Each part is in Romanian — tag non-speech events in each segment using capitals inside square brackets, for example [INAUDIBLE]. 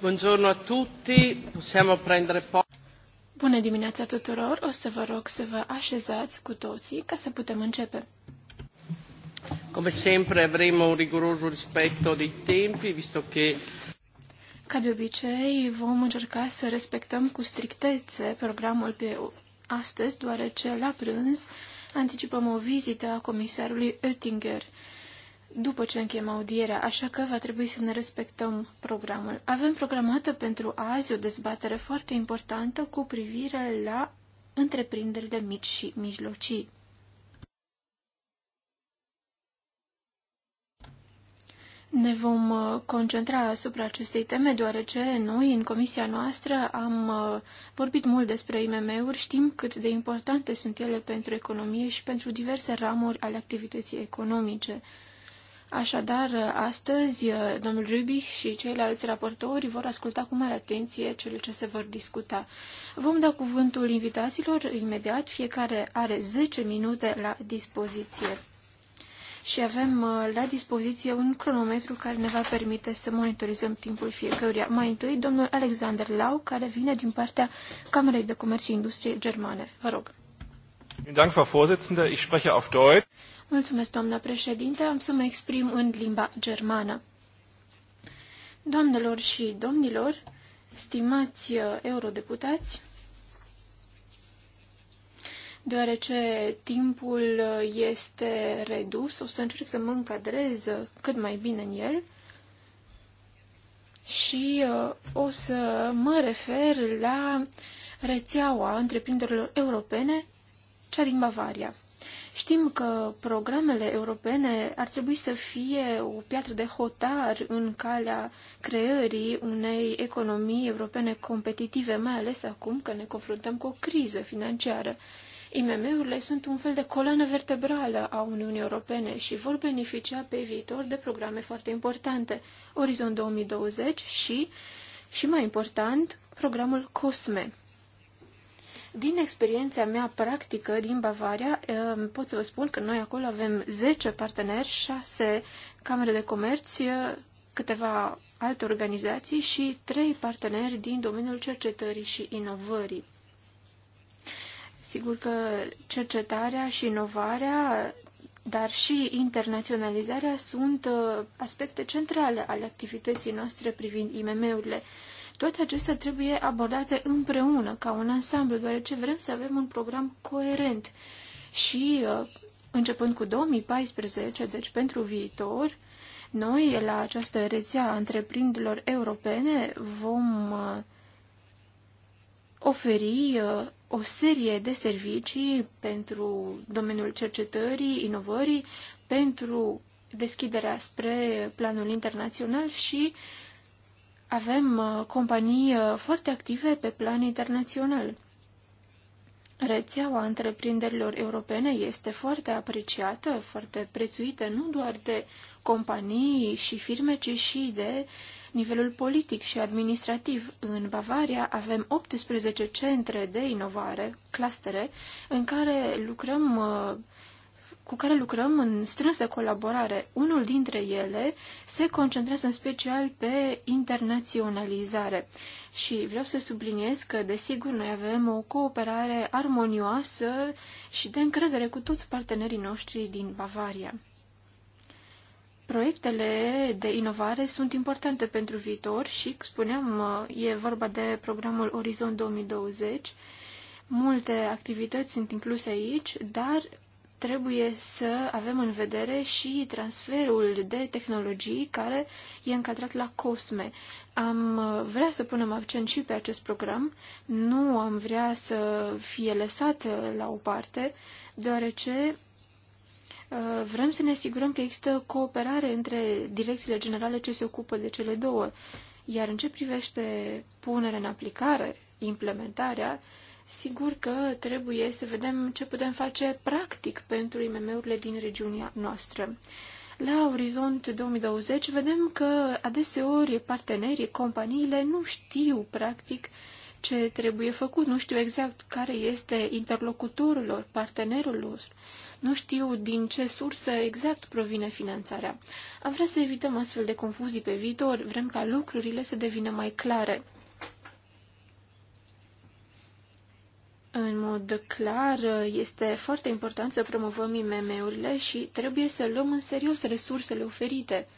Buongiorno a tutti, possiamo prendere Bună dimineața tuturor, o să vă rog să vă așezați cu toții ca să putem începe. Come sempre avremo un rigoroso rispetto dei tempi, visto che ca de obicei, vom încerca să respectăm cu strictețe programul pe astăzi, deoarece la prânz anticipăm o vizită a comisarului Oettinger după ce încheiem audierea, așa că va trebui să ne respectăm programul. Avem programată pentru azi o dezbatere foarte importantă cu privire la întreprinderile mici și mijlocii. Ne vom uh, concentra asupra acestei teme, deoarece noi, în comisia noastră, am uh, vorbit mult despre IMM-uri, știm cât de importante sunt ele pentru economie și pentru diverse ramuri ale activității economice. Așadar, astăzi, domnul Rubich și ceilalți raportori vor asculta cu mare atenție cele ce se vor discuta. Vom da cuvântul invitaților imediat, fiecare are 10 minute la dispoziție. Și avem uh, la dispoziție un cronometru care ne va permite să monitorizăm timpul fiecăruia. Mai întâi, domnul Alexander Lau, care vine din partea Camerei de Comerț și Industrie Germane. Vă rog. Vielen Dank, Frau Vorsitzende. Ich spreche auf Deutsch. Mulțumesc, doamna președinte. Am să mă exprim în limba germană. Doamnelor și domnilor, stimați uh, eurodeputați, deoarece timpul uh, este redus, o să încerc să mă încadrez uh, cât mai bine în el și o să mă refer la rețeaua întreprinderilor europene, cea din Bavaria. Știm că programele europene ar trebui să fie o piatră de hotar în calea creării unei economii europene competitive, mai ales acum că ne confruntăm cu o criză financiară. IMM-urile sunt un fel de coloană vertebrală a Uniunii Europene și vor beneficia pe viitor de programe foarte importante, Orizont 2020 și, și mai important, programul COSME, din experiența mea practică din Bavaria, ehm, pot să vă spun că noi acolo avem 10 parteneri, 6 camere de comerț, câteva alte organizații și 3 parteneri din domeniul cercetării și inovării. Sigur că cercetarea și inovarea, dar și internaționalizarea sunt uh, aspecte centrale ale activității noastre privind IMM-urile. Toate acestea trebuie abordate împreună, ca un ansamblu, deoarece vrem să avem un program coerent și uh, începând cu 2014, deci pentru viitor, noi la această rețea a întreprinderilor europene vom uh, oferi uh, o serie de servicii pentru domeniul cercetării, inovării, pentru deschiderea spre planul internațional și uh, avem uh, companii uh, foarte active pe plan internațional. Rețeaua întreprinderilor europene este foarte apreciată, foarte prețuită, nu doar de companii și firme, ci și de nivelul politic și administrativ. În Bavaria avem 18 centre de inovare, clustere, în care lucrăm uh, cu care lucrăm în strânsă colaborare. Unul dintre ele se concentrează în special pe internaționalizare. Și vreau să subliniez că, desigur, noi avem o cooperare armonioasă și de încredere cu toți partenerii noștri din Bavaria. Proiectele de inovare sunt importante pentru viitor și, spuneam, e vorba de programul Orizont 2020. Multe activități sunt incluse aici, dar trebuie să avem în vedere și transferul de tehnologii care e încadrat la COSME. Am uh, vrea să punem accent și pe acest program, nu am vrea să fie lăsat uh, la o parte, deoarece uh, vrem să ne asigurăm că există cooperare între direcțiile generale ce se ocupă de cele două. Iar în ce privește punerea în aplicare, implementarea, Sigur că trebuie să vedem ce putem face practic pentru IMM-urile din regiunea noastră. La Orizont 2020 vedem că adeseori partenerii, companiile nu știu practic ce trebuie făcut, nu știu exact care este interlocutorul lor, partenerul lor, nu știu din ce sursă exact provine finanțarea. Am vrea să evităm astfel de confuzii pe viitor, vrem ca lucrurile să devină mai clare. În mod clar, este foarte important să promovăm IMM-urile și trebuie să luăm în serios resursele oferite.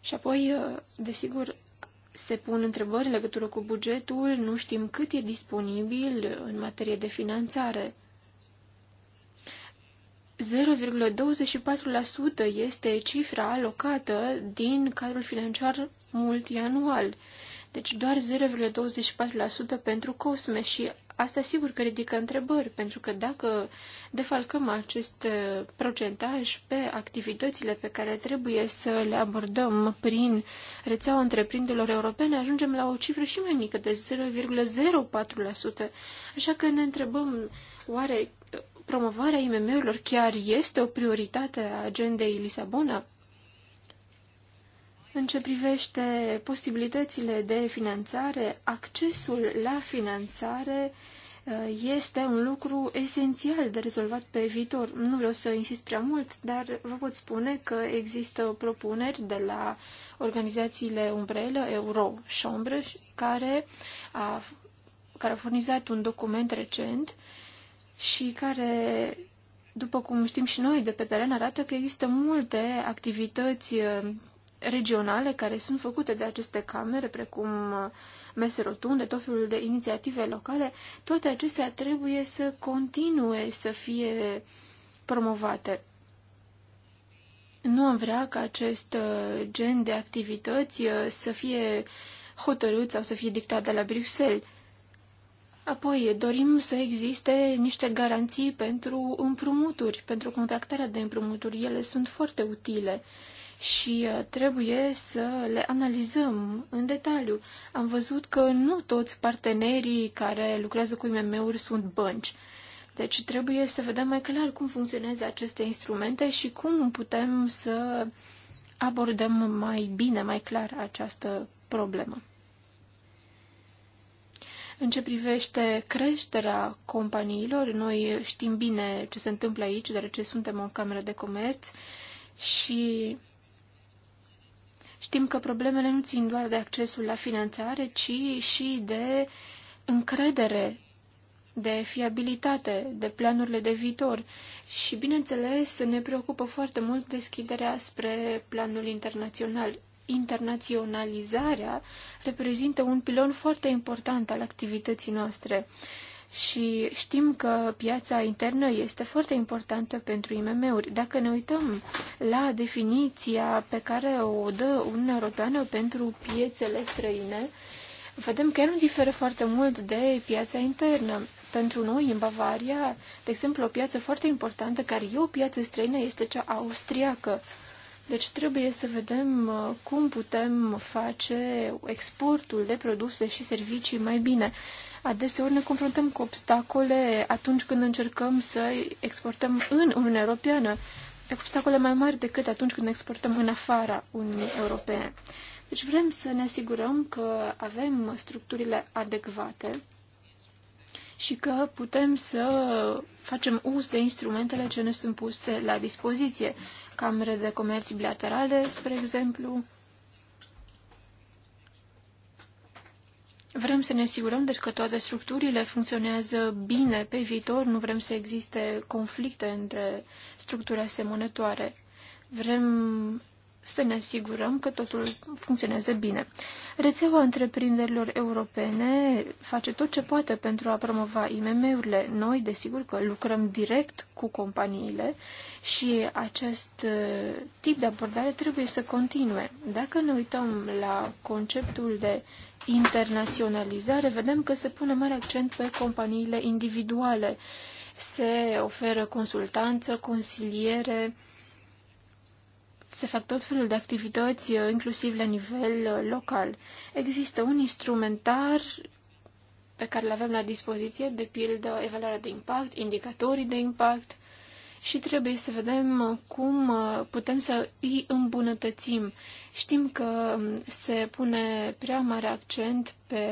Și apoi, desigur, se pun întrebări în legătură cu bugetul, nu știm cât e disponibil în materie de finanțare. 0,24% este cifra alocată din cadrul financiar multianual deci doar 0,24% pentru COSME și asta sigur că ridică întrebări, pentru că dacă defalcăm acest uh, procentaj pe activitățile pe care trebuie să le abordăm prin rețeaua întreprinderilor europene, ajungem la o cifră și mai mică de 0,04%. Așa că ne întrebăm, oare uh, promovarea IMM-urilor chiar este o prioritate a agendei Lisabona? În ce privește posibilitățile de finanțare, accesul la finanțare uh, este un lucru esențial de rezolvat pe viitor. Nu vreau să insist prea mult, dar vă pot spune că există propuneri de la organizațiile umbrelă, Euro și Ombre, care a, care a furnizat un document recent și care, după cum știm și noi de pe teren, arată că există multe activități uh, regionale care sunt făcute de aceste camere, precum uh, mese rotunde, tot felul de inițiative locale, toate acestea trebuie să continue să fie promovate. Nu am vrea ca acest uh, gen de activități uh, să fie hotărât sau să fie dictat de la Bruxelles. Apoi, dorim să existe niște garanții pentru împrumuturi, pentru contractarea de împrumuturi. Ele sunt foarte utile și uh, trebuie să le analizăm în detaliu. Am văzut că nu toți partenerii care lucrează cu IMM-uri sunt bănci. Deci trebuie să vedem mai clar cum funcționează aceste instrumente și cum putem să abordăm mai bine, mai clar această problemă. În ce privește creșterea companiilor, noi știm bine ce se întâmplă aici, deoarece suntem o cameră de comerț și Știm că problemele nu țin doar de accesul la finanțare, ci și de încredere, de fiabilitate, de planurile de viitor. Și, bineînțeles, ne preocupă foarte mult deschiderea spre planul internațional. Internaționalizarea reprezintă un pilon foarte important al activității noastre și știm că piața internă este foarte importantă pentru IMM-uri. Dacă ne uităm la definiția pe care o dă Uniunea Europeană pentru piețele străine, vedem că ea nu diferă foarte mult de piața internă. Pentru noi, în Bavaria, de exemplu, o piață foarte importantă, care e o piață străină, este cea austriacă. Deci trebuie să vedem uh, cum putem face exportul de produse și servicii mai bine. Adeseori ne confruntăm cu obstacole atunci când încercăm să exportăm în Uniunea Europeană, obstacole mai mari decât atunci când exportăm în afara Uniunii Europene. Deci vrem să ne asigurăm că avem structurile adecvate și că putem să facem uz de instrumentele ce ne sunt puse la dispoziție, camere de comerț bilaterale, spre exemplu, Vrem să ne asigurăm deci că toate structurile funcționează bine pe viitor, nu vrem să existe conflicte între structuri asemănătoare. Vrem să ne asigurăm că totul funcționează bine. Rețeaua întreprinderilor europene face tot ce poate pentru a promova IMM-urile. Noi, desigur, că lucrăm direct cu companiile și acest uh, tip de abordare trebuie să continue. Dacă ne uităm la conceptul de internaționalizare, vedem că se pune mare accent pe companiile individuale. Se oferă consultanță, consiliere, se fac tot felul de activități, inclusiv la nivel uh, local. Există un instrumentar pe care îl avem la dispoziție, de pildă evaluarea de impact, indicatorii de impact, și trebuie să vedem cum uh, putem să îi îmbunătățim. Știm că um, se pune prea mare accent pe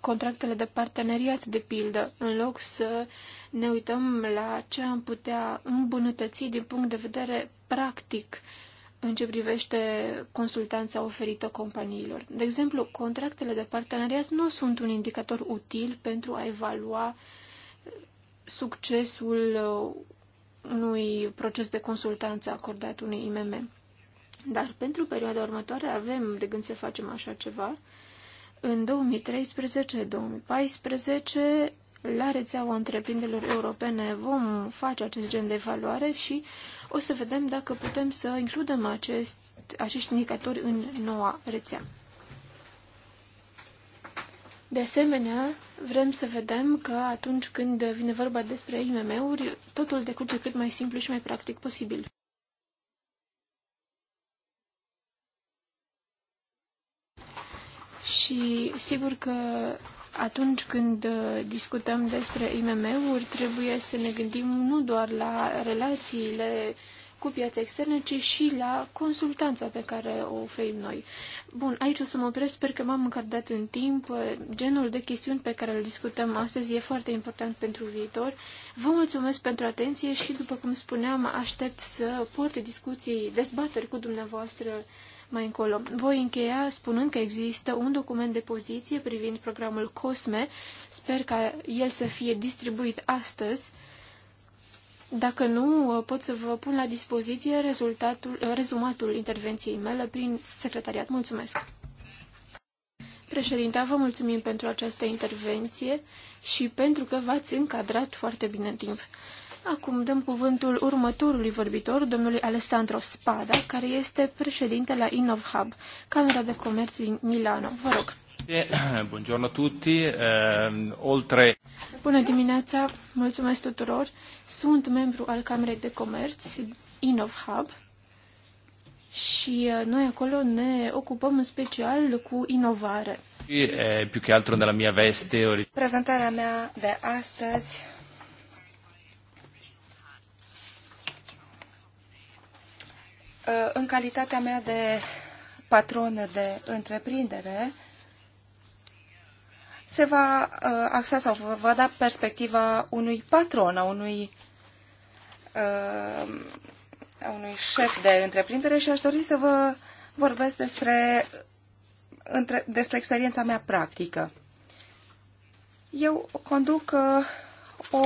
contractele de parteneriat, de pildă, în loc să ne uităm la ce am putea îmbunătăți din punct de vedere practic în ce privește consultanța oferită companiilor. De exemplu, contractele de parteneriat nu sunt un indicator util pentru a evalua succesul uh, unui proces de consultanță acordat unui IMM. Dar pentru perioada următoare avem de gând să facem așa ceva. În 2013-2014, la rețeaua întreprinderilor europene vom face acest gen de evaluare și o să vedem dacă putem să includem acest, acești indicatori în noua rețea. De asemenea, vrem să vedem că atunci când vine vorba despre IMM-uri, totul decurge cât mai simplu și mai practic posibil. Și sigur că atunci când discutăm despre IMM-uri, trebuie să ne gândim nu doar la relațiile uh, cu piața externă, ci și la consultanța pe care o oferim noi. Bun, aici o să mă opresc, sper că m-am încărdat în timp. Genul de chestiuni pe care le discutăm astăzi e foarte important pentru viitor. Vă mulțumesc pentru atenție și, după cum spuneam, aștept să port discuții, dezbateri cu dumneavoastră mai încolo. Voi încheia spunând că există un document de poziție privind programul COSME. Sper ca el să fie distribuit astăzi dacă nu, pot să vă pun la dispoziție rezultatul, rezumatul intervenției mele prin secretariat. Mulțumesc! Președinta, vă mulțumim pentru această intervenție și pentru că v-ați încadrat foarte bine în timp. Acum dăm cuvântul următorului vorbitor, domnului Alessandro Spada, care este președinte la InnovHub, Camera de Comerț din Milano. Vă rog. [CLEARS THROAT] Buongiorno tutti, ehm, oltre... Bună dimineața, mulțumesc tuturor. Sunt membru al Camerei de Comerț, Innov Hub, și eh, noi acolo ne ocupăm în special cu inovare. Eh, più che altro nella mia veste. Prezentarea mea de astăzi eh, în calitatea mea de patron de întreprindere, se va uh, axa sau va da perspectiva unui patron, a unui, uh, a unui șef de întreprindere și aș dori să vă vorbesc despre, între, despre experiența mea practică. Eu conduc uh, o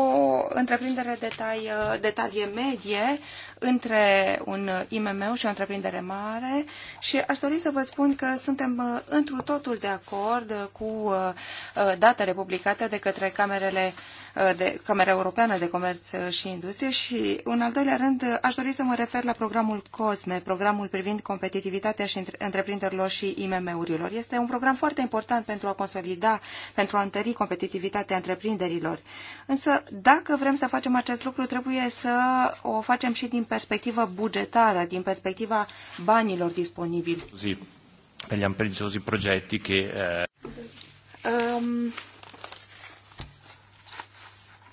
întreprindere de, tai, uh, de talie medie între un IMM și o întreprindere mare și aș dori să vă spun că suntem uh, întru totul de acord uh, cu uh, datele publicate de către camerele de Camera Europeană de Comerț și Industrie și, în al doilea rând, aș dori să mă refer la programul COSME, programul privind competitivitatea și întreprinderilor și IMM-urilor. Este un program foarte important pentru a consolida, pentru a întări competitivitatea întreprinderilor. Însă, dacă vrem să facem acest lucru, trebuie să o facem și din perspectivă bugetară, din perspectiva banilor disponibili. Per gli ambiziosi progetti che... Uh, um,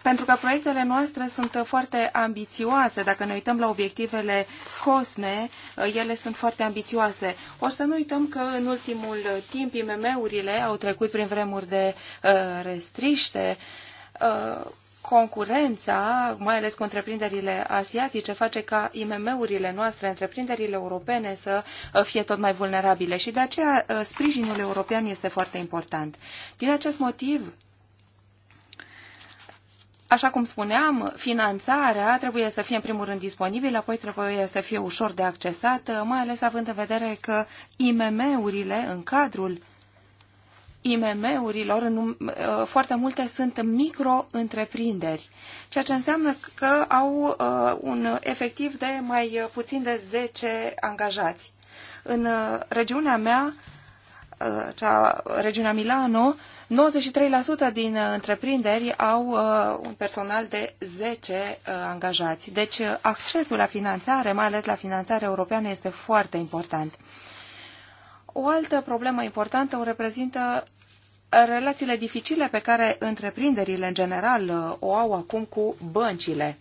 pentru că proiectele noastre sunt foarte ambițioase. Dacă ne uităm la obiectivele COSME, uh, ele sunt foarte ambițioase. O să nu uităm că în ultimul timp IMM-urile au trecut prin vremuri de uh, restriște. Uh, concurența, mai ales cu întreprinderile asiatice, face ca IMM-urile noastre, întreprinderile europene să uh, fie tot mai vulnerabile și de aceea uh, sprijinul european este foarte important. Din acest motiv, Așa cum spuneam, finanțarea trebuie să fie în primul rând disponibilă, apoi trebuie să fie ușor de accesată, uh, mai ales având în vedere că IMM-urile în cadrul IMM-urilor, uh, foarte multe sunt micro-întreprinderi, ceea ce înseamnă că au uh, un efectiv de mai puțin de 10 angajați. În uh, regiunea mea, cea, regiunea Milano, 93% din întreprinderi au un personal de 10 angajați. Deci accesul la finanțare, mai ales la finanțare europeană, este foarte important. O altă problemă importantă o reprezintă relațiile dificile pe care întreprinderile în general uh, o au acum cu băncile.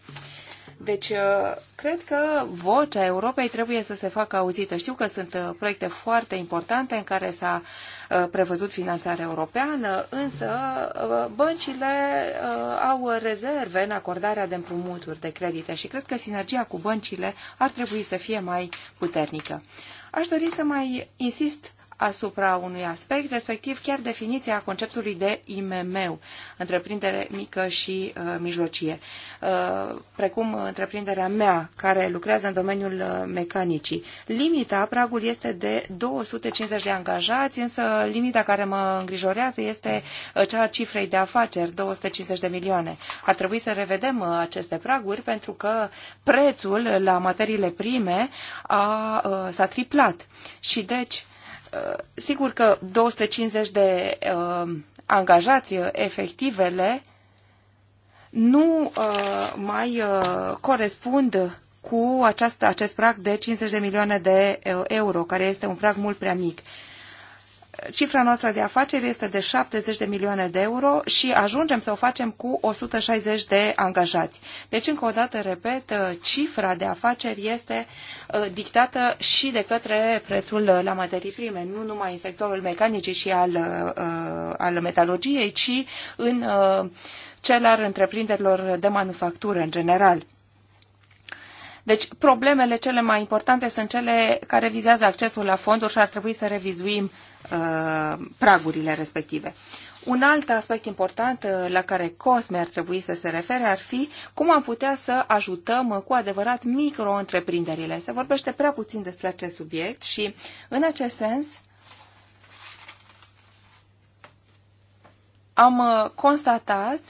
Deci, uh, cred că vocea Europei trebuie să se facă auzită. Știu că sunt uh, proiecte foarte importante în care s-a prevăzut finanțarea europeană, însă băncile au rezerve în acordarea de împrumuturi, de credite și cred că sinergia cu băncile ar trebui să fie mai puternică. Aș dori să mai insist asupra unui aspect, respectiv chiar definiția conceptului de IMM, întreprindere mică și uh, mijlocie. Uh, Uh, precum întreprinderea mea, care lucrează în domeniul uh, mecanicii. Limita, pragul este de 250 de angajați, însă limita care mă îngrijorează este uh, cea a cifrei de afaceri, 250 de milioane. Ar trebui să revedem aceste praguri pentru că prețul la materiile prime a, s-a triplat și deci sigur că 250 de angajați efectivele nu uh, mai uh, corespund cu această, acest prag de 50 de milioane de uh, euro, care este un prag mult prea mic. Cifra noastră de afaceri este de 70 de milioane de euro și ajungem să o facem cu 160 de angajați. Deci, încă o dată, repet, uh, cifra de afaceri este uh, dictată și de către prețul la materii prime, nu numai în sectorul mecanicii și al, al metalurgiei, ci în cel al întreprinderilor de manufactură în general. Deci problemele cele mai importante sunt cele care vizează accesul la fonduri și ar trebui să revizuim uh, pragurile respective. Un alt aspect important uh, la care COSME ar trebui să se refere ar fi cum am putea să ajutăm uh, cu adevărat micro-întreprinderile. Se vorbește prea puțin despre acest subiect și, în acest sens, am uh, constatat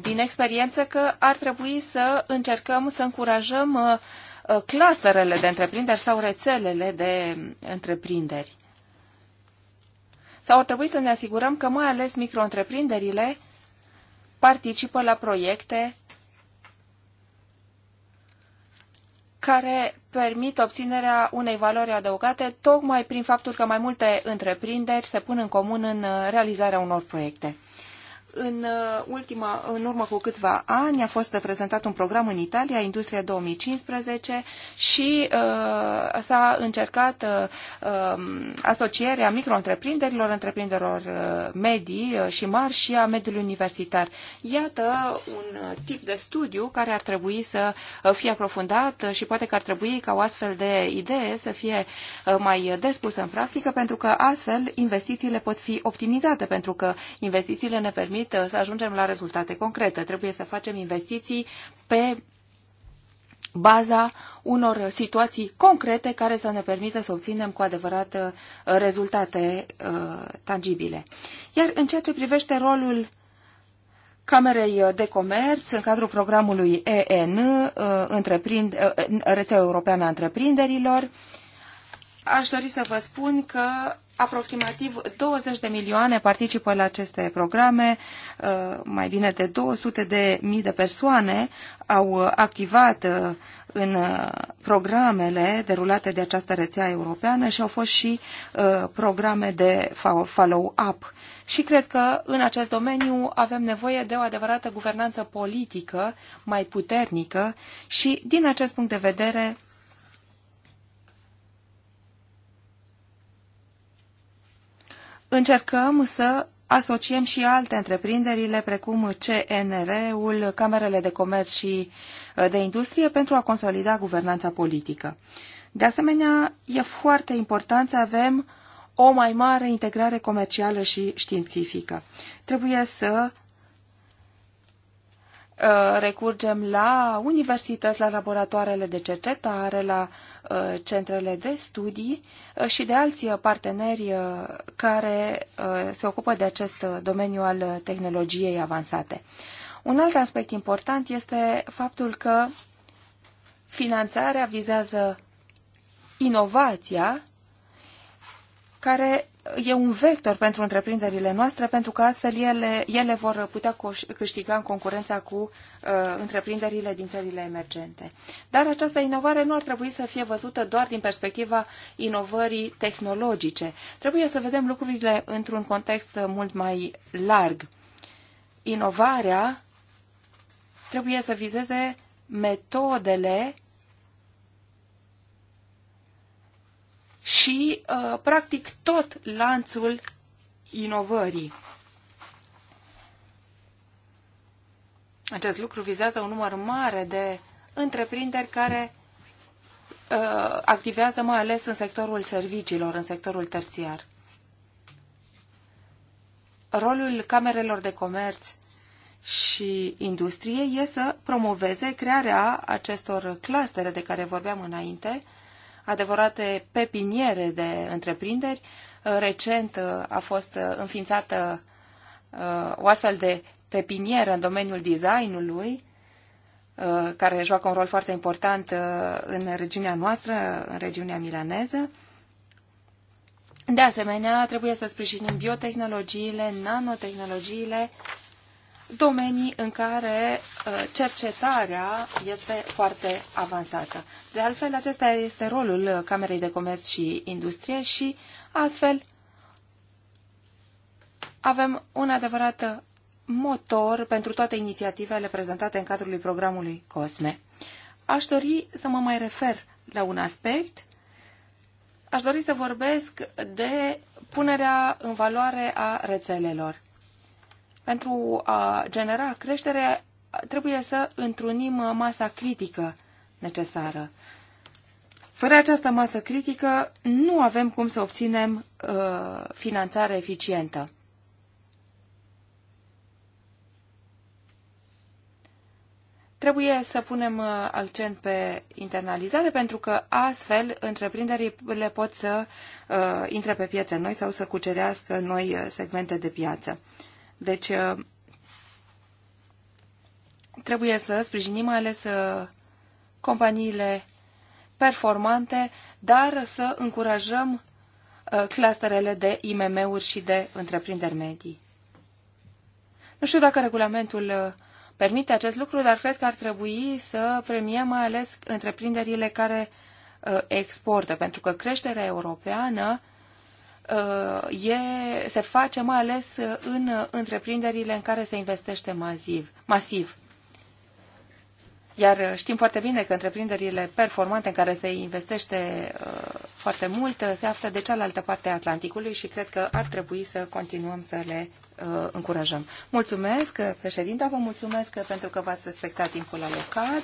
din experiență că ar trebui să încercăm să încurajăm uh, uh, clusterele de întreprinderi sau rețelele de întreprinderi. Sau ar trebui să ne asigurăm că mai ales micro-întreprinderile participă la proiecte care permit obținerea unei valori adăugate tocmai prin faptul că mai multe întreprinderi se pun în comun în uh, realizarea unor proiecte. În, uh, ultima, în urmă cu câțiva ani a fost prezentat un program în Italia, Industria 2015, și uh, s-a încercat uh, um, asocierea micro-întreprinderilor, întreprinderilor uh, medii uh, și mari și a mediului universitar. Iată un tip de studiu care ar trebui să fie aprofundat și poate că ar trebui ca o astfel de idee să fie mai despusă în practică, pentru că astfel investițiile pot fi optimizate, pentru că investițiile ne permit permit să ajungem la rezultate concrete. Trebuie să facem investiții pe baza unor situații concrete care să ne permită să obținem cu adevărat uh, rezultate uh, tangibile. Iar în ceea ce privește rolul Camerei de Comerț, în cadrul programului EN, uh, Rețeaua Europeană a Întreprinderilor, aș dori să vă spun că aproximativ 20 de milioane participă la aceste programe, uh, mai bine de 200 de mii de persoane au uh, activat uh, în programele derulate de această rețea europeană și au fost și programe de follow-up. Și cred că în acest domeniu avem nevoie de o adevărată guvernanță politică mai puternică și din acest punct de vedere încercăm să asociem și alte întreprinderile, precum CNR-ul, Camerele de Comerț și uh, de Industrie, pentru a consolida guvernanța politică. De asemenea, e foarte important să avem o mai mare integrare comercială și științifică. Trebuie să Uh, recurgem la universități, la laboratoarele de cercetare, la uh, centrele de studii uh, și de alți parteneri care se ocupă de acest domeniu al tehnologiei avansate. Un alt aspect important este faptul că finanțarea vizează inovația care e un vector pentru întreprinderile noastre, pentru că astfel ele, ele vor putea câștiga în concurența cu uh, întreprinderile din țările emergente. Dar această inovare nu ar trebui să fie văzută doar din perspectiva inovării tehnologice. Trebuie să vedem lucrurile într-un context mult mai larg. Inovarea trebuie să vizeze metodele și, uh, practic, tot lanțul inovării. Acest lucru vizează un număr mare de întreprinderi care uh, activează mai ales în sectorul serviciilor, în sectorul terțiar. Rolul camerelor de comerț și industrie e să promoveze crearea acestor clustere de care vorbeam înainte, adevărate pepiniere de întreprinderi. Uh, recent uh, a fost uh, înființată o astfel de pepinieră în domeniul designului, care joacă un rol foarte important în regiunea noastră, în regiunea milaneză. De asemenea, trebuie să sprijinim biotehnologiile, nanotehnologiile domenii în care uh, cercetarea este foarte avansată. De altfel, acesta este rolul uh, Camerei de Comerț și Industrie și astfel avem un adevărat uh, motor pentru toate inițiativele prezentate în cadrul programului COSME. Aș dori să mă mai refer la un aspect. Aș dori să vorbesc de punerea în valoare a rețelelor pentru a genera creștere, trebuie să întrunim masa critică necesară. Fără această masă critică, nu avem cum să obținem uh, finanțare eficientă. Trebuie să punem uh, accent pe internalizare pentru că astfel întreprinderile pot să uh, intre pe piețe noi sau să cucerească noi uh, segmente de piață. Deci, uh, trebuie să sprijinim mai ales uh, companiile performante, dar să încurajăm uh, clusterele de IMM-uri și de întreprinderi medii. Nu știu dacă regulamentul permite acest lucru, dar cred că ar trebui să premiem mai ales întreprinderile care exportă, pentru că creșterea europeană Uh, e, se face mai ales uh, în uh, întreprinderile în care se investește masiv. masiv. Iar știm foarte bine că întreprinderile performante în care se investește foarte mult se află de cealaltă parte a Atlanticului și cred că ar trebui să continuăm să le încurajăm. Mulțumesc, președinta, vă mulțumesc pentru că v-ați respectat timpul alocat.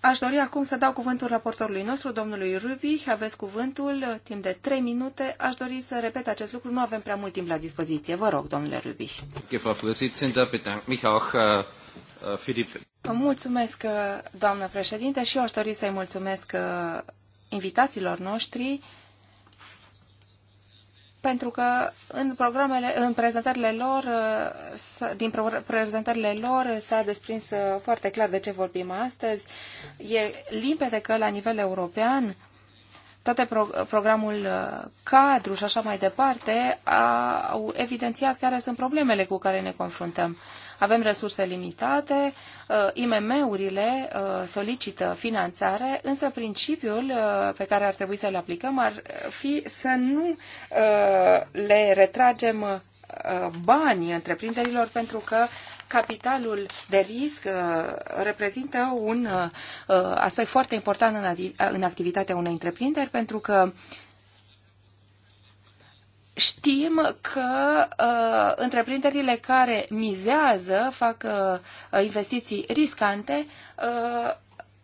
Aș dori acum să dau cuvântul raportorului nostru, domnului Rubi. Aveți cuvântul uh, timp de trei minute. Aș dori să repet acest lucru. Nu avem prea mult timp la dispoziție. Vă rog, domnule Rubi. Uh, uh, mulțumesc, doamnă președinte, și eu aș dori să-i mulțumesc invitațiilor noștri pentru că în programele, în prezentările lor, uh, din prezentările lor s-a desprins uh, foarte clar de ce vorbim astăzi. E limpede că la nivel european toate pro programul uh, cadru și așa mai departe au evidențiat care sunt problemele cu care ne confruntăm. Avem resurse limitate, uh, IMM-urile uh, solicită finanțare, însă principiul uh, pe care ar trebui să-l aplicăm ar fi să nu le retragem bani întreprinderilor pentru că capitalul de risc reprezintă un aspect foarte important în activitatea unei întreprinderi pentru că Știm că uh, întreprinderile care mizează, fac uh, investiții riscante, uh,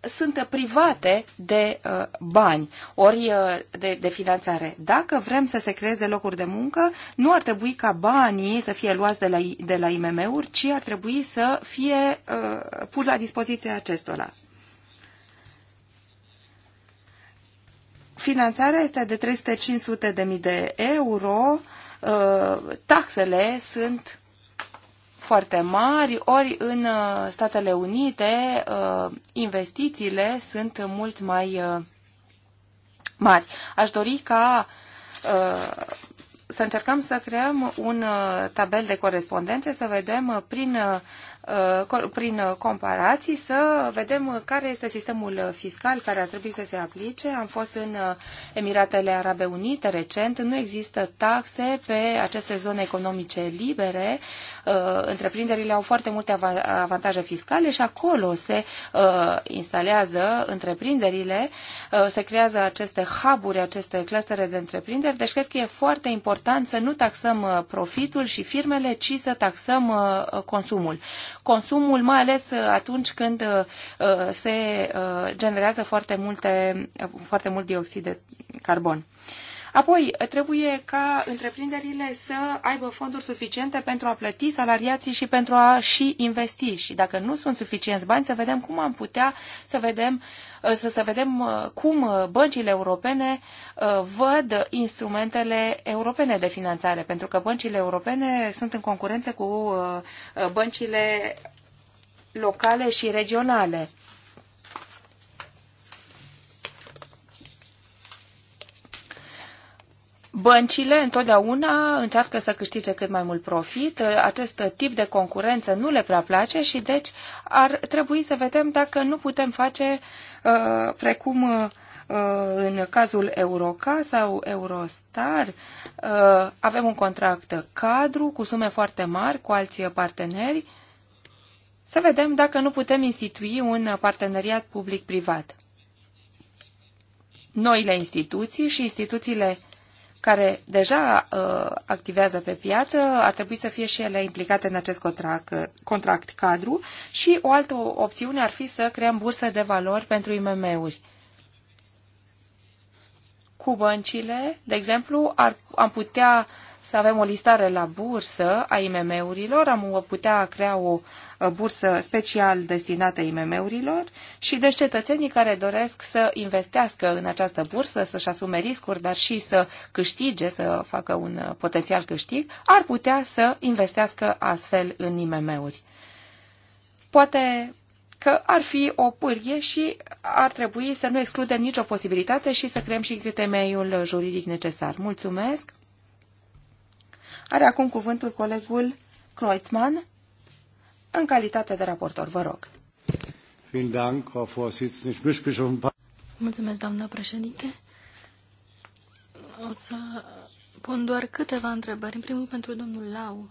sunt private de uh, bani, ori uh, de, de finanțare. Dacă vrem să se creeze locuri de muncă, nu ar trebui ca banii să fie luați de la, de la IMM-uri, ci ar trebui să fie uh, pus la dispoziție acestora. Finanțarea este de 300-500 de mii de euro, uh, taxele sunt foarte mari, ori în uh, Statele Unite uh, investițiile sunt mult mai mari. Aș dori ca să încercăm să creăm un tabel de corespondențe, să vedem prin Uh, prin comparații să vedem care este sistemul fiscal care ar trebui să se aplice. Am fost în uh, Emiratele Arabe Unite recent. Nu există taxe pe aceste zone economice libere. Uh, întreprinderile au foarte multe avantaje fiscale și acolo se instalează întreprinderile, se creează aceste hub aceste clustere de întreprinderi. Deci cred că e foarte important să nu taxăm profitul și firmele, ci să taxăm consumul consumul, mai ales uh, atunci când uh, uh, se generează foarte, multe, foarte mult dioxid de carbon. Apoi, trebuie ca întreprinderile să aibă fonduri suficiente pentru a plăti salariații și pentru a și investi. Și dacă nu sunt suficienți bani, să vedem cum am putea să vedem Uh, să, să vedem uh, cum uh, băncile europene văd instrumentele europene de finanțare, pentru că băncile europene sunt în concurență cu băncile locale și regionale. Băncile întotdeauna încearcă să câștige cât mai mult profit, acest tip de concurență nu le prea place și deci ar trebui să vedem dacă nu putem face uh, precum uh, în cazul Euroca sau Eurostar, uh, avem un contract cadru cu sume foarte mari cu alții parteneri, să vedem dacă nu putem institui un parteneriat public-privat. Noile instituții și instituțiile care deja uh, activează pe piață ar trebui să fie și ele implicate în acest contract, contract cadru și o altă opțiune ar fi să creăm bursă de valori pentru IMM-uri. Cu băncile, de exemplu, ar, am putea uh, să avem o listare la bursă a IMM-urilor, am putea crea o bursă special destinată IMM-urilor și de cetățenii care doresc să investească în această bursă, să-și asume riscuri, dar și să câștige, să facă un potențial câștig, ar putea să investească astfel în IMM-uri. Poate că ar fi o pârghie și ar trebui să nu excludem nicio posibilitate și să creăm și câte mail juridic necesar. Mulțumesc! Are acum cuvântul colegul Kreutzmann în calitate de raportor. Vă rog. Mulțumesc, doamnă președinte. O să pun doar câteva întrebări. În primul pentru domnul Lau.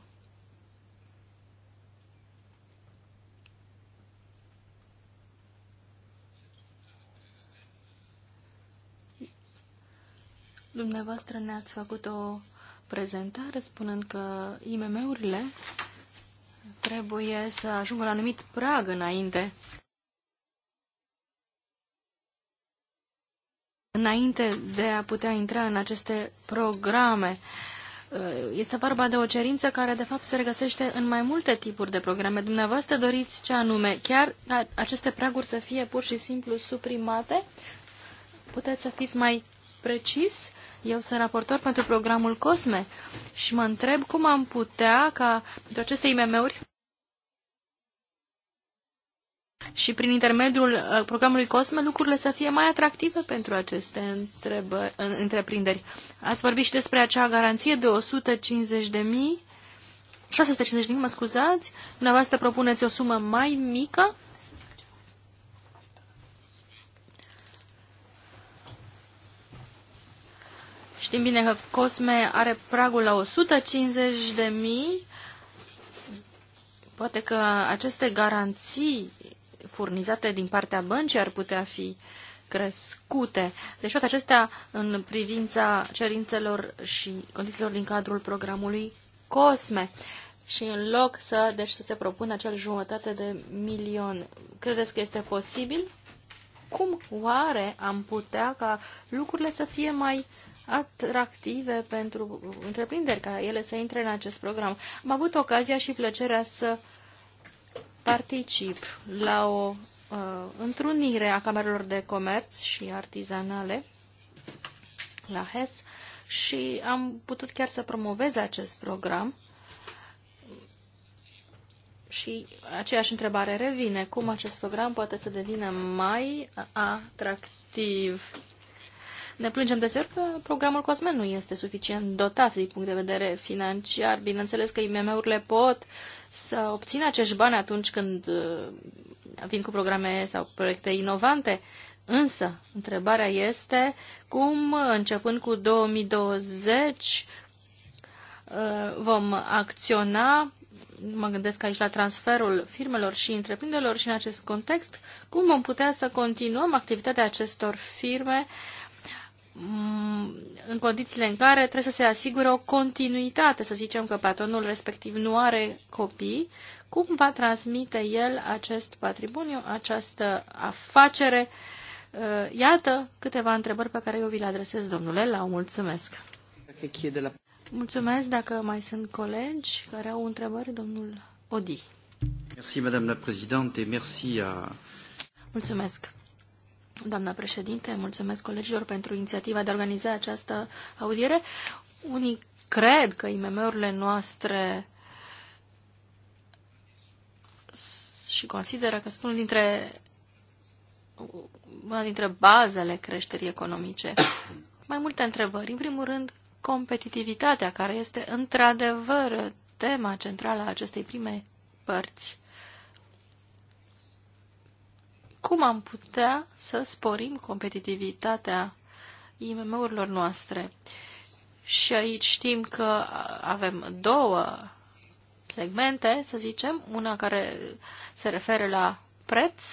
Dumneavoastră ne-ați făcut o prezentare, spunând că IMM-urile trebuie să ajungă la anumit prag înainte înainte de a putea intra în aceste programe. Este vorba de o cerință care, de fapt, se regăsește în mai multe tipuri de programe. Dumneavoastră doriți ce anume? Chiar aceste praguri să fie pur și simplu suprimate? Puteți să fiți mai precis? Eu sunt raportor pentru programul COSME și mă întreb cum am putea ca pentru aceste IMM-uri și prin intermediul uh, programului COSME lucrurile să fie mai atractive pentru aceste întreprinderi. Ați vorbit și despre acea garanție de 150 de mii 650 de mii, mă scuzați, dumneavoastră propuneți o sumă mai mică Știm bine că Cosme are pragul la 150 de mii. Poate că aceste garanții furnizate din partea băncii ar putea fi crescute. Deci toate acestea în privința cerințelor și condițiilor din cadrul programului COSME. Și în loc să, deci, să se propună acel jumătate de milion, credeți că este posibil? Cum oare am putea ca lucrurile să fie mai atractive pentru întreprinderi ca ele să intre în acest program. Am avut ocazia și plăcerea să particip la o uh, întrunire a Camerelor de Comerț și Artizanale la HES și am putut chiar să promovez acest program. Și aceeași întrebare revine. Cum acest program poate să devină mai atractiv? Ne plângem deseori că programul Cosmen nu este suficient dotat din punct de vedere financiar. Bineînțeles că IMM-urile pot să obțină acești bani atunci când uh, vin cu programe sau proiecte inovante, însă întrebarea este cum, începând cu 2020, uh, vom acționa mă gândesc aici la transferul firmelor și întreprinderilor și în acest context, cum vom putea să continuăm activitatea acestor firme Mm, în condițiile în care trebuie să se asigure o continuitate, să zicem că patronul respectiv nu are copii, cum va transmite el acest patrimoniu, această afacere? Uh, iată câteva întrebări pe care eu vi le adresez, domnule, la mulțumesc. Mulțumesc dacă mai sunt colegi care au întrebări, domnul Odi. Merci, madame la présidente, et merci à... Mulțumesc. Doamna președinte, mulțumesc colegilor pentru inițiativa de a organiza această audiere. Unii cred că IMM-urile noastre și consideră că sunt unul dintre, una dintre bazele creșterii economice. [COUGHS] Mai multe întrebări. În primul rând, competitivitatea, care este într-adevăr tema centrală a acestei prime părți cum am putea să sporim competitivitatea IMM-urilor noastre. Și aici știm că avem două segmente, să zicem, una care se referă la preț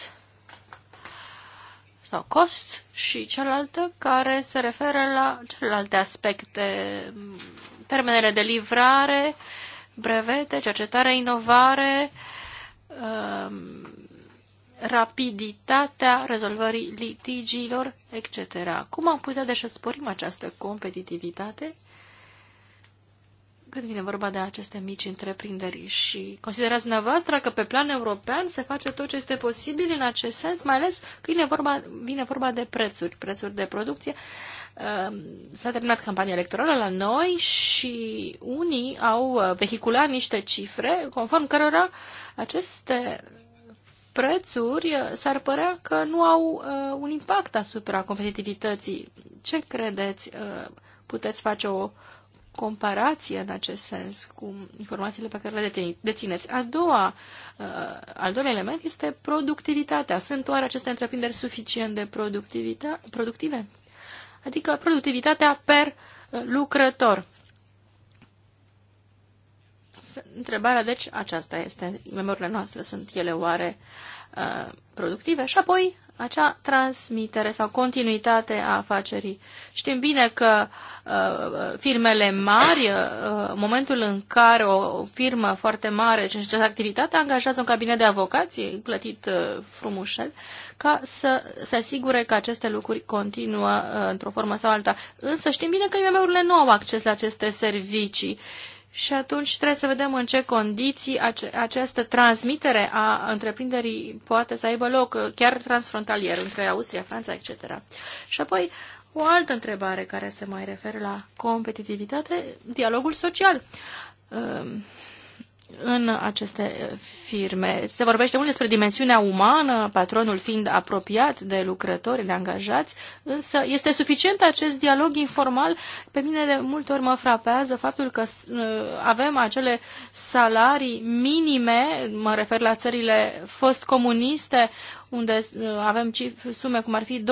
sau cost și cealaltă care se referă la celelalte aspecte, termenele de livrare, brevete, cercetare, inovare, um, rapiditatea rezolvării litigiilor, etc. Cum am putea deci să sporim această competitivitate când vine vorba de aceste mici întreprinderi și considerați dumneavoastră că pe plan european se face tot ce este posibil în acest sens, mai ales că vine vorba, vine vorba de prețuri, prețuri de producție. Ehm, s-a terminat campania electorală la noi și unii au vehiculat niște cifre conform cărora aceste prețuri s-ar părea că nu au uh, un impact asupra competitivității. Ce credeți? Uh, puteți face o comparație în acest sens cu informațiile pe care le dețineți. A doua, uh, al doilea element este productivitatea. Sunt oare aceste întreprinderi suficient de productive? Adică productivitatea per uh, lucrător. Întrebarea, deci, aceasta este. Memoriile noastre sunt ele oare uh, productive? Și apoi, acea transmitere sau continuitate a afacerii. Știm bine că uh, firmele mari, uh, momentul în care o firmă foarte mare și această activitate, angajează un cabinet de avocații plătit uh, frumușel, ca să se asigure că aceste lucruri continuă uh, într-o formă sau alta. Însă știm bine că IMM-urile nu au acces la aceste servicii și atunci trebuie să vedem în ce condiții ace această transmitere a întreprinderii poate să aibă loc, chiar transfrontalier, între Austria, Franța, etc. Și apoi, o altă întrebare care se mai referă la competitivitate, dialogul social. Ehm, în aceste firme. Se vorbește mult despre dimensiunea umană, patronul fiind apropiat de lucrători, de angajați, însă este suficient acest dialog informal? Pe mine de multe ori mă frapează faptul că uh, avem acele salarii minime, mă refer la țările fost comuniste, unde uh, avem sume cum ar fi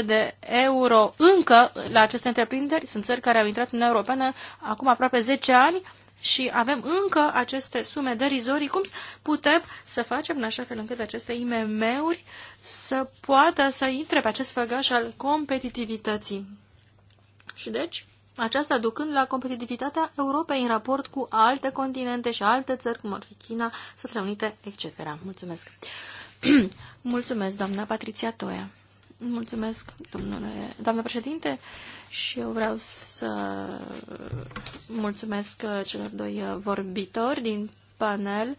200-300 de euro încă la aceste întreprinderi. Sunt țări care au intrat în Europeană acum aproape 10 ani și avem încă aceste sume derizorii, cum putem să facem în așa fel încât aceste IMM-uri să poată să intre pe acest făgaș al competitivității. Și deci, aceasta ducând la competitivitatea Europei în raport cu alte continente și alte țări, cum ar fi China, Statele Unite, etc. Mulțumesc! [CLEARS THROAT] Mulțumesc, doamna Patricia Toia! Mulțumesc, domnule, doamnă președinte, și eu vreau să mulțumesc celor doi vorbitori din panel,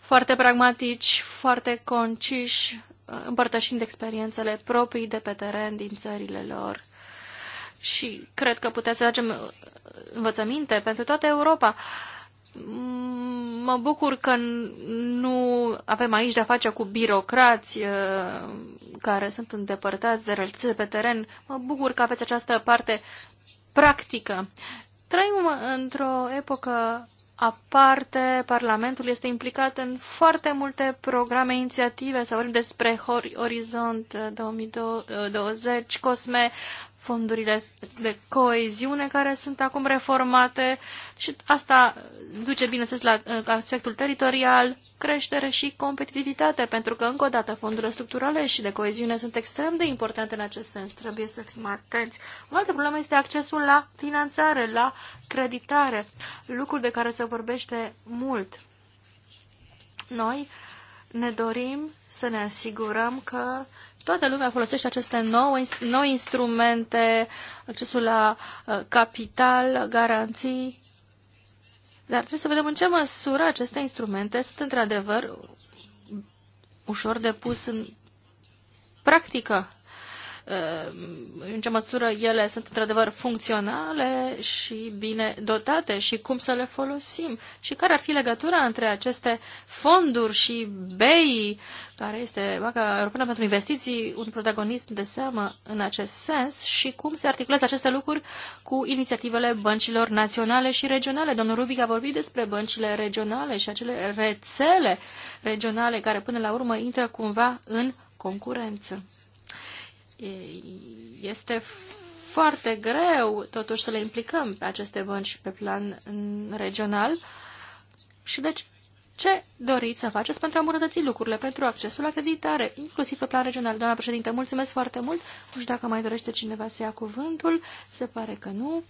foarte pragmatici, foarte conciși, împărtășind experiențele proprii de pe teren din țările lor. Și cred că puteți să tragem învățăminte pentru toată Europa. Uh, Mm, mă bucur că nu avem aici de-a face cu birocrați uh, care sunt îndepărtați de rălțe pe teren. Mă bucur că aveți această parte practică. Trăim într-o epocă aparte, Parlamentul este implicat în foarte multe programe, inițiative, să vorbim despre Horizont 2020, uh, uh, COSME, fondurile de coeziune care sunt acum reformate și asta duce, bineînțeles, la uh, aspectul teritorial, creștere și competitivitate, pentru că, încă o dată, fondurile structurale și de coeziune sunt extrem de importante în acest sens. Trebuie să fim atenți. O altă problemă este accesul la finanțare, la creditare, lucruri de care se vorbește mult. Noi ne dorim să ne asigurăm că toată lumea folosește aceste noi, noi instrumente, accesul la uh, capital, garanții, dar trebuie să vedem în ce măsură aceste instrumente sunt într-adevăr ușor de pus în practică în ce măsură ele sunt într-adevăr funcționale și bine dotate și cum să le folosim și care ar fi legătura între aceste fonduri și BEI, care este Banca Europeană pentru Investiții, un protagonist de seamă în acest sens și cum se articulează aceste lucruri cu inițiativele băncilor naționale și regionale. Domnul Rubic a vorbit despre băncile regionale și acele rețele regionale care până la urmă intră cumva în concurență este foarte greu totuși să le implicăm pe aceste bănci pe plan regional. Și deci, ce doriți să faceți pentru a îmbunătăți lucrurile, pentru accesul la creditare, inclusiv pe plan regional? Doamna președinte, mulțumesc foarte mult. Nu știu dacă mai dorește cineva să ia cuvântul. Se pare că nu.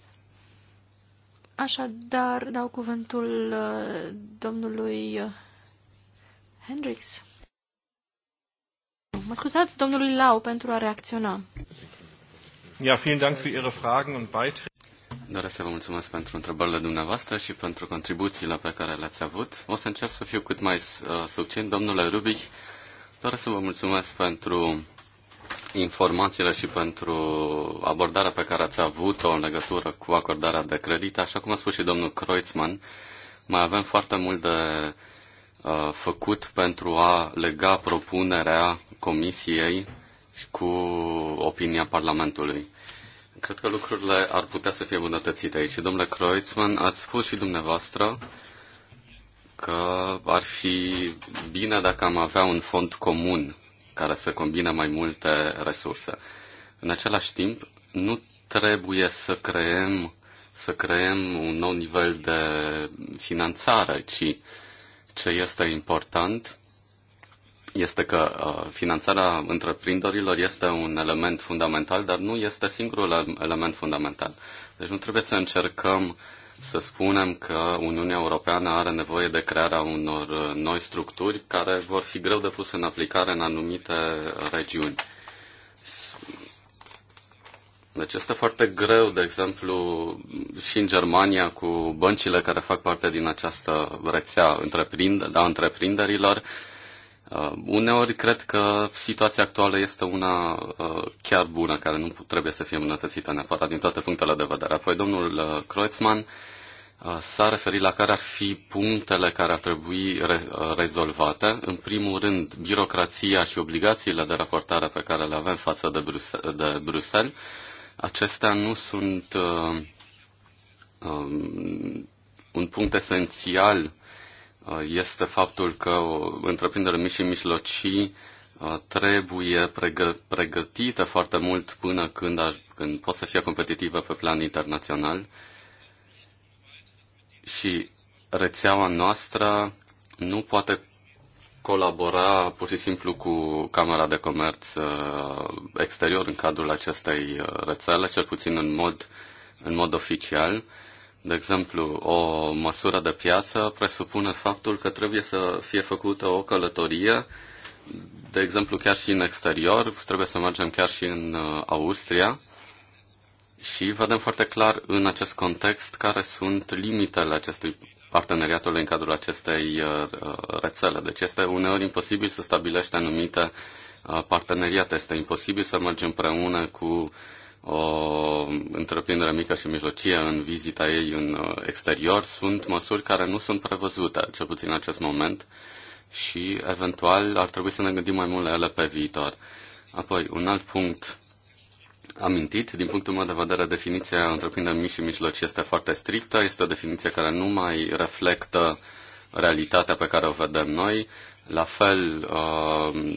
Așadar, dau cuvântul uh, domnului uh, Hendricks. Mă scuzați domnului Lau pentru a reacționa. Ja, vielen Dank für Ihre Fragen und Beiträge. Doresc să vă mulțumesc pentru întrebările dumneavoastră și pentru contribuțiile pe care le-ați avut. O să încerc să fiu cât mai uh, succint. Domnule Rubic, doresc să vă mulțumesc pentru informațiile și pentru abordarea pe care ați avut-o în legătură cu acordarea de credit. Așa cum a spus și domnul Kreutzmann, mai avem foarte mult de uh, făcut pentru a lega propunerea Comisiei cu opinia Parlamentului. Cred că lucrurile ar putea să fie îmbunătățite aici. Domnule Kreutzmann, ați spus și dumneavoastră că ar fi bine dacă am avea un fond comun care să combine mai multe resurse. În același timp, nu trebuie să creăm, să creăm un nou nivel de finanțare, ci ce este important este că uh, finanțarea întreprinderilor este un element fundamental, dar nu este singurul element fundamental. Deci nu trebuie să încercăm să spunem că Uniunea Europeană are nevoie de crearea unor uh, noi structuri care vor fi greu de pus în aplicare în anumite regiuni. Deci este foarte greu, de exemplu, și în Germania cu băncile care fac parte din această rețea întreprind- a întreprinderilor, Uh, uneori cred că situația actuală este una uh, chiar bună, care nu trebuie să fie îmbunătățită neapărat din toate punctele de vedere. Apoi domnul uh, Kreutzmann uh, s-a referit la care ar fi punctele care ar trebui re- uh, rezolvate. În primul rând, birocrația și obligațiile de raportare pe care le avem față de, Brus- de Bruxelles. Acestea nu sunt uh, um, un punct esențial Uh, este faptul că uh, întreprinderile mici și mijlocii uh, trebuie pregă- pregătită foarte mult până când, aș, când pot să fie competitivă pe plan internațional și rețeaua noastră nu poate colabora pur și simplu cu Camera de Comerț exterior în cadrul acestei rețele, cel puțin în mod, în mod oficial. De exemplu, o măsură de piață presupune faptul că trebuie să fie făcută o călătorie, de exemplu, chiar și în exterior, trebuie să mergem chiar și în uh, Austria și vedem foarte clar în acest context care sunt limitele acestui parteneriatul în cadrul acestei uh, rețele. Deci este uneori imposibil să stabilești anumite uh, parteneriate, este imposibil să mergi împreună cu o întreprindere mică și mijlocie în vizita ei în uh, exterior sunt măsuri care nu sunt prevăzute, cel puțin în acest moment, și eventual ar trebui să ne gândim mai mult la ele pe viitor. Apoi, un alt punct amintit, din punctul meu de vedere, definiția întreprinderii mici și mijlocii este foarte strictă, este o definiție care nu mai reflectă realitatea pe care o vedem noi, la fel, uh,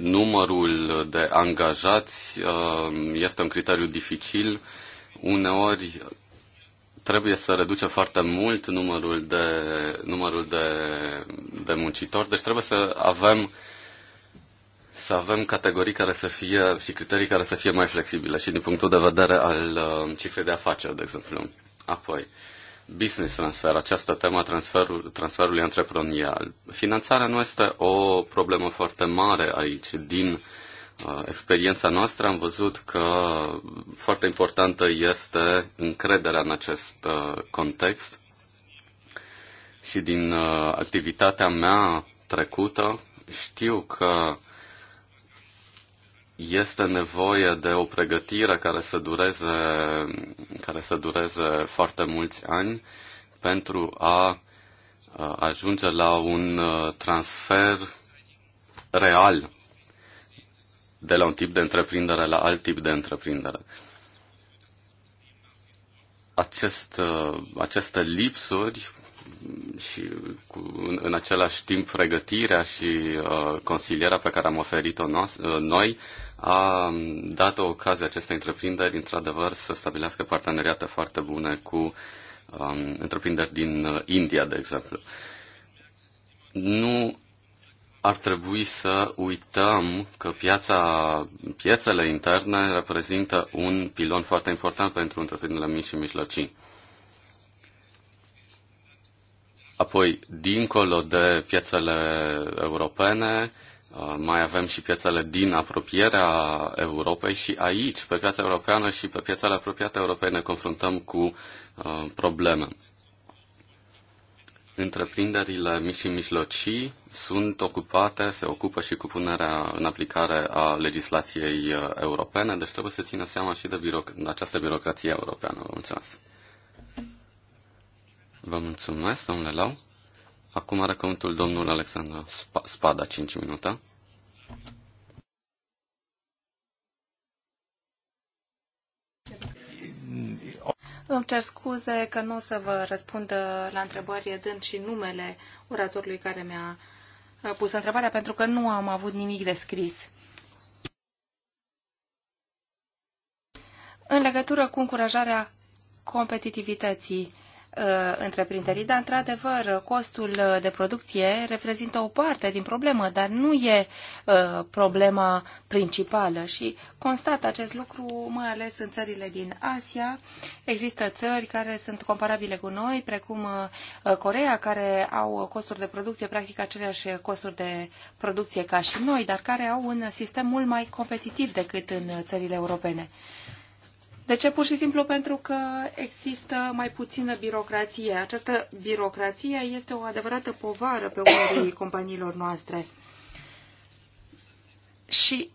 numărul de angajați uh, este un criteriu dificil. Uneori trebuie să reduce foarte mult numărul de, numărul de, de muncitori, deci trebuie să avem să avem categorii care să fie și criterii care să fie mai flexibile și din punctul de vedere al uh, cifrei de afaceri, de exemplu. Apoi, uh, business transfer, această temă transferul, transferului antreprenorial. Finanțarea nu este o problemă foarte mare aici. Din uh, experiența noastră am văzut că foarte importantă este încrederea în acest uh, context și din uh, activitatea mea trecută știu că este nevoie de o pregătire care să dureze, care să dureze foarte mulți ani pentru a ajunge la un transfer real de la un tip de întreprindere la alt tip de întreprindere. Acest, aceste lipsuri și cu, în, în același timp pregătirea și uh, consilierea pe care am oferit-o noi a dat o ocazie acestei întreprinderi, într-adevăr, să stabilească parteneriate foarte bune cu um, întreprinderi din uh, India, de exemplu. Nu ar trebui să uităm că piața, piețele interne reprezintă un pilon foarte important pentru întreprinderile mici și mijlocii. Apoi, dincolo de piețele europene, Uh, mai avem și piețele din apropierea Europei și aici, pe piața europeană și pe piețele apropiate europene, ne confruntăm cu uh, probleme. Întreprinderile mici și mijlocii sunt ocupate, se ocupă și cu punerea în aplicare a legislației uh, europene, deci trebuie să țină seama și de biroc- această birocrație europeană. Vă mulțumesc! Vă mulțumesc, domnule Lau! Acum are cuvântul domnul Alexandru Spada, 5 minute. Îmi cer scuze că nu o să vă răspund la întrebări dând și numele oratorului care mi-a pus întrebarea, pentru că nu am avut nimic de scris. În legătură cu încurajarea competitivității, Uh, întreprinderii, dar într-adevăr costul de producție reprezintă o parte din problemă, dar nu e uh, problema principală și constat acest lucru mai ales în țările din Asia. Există țări care sunt comparabile cu noi, precum uh, Corea, care au costuri de producție, practic aceleași costuri de producție ca și noi, dar care au un sistem mult mai competitiv decât în țările europene. De ce? Pur și simplu pentru că există mai puțină birocrație. Această birocrație este o adevărată povară pe umerii [COUGHS] companiilor noastre. Și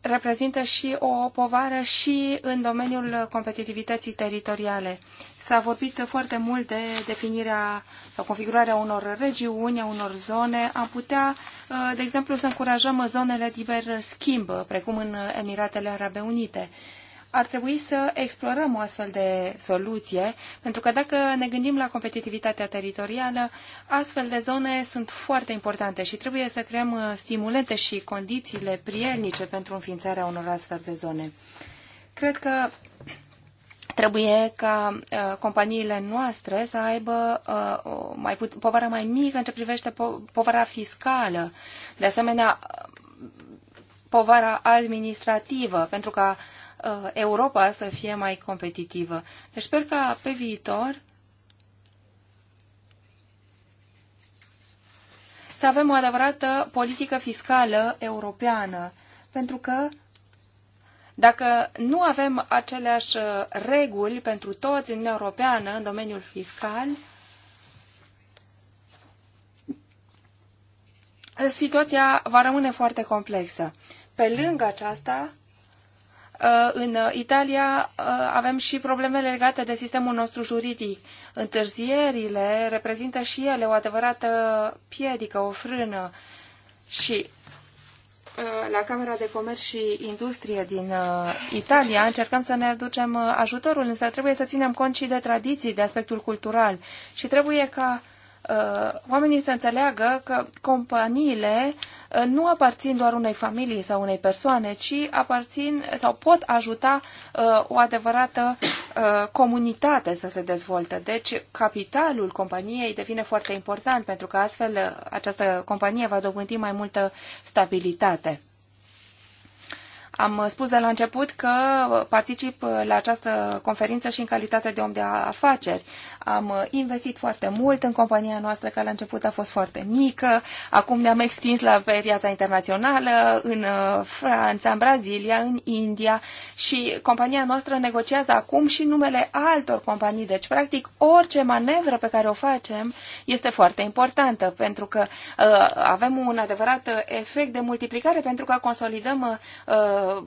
reprezintă și o povară și în domeniul competitivității teritoriale. S-a vorbit foarte mult de definirea sau configurarea unor regiuni, a unor zone. Am putea, de exemplu, să încurajăm zonele liber schimb, precum în Emiratele Arabe Unite ar trebui să explorăm o astfel de soluție, pentru că dacă ne gândim la competitivitatea teritorială, astfel de zone sunt foarte importante și trebuie să creăm uh, stimulente și condițiile prielnice pentru înființarea unor astfel de zone. Cred că trebuie ca uh, companiile noastre să aibă uh, o mai put- povară mai mică în ce privește po- povara fiscală. De asemenea, povara administrativă, pentru ca uh, Uh, Europa să fie mai competitivă. Deci sper că pe viitor să avem o adevărată politică fiscală europeană, pentru că dacă nu avem aceleași uh, reguli pentru toți în Uniunea Europeană în domeniul fiscal, situația va rămâne foarte complexă. Pe lângă aceasta, Uh, în Italia uh, avem și problemele legate de sistemul nostru juridic. Întârzierile reprezintă și ele o adevărată piedică, o frână. Și uh, la Camera de Comerț și Industrie din Italia încercăm să ne aducem ajutorul, însă trebuie să ținem cont și de tradiții, de aspectul cultural. Și trebuie ca Uh, oamenii să înțeleagă că companiile uh, nu aparțin doar unei familii sau unei persoane, ci aparțin sau pot ajuta uh, o adevărată comunitate să se dezvolte. Deci capitalul companiei devine foarte important pentru că astfel această companie va dobândi mai multă stabilitate. Am spus de la început că particip la această conferință și în calitate de om de afaceri am uh, investit foarte mult în compania noastră, care la început a fost foarte mică, acum ne-am extins la, pe piața internațională, în uh, Franța, în Brazilia, în India și compania noastră negociază acum și numele altor companii. Deci, practic, orice manevră pe care o facem este foarte importantă, pentru că uh, avem un adevărat uh, efect de multiplicare, pentru că consolidăm uh,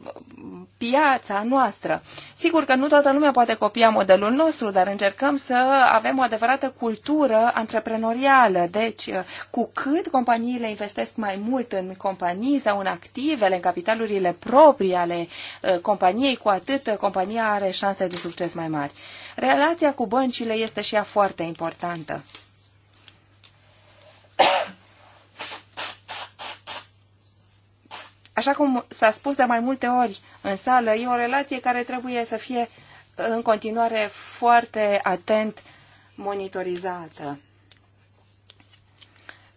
piața noastră. Sigur că nu toată lumea poate copia modelul nostru, dar încercăm să avem o adevărată cultură antreprenorială. Deci, uh, cu cât companiile investesc mai mult în companii sau în activele, în capitalurile proprii ale uh, companiei, cu atât uh, compania are șanse de succes mai mari. Relația cu băncile este și ea foarte importantă. [COUGHS] Așa cum s-a spus de mai multe ori în sală, e o relație care trebuie să fie în continuare foarte atent monitorizată.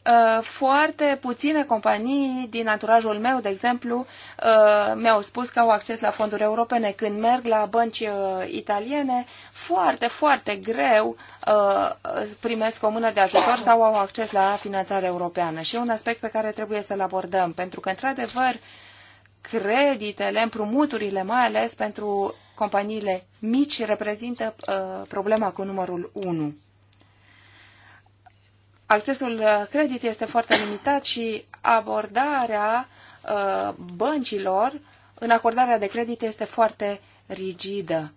Uh, foarte puține companii din anturajul meu, de exemplu, uh, mi-au spus că au acces la fonduri europene. Când merg la bănci uh, italiene, foarte, foarte greu primesc o mână de ajutor sau au acces la finanțare europeană. Și e un aspect pe care trebuie să-l abordăm, pentru că, într-adevăr, creditele, împrumuturile, mai ales pentru companiile mici reprezintă uh, problema cu numărul 1. Accesul uh, credit este foarte limitat și abordarea uh, băncilor în acordarea de credit este foarte rigidă.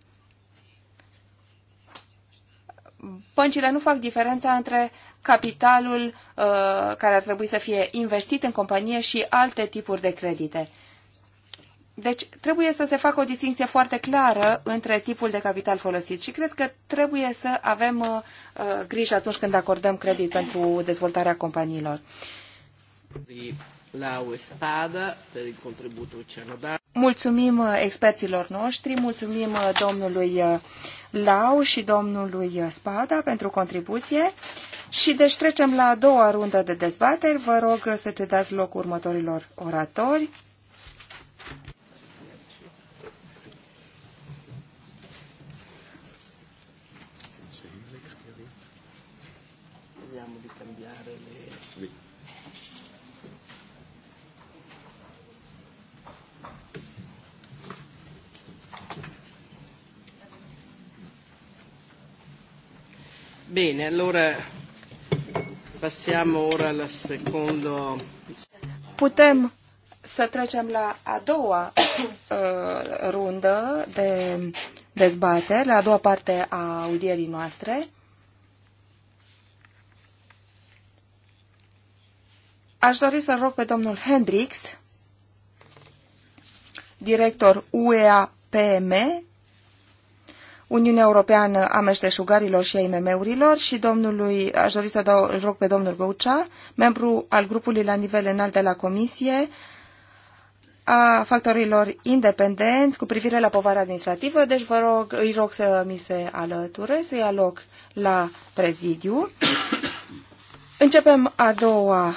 Băncile nu fac diferența între capitalul uh, care ar trebui să fie investit în companie și alte tipuri de credite. Deci trebuie să se facă o distinție foarte clară între tipul de capital folosit și cred că trebuie să avem uh, uh grijă atunci când acordăm credit pentru dezvoltarea companiilor. Mulțumim uh, experților noștri, mulțumim uh, domnului Lau și domnului Spada pentru contribuție și deci trecem la a doua rundă de dezbateri. Vă rog să cedați loc următorilor oratori. allora passiamo ora secondo... Putem să trecem la a doua [COUGHS] uh, rundă de dezbateri, la a doua parte a audierii noastre. Aș dori să rog pe domnul Hendrix, director UEA PM, Uniunea Europeană a Meșteșugarilor și a IMM-urilor și domnului, aș dori să dau, îl rog pe domnul Găucea, membru al grupului la nivel înalt de la Comisie, a factorilor independenți cu privire la povara administrativă, deci vă rog, îi rog să mi se alăture, să ia loc la prezidiu. Începem a doua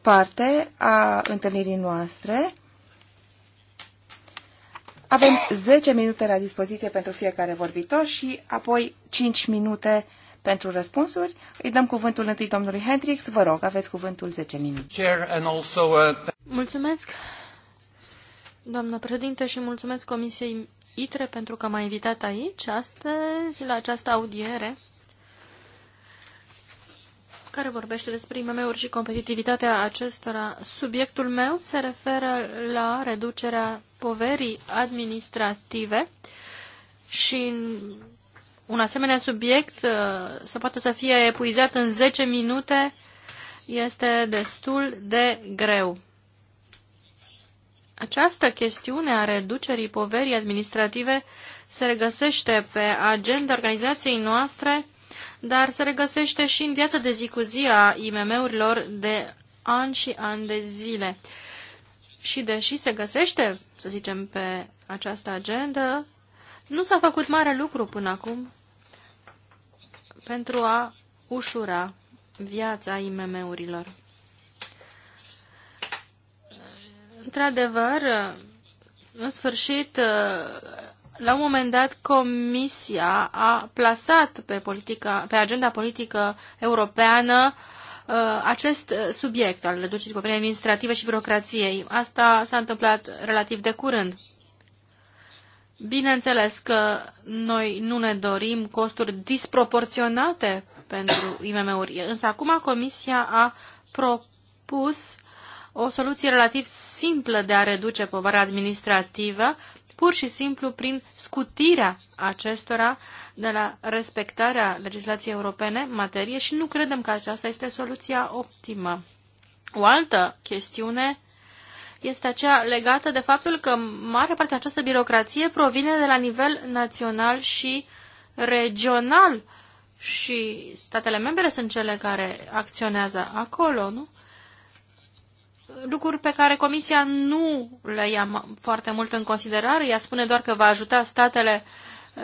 parte a întâlnirii noastre. Avem 10 minute la dispoziție pentru fiecare vorbitor și apoi 5 minute pentru răspunsuri. Îi dăm cuvântul întâi domnului Hendrix. Vă rog, aveți cuvântul 10 minute. Uh, mulțumesc, doamnă președinte, și mulțumesc Comisiei ITRE pentru că m-a invitat aici astăzi la această audiere care vorbește despre IMM-uri și competitivitatea acestora. Subiectul meu se referă la reducerea poverii administrative și un asemenea subiect uh, să poate să fie epuizat în 10 minute este destul de greu. Această chestiune a reducerii poverii administrative se regăsește pe agenda organizației noastre dar se regăsește și în viața de zi cu zi a IMM-urilor de ani și ani de zile. Și deși se găsește, să zicem, pe această agendă, nu s-a făcut mare lucru până acum pentru a ușura viața IMM-urilor. Într-adevăr, în sfârșit, la un moment dat, Comisia a plasat pe, politica, pe agenda politică europeană uh, acest subiect al reducerii poverii administrative și birocrației. Asta s-a întâmplat relativ de curând. Bineînțeles că noi nu ne dorim costuri disproporționate pentru IMM-uri, însă acum Comisia a propus o soluție relativ simplă de a reduce povara administrativă pur și simplu prin scutirea acestora de la respectarea legislației europene în materie și nu credem că aceasta este soluția optimă. O altă chestiune este aceea legată de faptul că mare parte această birocrație provine de la nivel național și regional și statele membre sunt cele care acționează acolo, nu? lucruri pe care Comisia nu le ia foarte mult în considerare. Ea spune doar că va ajuta statele uh,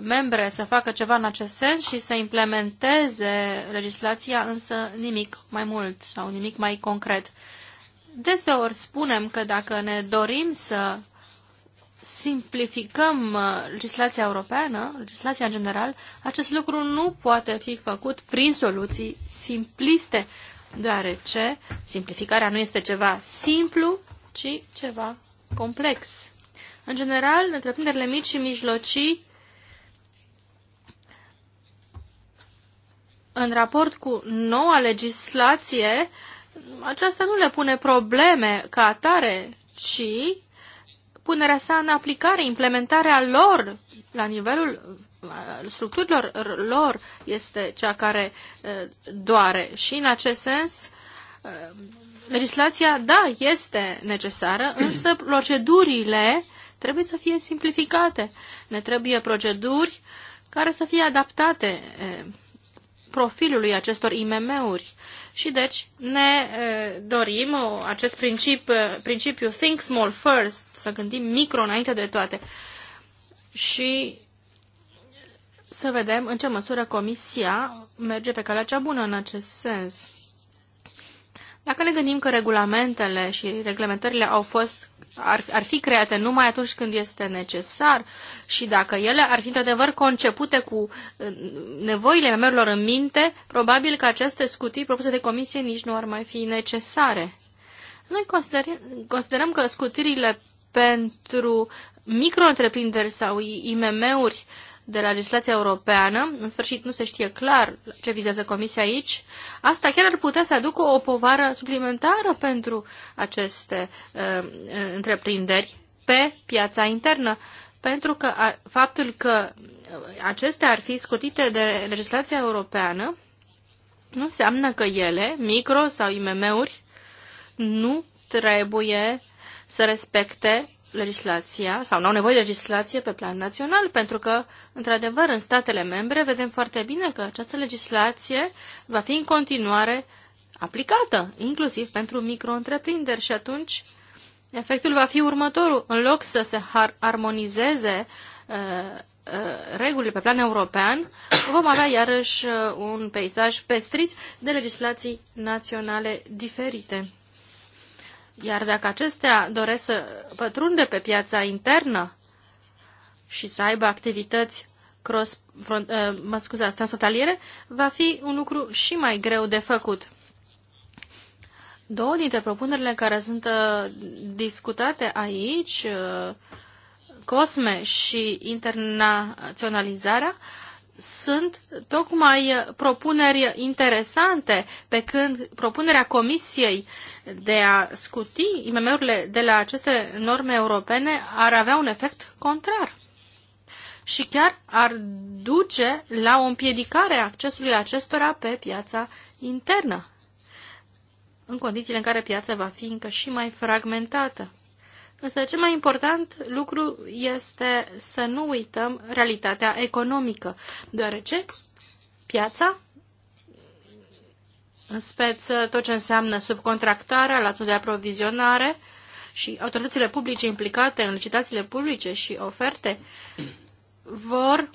membre să facă ceva în acest sens și să implementeze legislația, însă nimic mai mult sau nimic mai concret. Deseori spunem că dacă ne dorim să simplificăm uh, legislația europeană, legislația în general, acest lucru nu poate fi făcut prin soluții simpliste deoarece simplificarea nu este ceva simplu, ci ceva complex. În general, întreprinderile mici și mijlocii în raport cu noua legislație, aceasta nu le pune probleme ca atare, ci punerea sa în aplicare, implementarea lor la nivelul structurilor lor este cea care doare. Și în acest sens, legislația, da, este necesară, [CLEARS THROAT] însă procedurile trebuie să fie simplificate. Ne trebuie proceduri care să fie adaptate profilului acestor IMM-uri. Și deci ne dorim acest princip, principiu think small first, să gândim micro înainte de toate. Și să vedem în ce măsură Comisia merge pe calea cea bună în acest sens. Dacă ne gândim că regulamentele și reglementările au fost, ar, ar fi create numai atunci când este necesar și dacă ele ar fi într-adevăr concepute cu uh, nevoile memelor în minte, probabil că aceste scutii propuse de comisie nici nu ar mai fi necesare. Noi considerăm, considerăm că scutirile pentru micro-întreprinderi sau IMM-uri uh, de la legislația europeană, în sfârșit nu se știe clar ce vizează Comisia aici, asta chiar ar putea să aducă o povară suplimentară pentru aceste uh, uh, întreprinderi pe piața internă, pentru că a, faptul că acestea ar fi scutite de legislația europeană nu înseamnă că ele, micro sau IMM-uri, nu trebuie să respecte legislația sau nu au nevoie de legislație pe plan național, pentru că, într-adevăr, în statele membre vedem foarte bine că această legislație va fi în continuare aplicată, inclusiv pentru micro-întreprinderi și atunci efectul va fi următorul. În loc să se armonizeze uh, uh, regulile pe plan european, vom avea iarăși uh, un peisaj pestriț de legislații naționale diferite. Iar dacă acestea doresc să pătrunde pe piața internă și să aibă activități cross, front, uh, mă scuzați, transfrontaliere, va fi un lucru și mai greu de făcut. Două dintre propunerile care sunt uh, discutate aici, uh, COSME și internaționalizarea, uh, sunt tocmai uh, propuneri interesante, pe când propunerea Comisiei de a scuti IMM-urile de la aceste norme europene ar avea un efect contrar și chiar ar duce la o împiedicare a accesului acestora pe piața internă, în condițiile în care piața va fi încă și mai fragmentată. Însă cel mai important lucru este să nu uităm realitatea economică, deoarece piața, în speță tot ce înseamnă subcontractarea, lațul de aprovizionare și autoritățile publice implicate în licitațiile publice și oferte, vor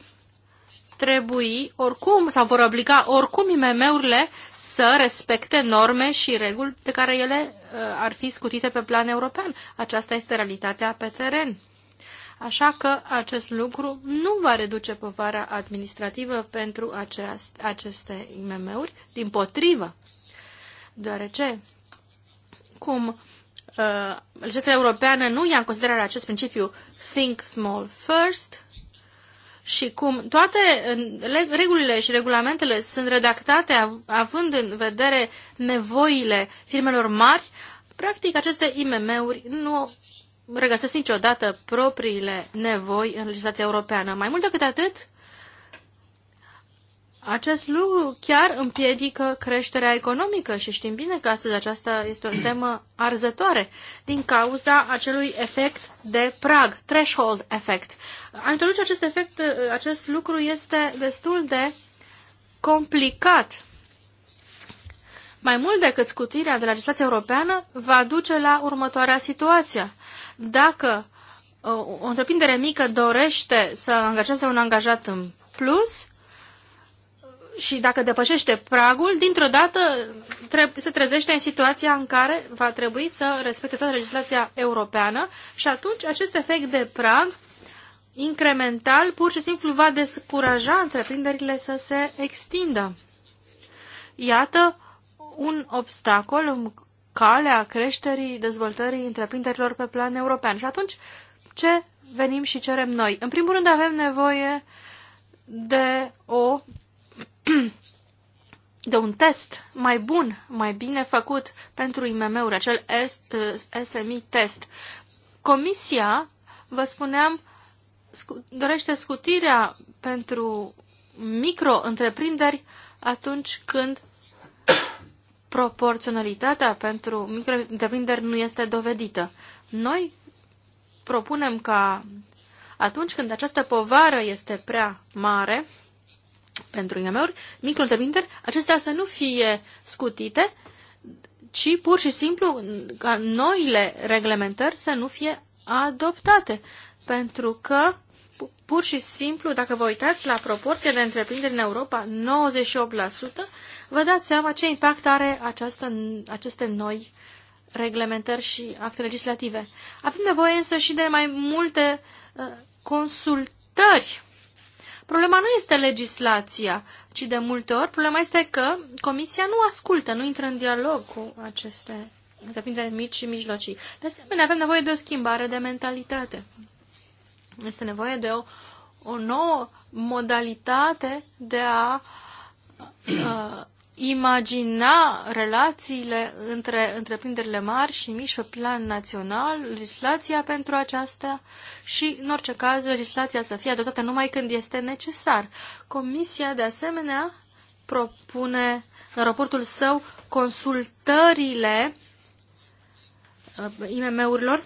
trebui oricum, sau vor obliga oricum IMM-urile să respecte norme și reguli de care ele uh, ar fi scutite pe plan european. Aceasta este realitatea pe teren. Așa că acest lucru nu va reduce povara administrativă pentru aceast, aceste IMM-uri, din potrivă, deoarece cum uh, legislația europeană nu ia în considerare acest principiu think small first, și cum toate regulile și regulamentele sunt redactate având în vedere nevoile firmelor mari, practic aceste IMM-uri nu regăsesc niciodată propriile nevoi în legislația europeană. Mai mult decât atât, acest lucru chiar împiedică creșterea economică și știm bine că astăzi aceasta este o temă arzătoare din cauza acelui efect de prag, threshold effect. A introduce acest efect, acest lucru este destul de complicat. Mai mult decât scutirea de legislația europeană va duce la următoarea situație. Dacă uh, o întreprindere mică dorește să angajeze un angajat în plus, și dacă depășește pragul, dintr-o dată se trezește în situația în care va trebui să respecte toată legislația europeană și atunci acest efect de prag incremental pur și simplu va descuraja întreprinderile să se extindă. Iată un obstacol în calea creșterii, dezvoltării întreprinderilor pe plan european. Și atunci, ce venim și cerem noi? În primul rând avem nevoie de o [CLEARS THROAT] de un test mai bun, mai bine făcut pentru IMM-uri, acel SMI uh, test. Comisia, vă spuneam, dorește scutirea pentru micro-întreprinderi atunci când [CLEARS THROAT] proporționalitatea pentru micro-întreprinderi nu este dovedită. Noi propunem ca atunci când această povară este prea mare, pentru IMM-uri, micro acestea să nu fie scutite, ci pur și simplu ca noile reglementări să nu fie adoptate. Pentru că, pur și simplu, dacă vă uitați la proporția de întreprinderi în Europa, 98%, vă dați seama ce impact are această, aceste noi reglementări și acte legislative. Avem nevoie însă și de mai multe uh, consultări Problema nu este legislația, ci de multe ori problema este că Comisia nu ascultă, nu intră în dialog cu aceste întreprinderi mici și mijlocii. De asemenea, avem nevoie de o schimbare de mentalitate. Este nevoie de o, o nouă modalitate de a [CLEARS THROAT] uh, imagina relațiile între întreprinderile mari și mici pe plan național, legislația pentru aceasta și, în orice caz, legislația să fie adoptată numai când este necesar. Comisia, de asemenea, propune în raportul său consultările uh, IMM-urilor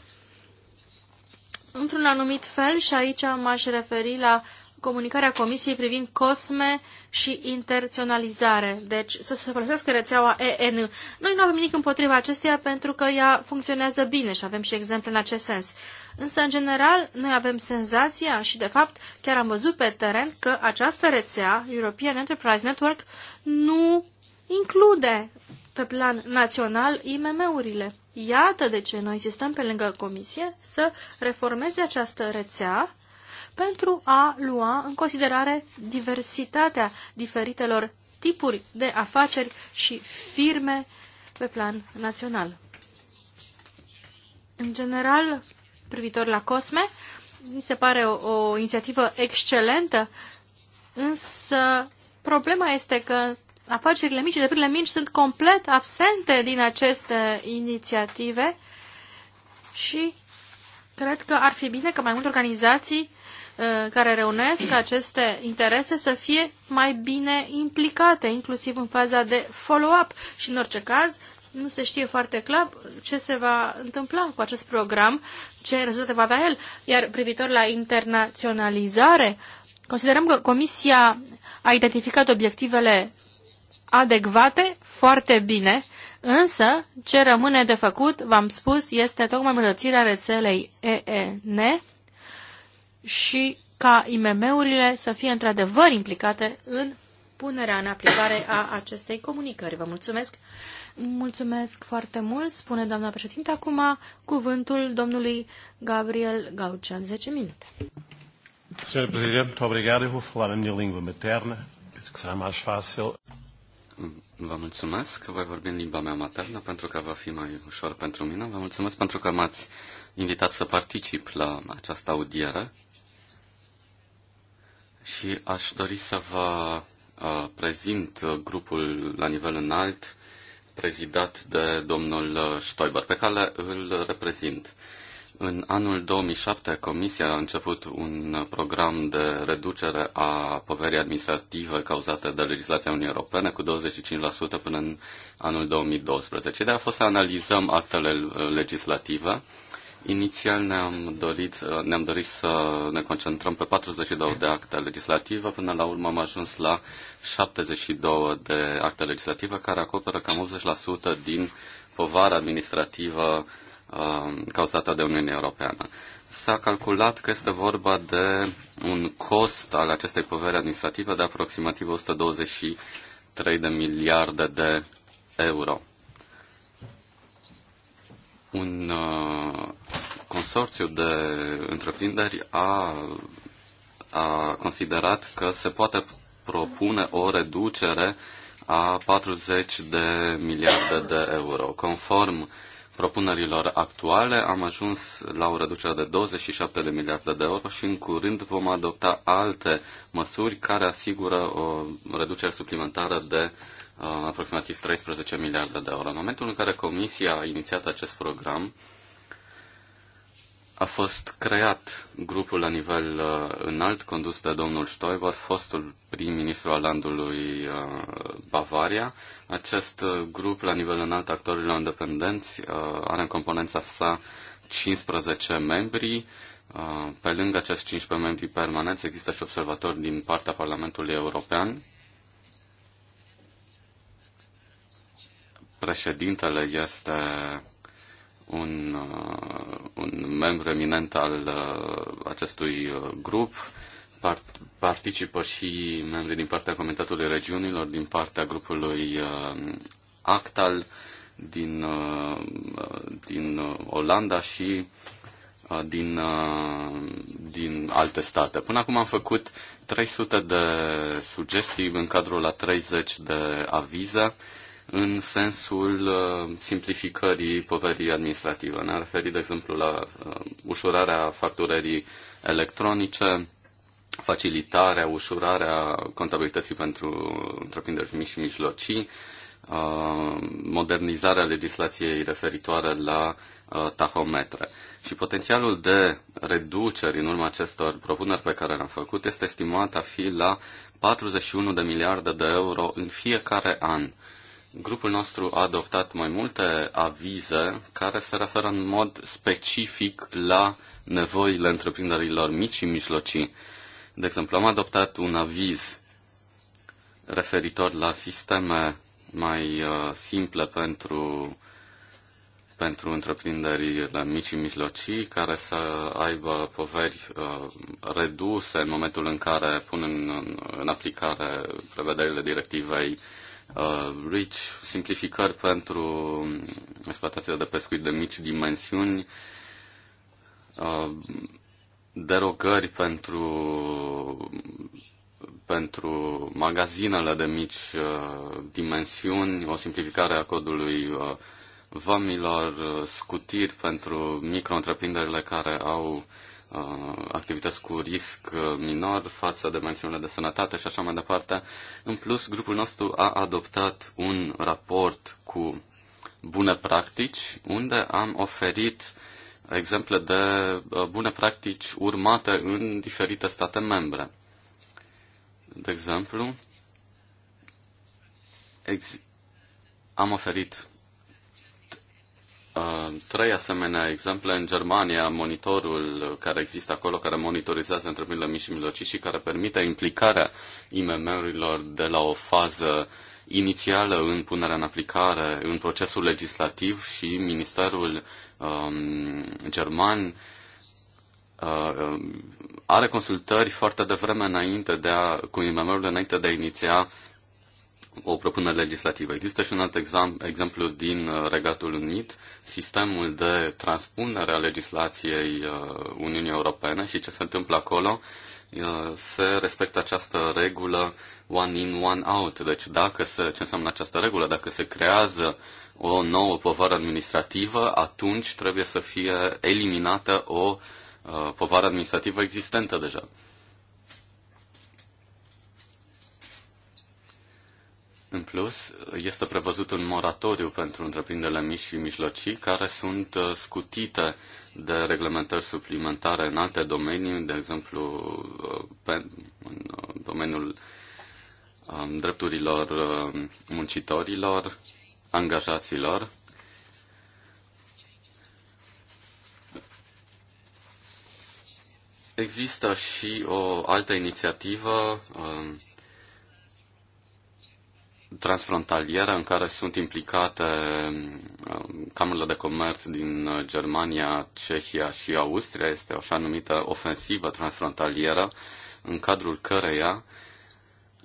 într-un anumit fel și aici m-aș referi la comunicarea Comisiei privind COSME și internaționalizare, deci să se folosească rețeaua EN. Noi nu avem nimic împotriva acesteia pentru că ea funcționează bine și avem și exemple în acest sens. Însă, în general, noi avem senzația și, de fapt, chiar am văzut pe teren că această rețea, European Enterprise Network, nu include pe plan național IMM-urile. Iată de ce noi insistăm pe lângă Comisie să reformeze această rețea pentru a lua în considerare diversitatea diferitelor tipuri de afaceri și firme pe plan național. În general, privitor la COSME, mi se pare o, o inițiativă excelentă, însă problema este că afacerile mici, deprile mici, sunt complet absente din aceste inițiative și cred că ar fi bine că mai multe organizații Uh, care reunesc aceste interese să fie mai bine implicate, inclusiv în faza de follow-up. Și în orice caz, nu se știe foarte clar ce se va întâmpla cu acest program, ce rezultate va avea el. Iar privitor la internaționalizare, considerăm că Comisia a identificat obiectivele adecvate foarte bine, însă ce rămâne de făcut, v-am spus, este tocmai îmbunătățirea rețelei EEN, și ca IMM-urile să fie într-adevăr implicate în punerea în aplicare a acestei comunicări. Vă mulțumesc! Mulțumesc foarte mult, spune doamna președinte. Acum cuvântul domnului Gabriel Gaucian, 10 minute. Senhor Presidente, obrigado. Eu vou falar a minha língua materna, penso que será mais fácil. Vă mulțumesc că voi vorbi în limba mea maternă pentru că va fi mai ușor pentru mine. Vă mulțumesc pentru că m-ați invitat să particip la această audiere și aș dori să vă uh, prezint grupul la nivel înalt prezidat de domnul uh, Stoiber, pe care îl reprezint. În anul 2007, Comisia a început un program de reducere a poverii administrative cauzate de legislația Uniunii Europene cu 25% până în anul 2012. Ideea a fost să analizăm actele uh, legislative Inițial ne-am dorit, ne-am dorit să ne concentrăm pe 42 de acte legislative, până la urmă am ajuns la 72 de acte legislative care acoperă cam 80% din povara administrativă uh, cauzată de Uniunea Europeană. S-a calculat că este vorba de un cost al acestei povere administrative de aproximativ 123 de miliarde de euro un uh, consorțiu de întreprinderi a, a considerat că se poate propune o reducere a 40 de miliarde de euro. Conform propunerilor actuale am ajuns la o reducere de 27 de miliarde de euro și în curând vom adopta alte măsuri care asigură o reducere suplimentară de Uh, aproximativ 13 miliarde de euro. În momentul în care Comisia a inițiat acest program, a fost creat grupul la nivel uh, înalt, condus de domnul Stoiber, fostul prim-ministru al landului uh, Bavaria. Acest uh, grup la nivel înalt actorilor independenți uh, are în componența sa 15 membri. Uh, pe lângă acești 15 membri permanenți există și observatori din partea Parlamentului European Președintele este un, uh, un membru eminent al uh, acestui uh, grup. Participă și membrii din partea Comitetului Regiunilor, din partea grupului ACTAL din, din Olanda și din, din alte state. Până acum am făcut 300 de sugestii în cadrul la 30 de avize în sensul uh, simplificării poverii administrative. Ne-am referit, de exemplu, la uh, ușurarea facturării electronice, facilitarea, ușurarea contabilității pentru întreprinderi mici și mijlocii, uh, modernizarea legislației referitoare la tahometre. Și potențialul de reduceri în urma acestor propuneri pe care le-am făcut este estimat a fi la 41 de miliarde de euro în fiecare an. Grupul nostru a adoptat mai multe avize care se referă în mod specific la nevoile întreprinderilor mici și mijlocii. De exemplu, am adoptat un aviz referitor la sisteme mai uh, simple pentru, pentru întreprinderile mici și mijlocii, care să aibă poveri uh, reduse în momentul în care pun în, în aplicare prevederile directivei Uh, RICH, simplificări pentru exploatațiile de pescuit de mici dimensiuni, uh, derogări pentru, pentru magazinele de mici uh, dimensiuni, o simplificare a codului vamilor, scutiri pentru micro întreprinderile care au Uh, activități cu risc uh, minor față de mențiunile de sănătate și așa mai departe. În plus, grupul nostru a adoptat un raport cu bune practici, unde am oferit exemple de uh, bune practici urmate în diferite state membre. De exemplu, am oferit Uh, trei asemenea exemple. În Germania, monitorul care există acolo, care monitorizează întreprinderile mici și mijlocii și care permite implicarea IMM-urilor de la o fază inițială în punerea în aplicare, în procesul legislativ și Ministerul um, German uh, um, are consultări foarte devreme înainte de a, cu IMM-urile înainte de a iniția o propunere legislativă. Există și un alt exam, exemplu din uh, Regatul Unit, sistemul de transpunere a legislației uh, Uniunii Europene și ce se întâmplă acolo. Uh, se respectă această regulă one in, one out. Deci dacă se, ce înseamnă această regulă? Dacă se creează o nouă povară administrativă, atunci trebuie să fie eliminată o povară administrativă existentă deja. În plus, este prevăzut un moratoriu pentru întreprinderile mici și mijlocii care sunt uh, scutite de reglementări suplimentare în alte domenii, de exemplu uh, pe, în uh, domeniul um, drepturilor muncitorilor, angajaților. Există și o altă inițiativă um, transfrontalieră în care sunt implicate um, camerele de comerț din uh, Germania, Cehia și Austria. Este așa numită ofensivă transfrontalieră în cadrul căreia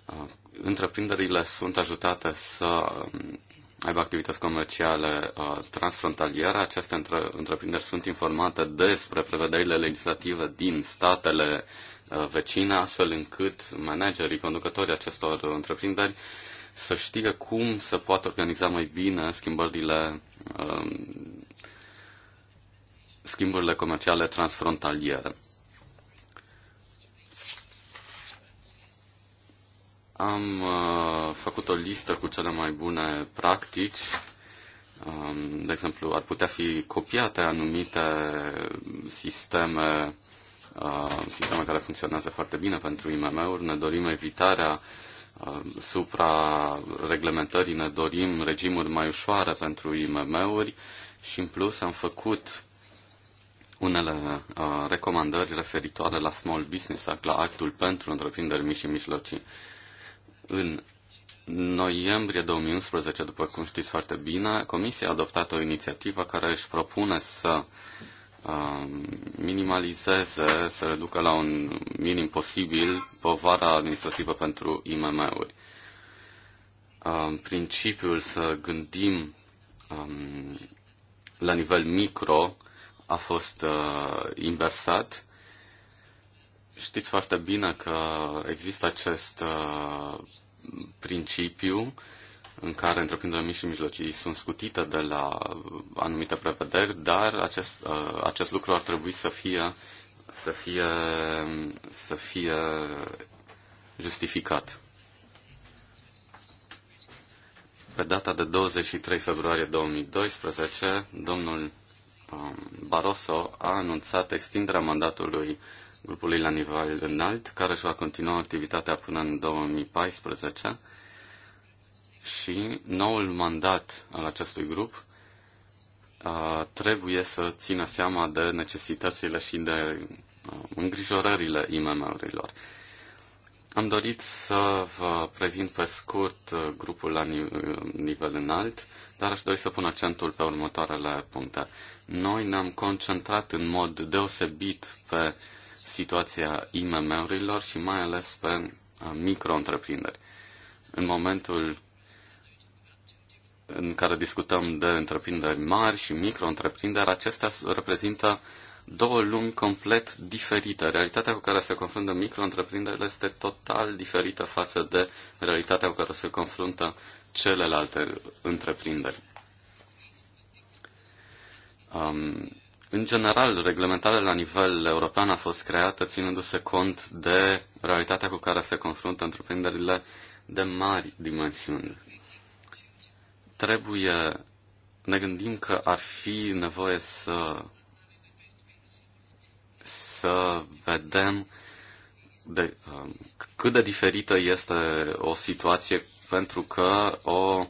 uh, întreprinderile sunt ajutate să um, aibă activități comerciale uh, transfrontaliere. Aceste între, întreprinderi sunt informate despre prevederile legislative din statele vecine, astfel încât managerii, conducătorii acestor întreprinderi să știe cum să poată organiza mai bine schimbările, uh, um, schimbările comerciale transfrontaliere. Am uh, făcut o listă cu cele mai bune practici. Um, de exemplu, ar putea fi copiate anumite sisteme, uh, sisteme care funcționează foarte bine pentru IMM-uri. Ne dorim evitarea Um, supra-reglementării ne dorim regimuri mai ușoare pentru IMM-uri și în plus am făcut unele uh, recomandări referitoare la Small Business Act, la actul pentru întreprinderi mici și mijlocii. În noiembrie 2011, după cum știți foarte bine, Comisia a adoptat o inițiativă care își propune să uh, Um, minimalizeze, să reducă la un minim posibil povara administrativă pentru IMM-uri. Um, principiul să gândim um, la nivel micro a fost uh, inversat. Știți foarte bine că există acest uh, principiu în care întreprinderile mici și mijlocii sunt scutite de la anumite prevederi, dar acest, uh, acest lucru ar trebui să fie, să fie, să fie justificat. Pe data de 23 februarie 2012, domnul um, Barroso a anunțat extinderea mandatului grupului la nivel înalt, care își va continua activitatea până în 2014 și noul mandat al acestui grup uh, trebuie să țină seama de necesitățile și de uh, îngrijorările IMM-urilor. Am dorit să vă prezint pe scurt uh, grupul la nivel înalt, dar aș dori să pun accentul pe următoarele puncte. Noi ne-am concentrat în mod deosebit pe situația IMM-urilor și mai ales pe micro-întreprinderi. În momentul în care discutăm de întreprinderi mari și micro-întreprinderi, acestea reprezintă două lumi complet diferite. Realitatea cu care se confruntă micro-întreprinderile este total diferită față de realitatea cu care se confruntă celelalte întreprinderi. Um, în general, reglementarea la nivel european a fost creată ținându-se cont de realitatea cu care se confruntă întreprinderile de mari dimensiuni trebuie, ne gândim că ar fi nevoie să, să vedem de, um, cât de diferită este o situație pentru că o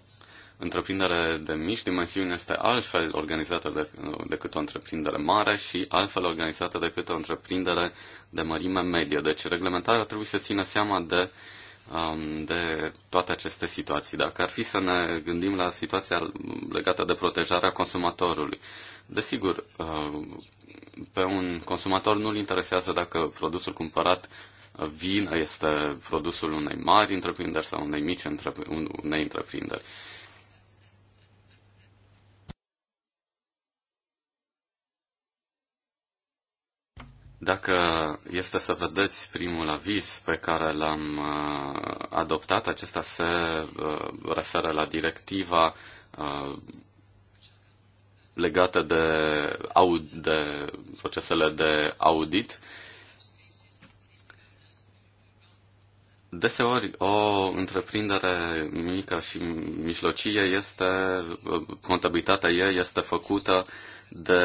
întreprindere de mici dimensiuni este altfel organizată de, decât o întreprindere mare și altfel organizată decât o întreprindere de mărime medie. Deci reglementarea trebuie să țină seama de uh, de toate aceste situații. Dacă ar fi să ne gândim la situația legată de protejarea consumatorului, desigur, uh, pe un consumator nu-l interesează dacă produsul cumpărat vin este produsul unei mari întreprinderi sau unei mici unei întreprinderi. Dacă este să vedeți primul aviz pe care l-am uh, adoptat, acesta se uh, referă la directiva uh, legată de, aud, de procesele de audit. Deseori, o întreprindere mică și mijlocie este, contabilitatea ei este făcută uh, de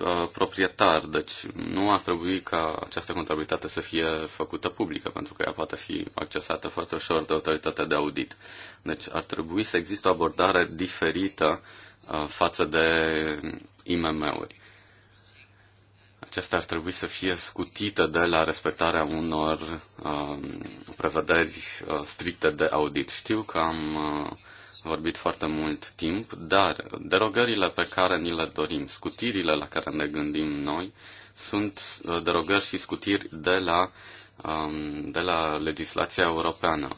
uh, proprietar. Deci nu ar trebui ca această contabilitate să fie făcută publică, pentru că ea poate fi accesată foarte ușor de autoritatea de audit. Deci ar trebui să existe o abordare diferită uh, față de IMM-uri. Acestea ar trebui să fie scutită de la respectarea unor uh, prevederi uh, stricte de audit. Știu că am uh, vorbit foarte mult timp, dar derogările pe care ni le dorim, scutirile la care ne gândim noi, sunt uh, derogări și scutiri de la, um, de la legislația europeană.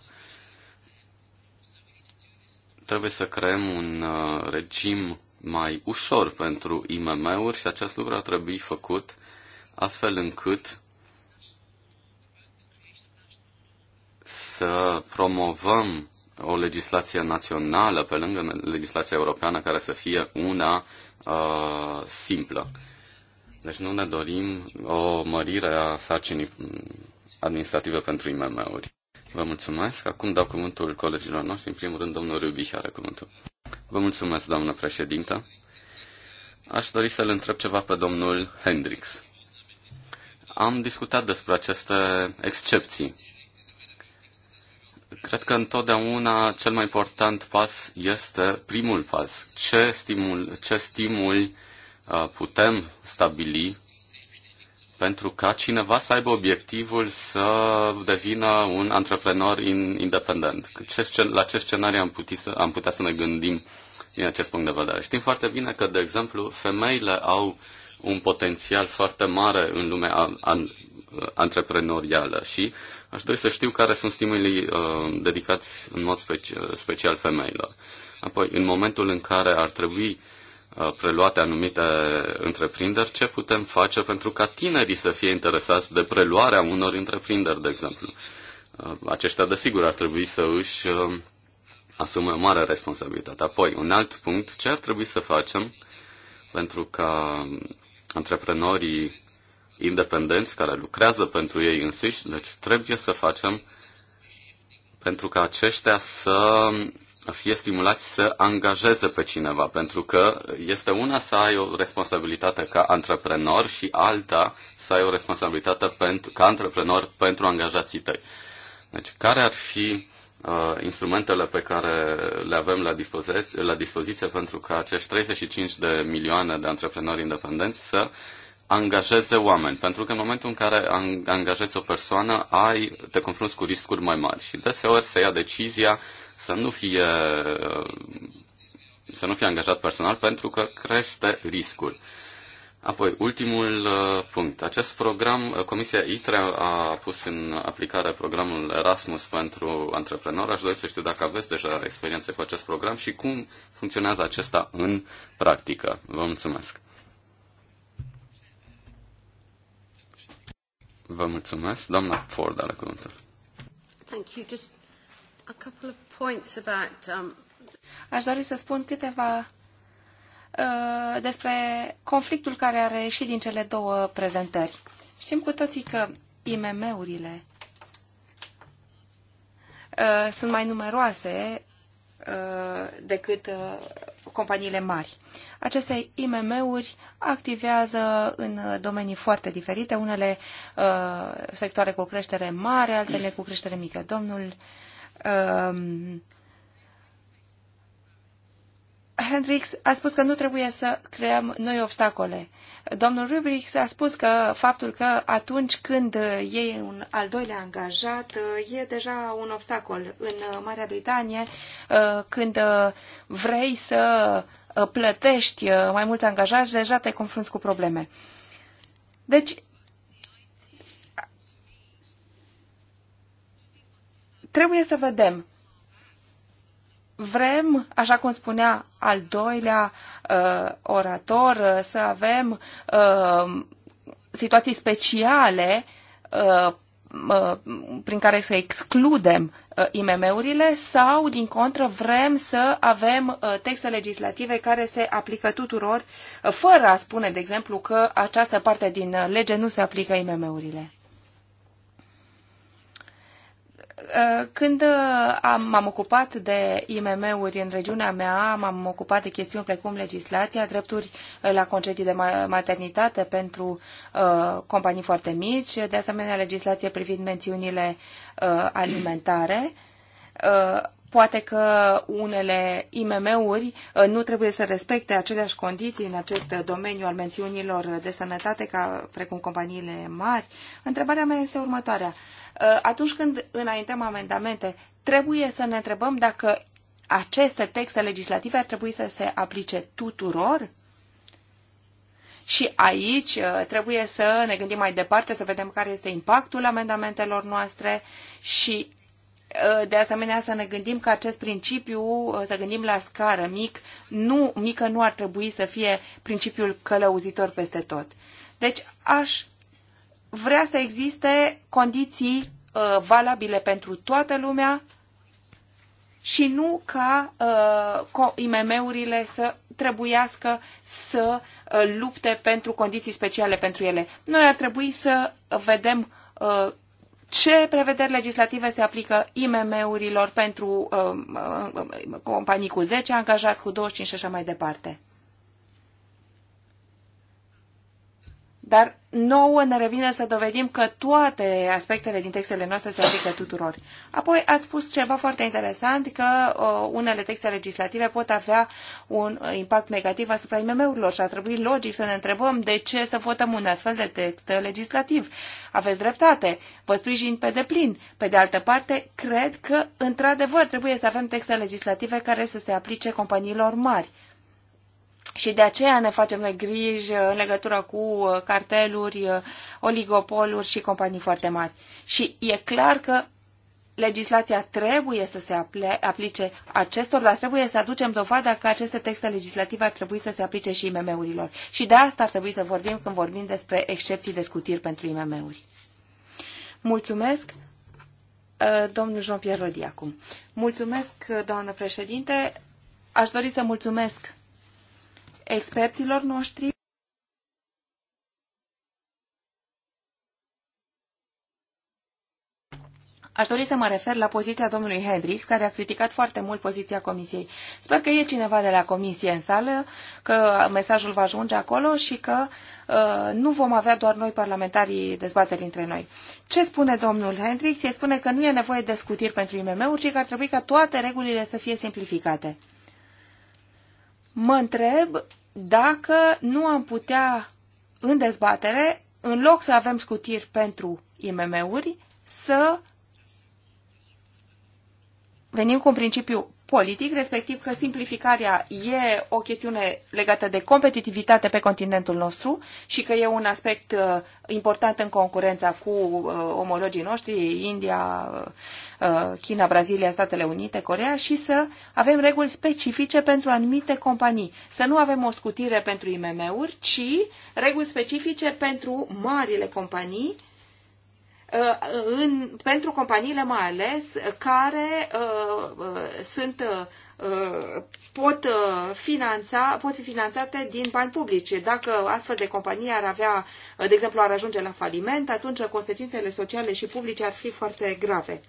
Trebuie să creăm un uh, regim mai ușor pentru IMM-uri și acest lucru ar trebui făcut astfel încât să promovăm o legislație națională pe lângă legislația europeană care să fie una uh, simplă. Deci nu ne dorim o mărire a sarcinii administrative pentru IMM-uri. Vă mulțumesc. Acum dau cuvântul colegilor noștri. În primul rând, domnul Rubiș are cuvântul. Vă mulțumesc, doamnă președintă. Aș dori să-l întreb ceva pe domnul Hendrix. Am discutat despre aceste excepții Cred că întotdeauna cel mai important pas este primul pas. Ce stimul, ce stimul uh, putem stabili pentru ca cineva să aibă obiectivul să devină un antreprenor independent. Ce, la ce scenarii am, să, am putea să ne gândim din acest punct de vedere? Știm foarte bine că, de exemplu, femeile au un potențial foarte mare în lumea antreprenorială și uh, Aș dori să știu care sunt stimulii uh, dedicați în mod speci- special femeilor. Apoi, în momentul în care ar trebui uh, preluate anumite întreprinderi, ce putem face pentru ca tinerii să fie interesați de preluarea unor întreprinderi, de exemplu. Uh, aceștia, desigur, ar trebui să își uh, asume o mare responsabilitate. Apoi, un alt punct, ce ar trebui să facem pentru ca um, antreprenorii independenți care lucrează pentru ei înșiși, deci trebuie să facem pentru ca aceștia să fie stimulați să angajeze pe cineva, pentru că este una să ai o responsabilitate ca antreprenor și alta să ai o responsabilitate pentru, ca antreprenor pentru angajații tăi. Deci, care ar fi uh, instrumentele pe care le avem la dispoziție, la dispoziție pentru ca acești 35 de milioane de antreprenori independenți să uh, angajeze oameni, pentru că în momentul în care angajezi o persoană, ai, te confrunți cu riscuri mai mari și deseori se ia decizia să nu fie să nu fie angajat personal pentru că crește riscul. Apoi, ultimul uh, punct. Acest program, uh, Comisia ITRE a pus în aplicare programul Erasmus pentru antreprenori. Aș dori să știu dacă aveți deja experiență cu acest program și cum funcționează acesta în practică. Vă mulțumesc! Vă mulțumesc. Doamna Ford are cuvântul. Thank you. Just a couple of points about, um... Aș dori să spun câteva uh, despre conflictul care a reieșit din cele două prezentări. Știm cu toții că IMM-urile uh, sunt mai numeroase Uh, decât uh, companiile mari. Aceste IMM-uri activează în uh, domenii foarte diferite, unele sectoare cu o creștere mare, altele cu creștere mică. Domnul Hendrix a spus că nu trebuie să creăm noi obstacole. Domnul Rubrix a spus că faptul că atunci când e un al doilea angajat e deja un obstacol. În Marea Britanie, uh, când uh, vrei să uh, plătești mai mulți angajați, deja te confrunți cu probleme. Deci, trebuie să vedem vrem, așa cum spunea al doilea uh, orator, uh, să avem uh, situații speciale uh, uh, prin care să excludem uh, IMM-urile sau, din contră, vrem să avem uh, texte legislative care se aplică tuturor, uh, fără a spune, de exemplu, că această parte din uh, lege nu se aplică IMM-urile. Uh, când uh, m-am ocupat de IMM-uri în regiunea mea, m-am ocupat de chestiuni precum legislația, drepturi uh, la concedii de maternitate pentru companii foarte mici, de asemenea legislație privind mențiunile alimentare, Poate că unele IMM-uri uh, nu trebuie să respecte aceleași condiții în acest domeniu al mențiunilor de sănătate ca precum companiile mari. Întrebarea mea este următoarea. Uh, atunci când înaintăm amendamente, trebuie să ne întrebăm dacă aceste texte legislative ar trebui să se aplice tuturor? Și aici uh, trebuie să ne gândim mai departe, să vedem care este impactul amendamentelor noastre și Uh, de asemenea să ne gândim că acest principiu, uh, să gândim la scară mic, nu, mică nu ar trebui să fie principiul călăuzitor peste tot. Deci aș vrea să existe condiții uh, valabile pentru toată lumea și nu ca uh, IMM-urile să trebuiască să uh, lupte pentru condiții speciale pentru ele. Noi ar trebui să vedem uh, ce prevederi legislative se aplică IMM-urilor pentru uh, companii cu 10 angajați, cu 25 și așa mai departe. Dar nouă ne revine să dovedim că toate aspectele din textele noastre se aplică tuturor. Apoi ați spus ceva foarte interesant, că uh, unele texte legislative pot avea un uh, impact negativ asupra IMM-urilor și ar trebui logic să ne întrebăm de ce să votăm un astfel de text legislativ. Aveți dreptate, vă sprijin pe deplin. Pe de altă parte, cred că, într-adevăr, trebuie să avem texte legislative care să se aplice companiilor mari și de aceea ne facem noi griji uh, în legătură cu uh, carteluri, uh, oligopoluri și companii foarte mari. Și e clar că legislația trebuie să se aplice acestor, dar trebuie să aducem dovada că aceste texte legislative ar trebui să se aplice și IMM-urilor. Și de asta ar trebui să vorbim când vorbim despre excepții de scutiri pentru IMM-uri. Mulțumesc, domnul Jean-Pierre Rodi acum. Mulțumesc, doamnă președinte. Aș dori să mulțumesc experților noștri. Aș dori să mă refer la poziția domnului Hendrix, care a criticat foarte mult poziția comisiei. Sper că e cineva de la comisie în sală, că mesajul va ajunge acolo și că uh, nu vom avea doar noi parlamentarii dezbateri între noi. Ce spune domnul Hendrix? El spune că nu e nevoie de scutiri pentru IMM-uri, ci că ar trebui ca toate regulile să fie simplificate mă întreb dacă nu am putea în dezbatere, în loc să avem scutiri pentru IMM-uri, să venim cu un principiu politic, respectiv că simplificarea e o chestiune legată de competitivitate pe continentul nostru și că e un aspect uh, important în concurența cu uh, omologii noștri, India, uh, China, Brazilia, Statele Unite, Corea și să avem reguli specifice pentru anumite companii. Să nu avem o scutire pentru IMM-uri, ci reguli specifice pentru marile companii Uh, în, pentru companiile mai ales care uh, uh, sunt pot finanța, pot fi finanțate din bani publici. Dacă astfel de companie ar avea, de exemplu, ar ajunge la faliment, atunci consecințele sociale și publice ar fi foarte grave.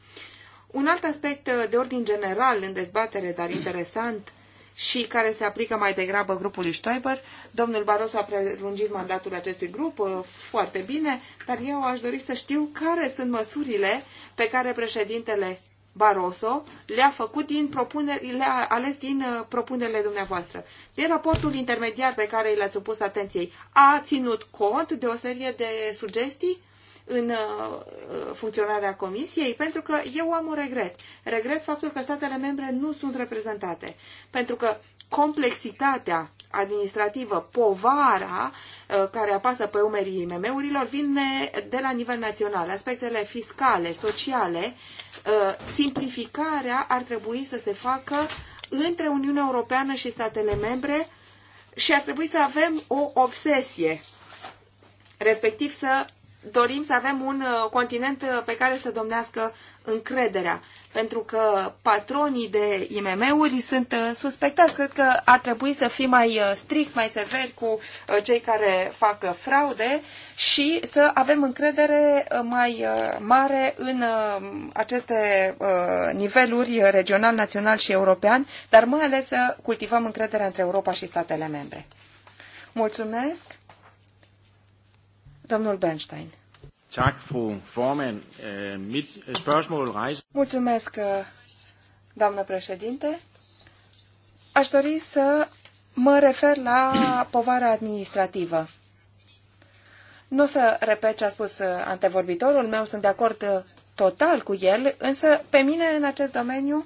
Un alt aspect de ordin general în dezbatere, dar interesant, și care se aplică mai degrabă grupului Stoiber. Domnul Barroso a prelungit mandatul acestui grup uh, foarte bine, dar eu aș dori să știu care sunt măsurile pe care președintele Barroso le-a făcut din propuneri, le-a ales din uh, propunerile dumneavoastră. Din raportul intermediar pe care l-ați supus atenției, a ținut cont de o serie de sugestii? în uh, funcționarea Comisiei, pentru că eu am un regret. Regret faptul că statele membre nu sunt reprezentate, pentru că complexitatea administrativă, povara uh, care apasă pe umerii IMM-urilor vine de la nivel național. Aspectele fiscale, sociale, uh, simplificarea ar trebui să se facă între Uniunea Europeană și statele membre și ar trebui să avem o obsesie, respectiv să dorim să avem un uh, continent uh, pe care să domnească încrederea, pentru că patronii de IMM-uri sunt uh, suspectați. Cred că ar trebui să fim mai strict, mai severi cu cei care fac fraude și să avem încredere mai mare în aceste niveluri regional, național și european, dar mai ales să cultivăm încrederea între Europa și statele membre. Mulțumesc! Domnul Bernstein. Tak, fru formand. Øh, mit øh, spørgsmål rejser... Mulțumesc, uh, doamnă președinte. Aș dori să mă refer la [CLEARS THROAT] povara administrativă. Nu o să repet ce a spus uh, antevorbitorul meu, sunt de acord uh, total cu el, însă pe mine în acest domeniu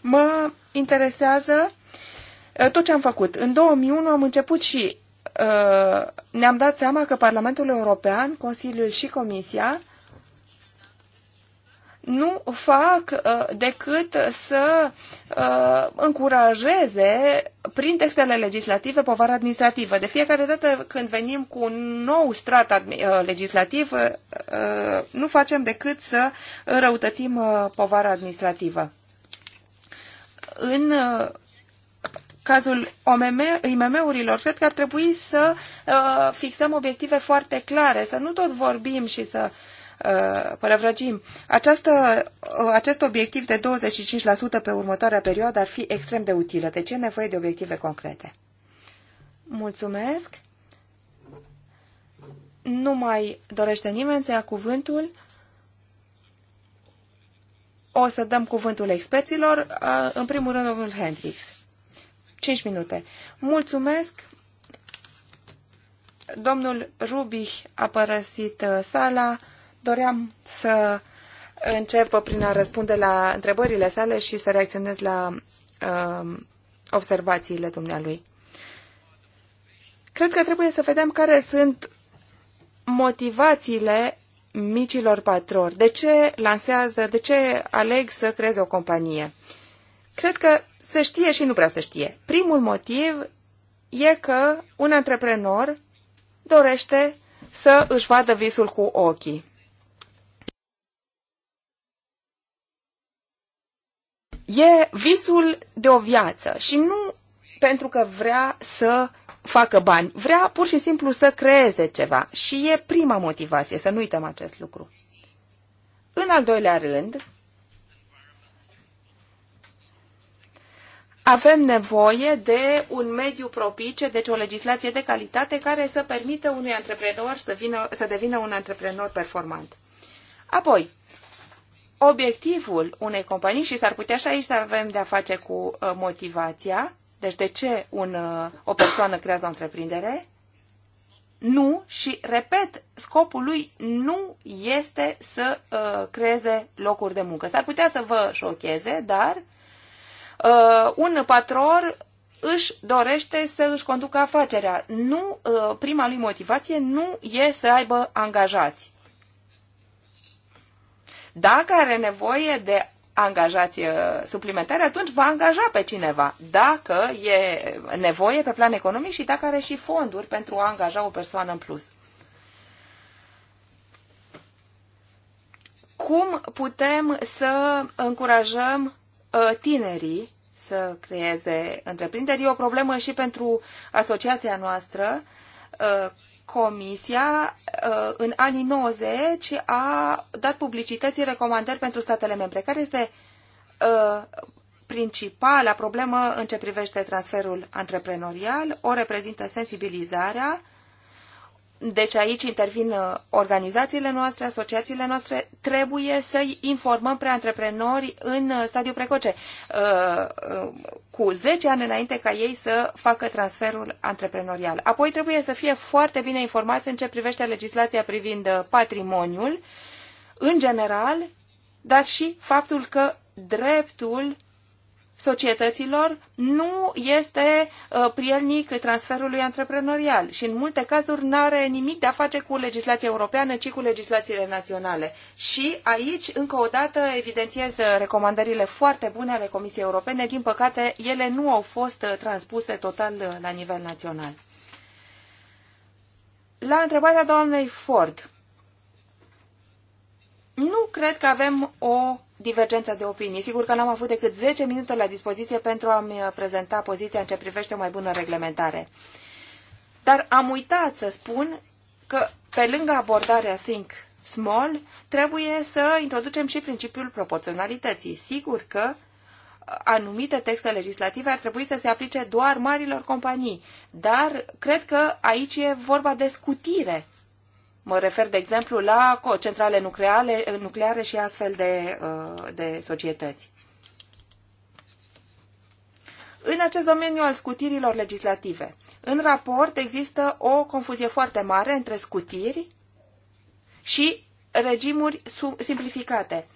mă interesează tot ce am făcut. În 2001 am început și Uh, ne-am dat seama că Parlamentul European, Consiliul și Comisia nu fac uh, decât să uh, încurajeze prin textele legislative povara administrativă. De fiecare dată când venim cu un nou strat legislativ, nu facem decât să răutățim povara administrativă. În cazul IMM-urilor, cred că ar trebui să uh, fixăm obiective foarte clare, să nu tot vorbim și să uh, părăvrăgim. Această, uh, acest obiectiv de 25% pe următoarea perioadă ar fi extrem de utilă. Deci e nevoie de obiective concrete. Mulțumesc. Nu mai dorește nimeni să ia cuvântul. O să dăm cuvântul experților, uh, în primul rând domnul Hendricks. 5 minute. Mulțumesc! Domnul Rubich a părăsit uh, sala. Doream să încep prin a răspunde la întrebările sale și să reacționez la uh, observațiile dumnealui. Cred că trebuie să vedem care sunt motivațiile micilor patrori. De ce lansează, de ce aleg să creeze o companie? Cred că se știe și nu prea se știe. Primul motiv e că un antreprenor dorește să își vadă visul cu ochii. E visul de o viață și nu pentru că vrea să facă bani. Vrea pur și simplu să creeze ceva și e prima motivație, să nu uităm acest lucru. În al doilea rând, avem nevoie de un mediu propice, deci o legislație de calitate care să permită unui antreprenor să, vină, să devină un antreprenor performant. Apoi, obiectivul unei companii, și s-ar putea și aici să avem de-a face cu uh, motivația, deci de ce un, uh, o persoană creează o întreprindere, nu, și repet, scopul lui nu este să uh, creeze locuri de muncă. S-ar putea să vă șocheze, dar uh, Uh, un patron își dorește să își conducă afacerea. Nu, uh, prima lui motivație nu e să aibă angajați. Dacă are nevoie de angajați uh, suplimentari, atunci va angaja pe cineva, dacă e nevoie pe plan economic și dacă are și fonduri pentru a angaja o persoană în plus. Cum putem să încurajăm tinerii să creeze întreprinderi. E o problemă și pentru asociația noastră. Uh, Comisia uh, în anii 90 a dat publicității recomandări pentru statele membre. Care este uh, principala problemă în ce privește transferul antreprenorial? O reprezintă sensibilizarea deci aici intervin uh, organizațiile noastre, asociațiile noastre. Trebuie să-i informăm pe antreprenori în uh, stadiu precoce, uh, cu 10 ani înainte ca ei să facă transferul antreprenorial. Apoi trebuie să fie foarte bine informați în ce privește legislația privind patrimoniul, în general, dar și faptul că dreptul societăților nu este uh, prielnic transferului antreprenorial și în multe cazuri nu are nimic de a face cu legislația europeană, ci cu legislațiile naționale. Și aici, încă o dată, evidențiez recomandările foarte bune ale Comisiei Europene. Din păcate, ele nu au fost uh, transpuse total uh, la nivel național. La întrebarea doamnei Ford, nu cred că avem o divergența de opinii. Sigur că n-am avut decât 10 minute la dispoziție pentru a-mi uh, prezenta poziția în ce privește o mai bună reglementare. Dar am uitat să spun că pe lângă abordarea Think Small, trebuie să introducem și principiul proporționalității. Sigur că uh, anumite texte legislative ar trebui să se aplice doar marilor companii, dar cred că aici e vorba de scutire Mă refer, de exemplu, la centrale nucleare, nucleare și astfel de, uh, de societăți. În acest domeniu al scutirilor legislative, în raport există o confuzie foarte mare între scutiri și regimuri simplificate.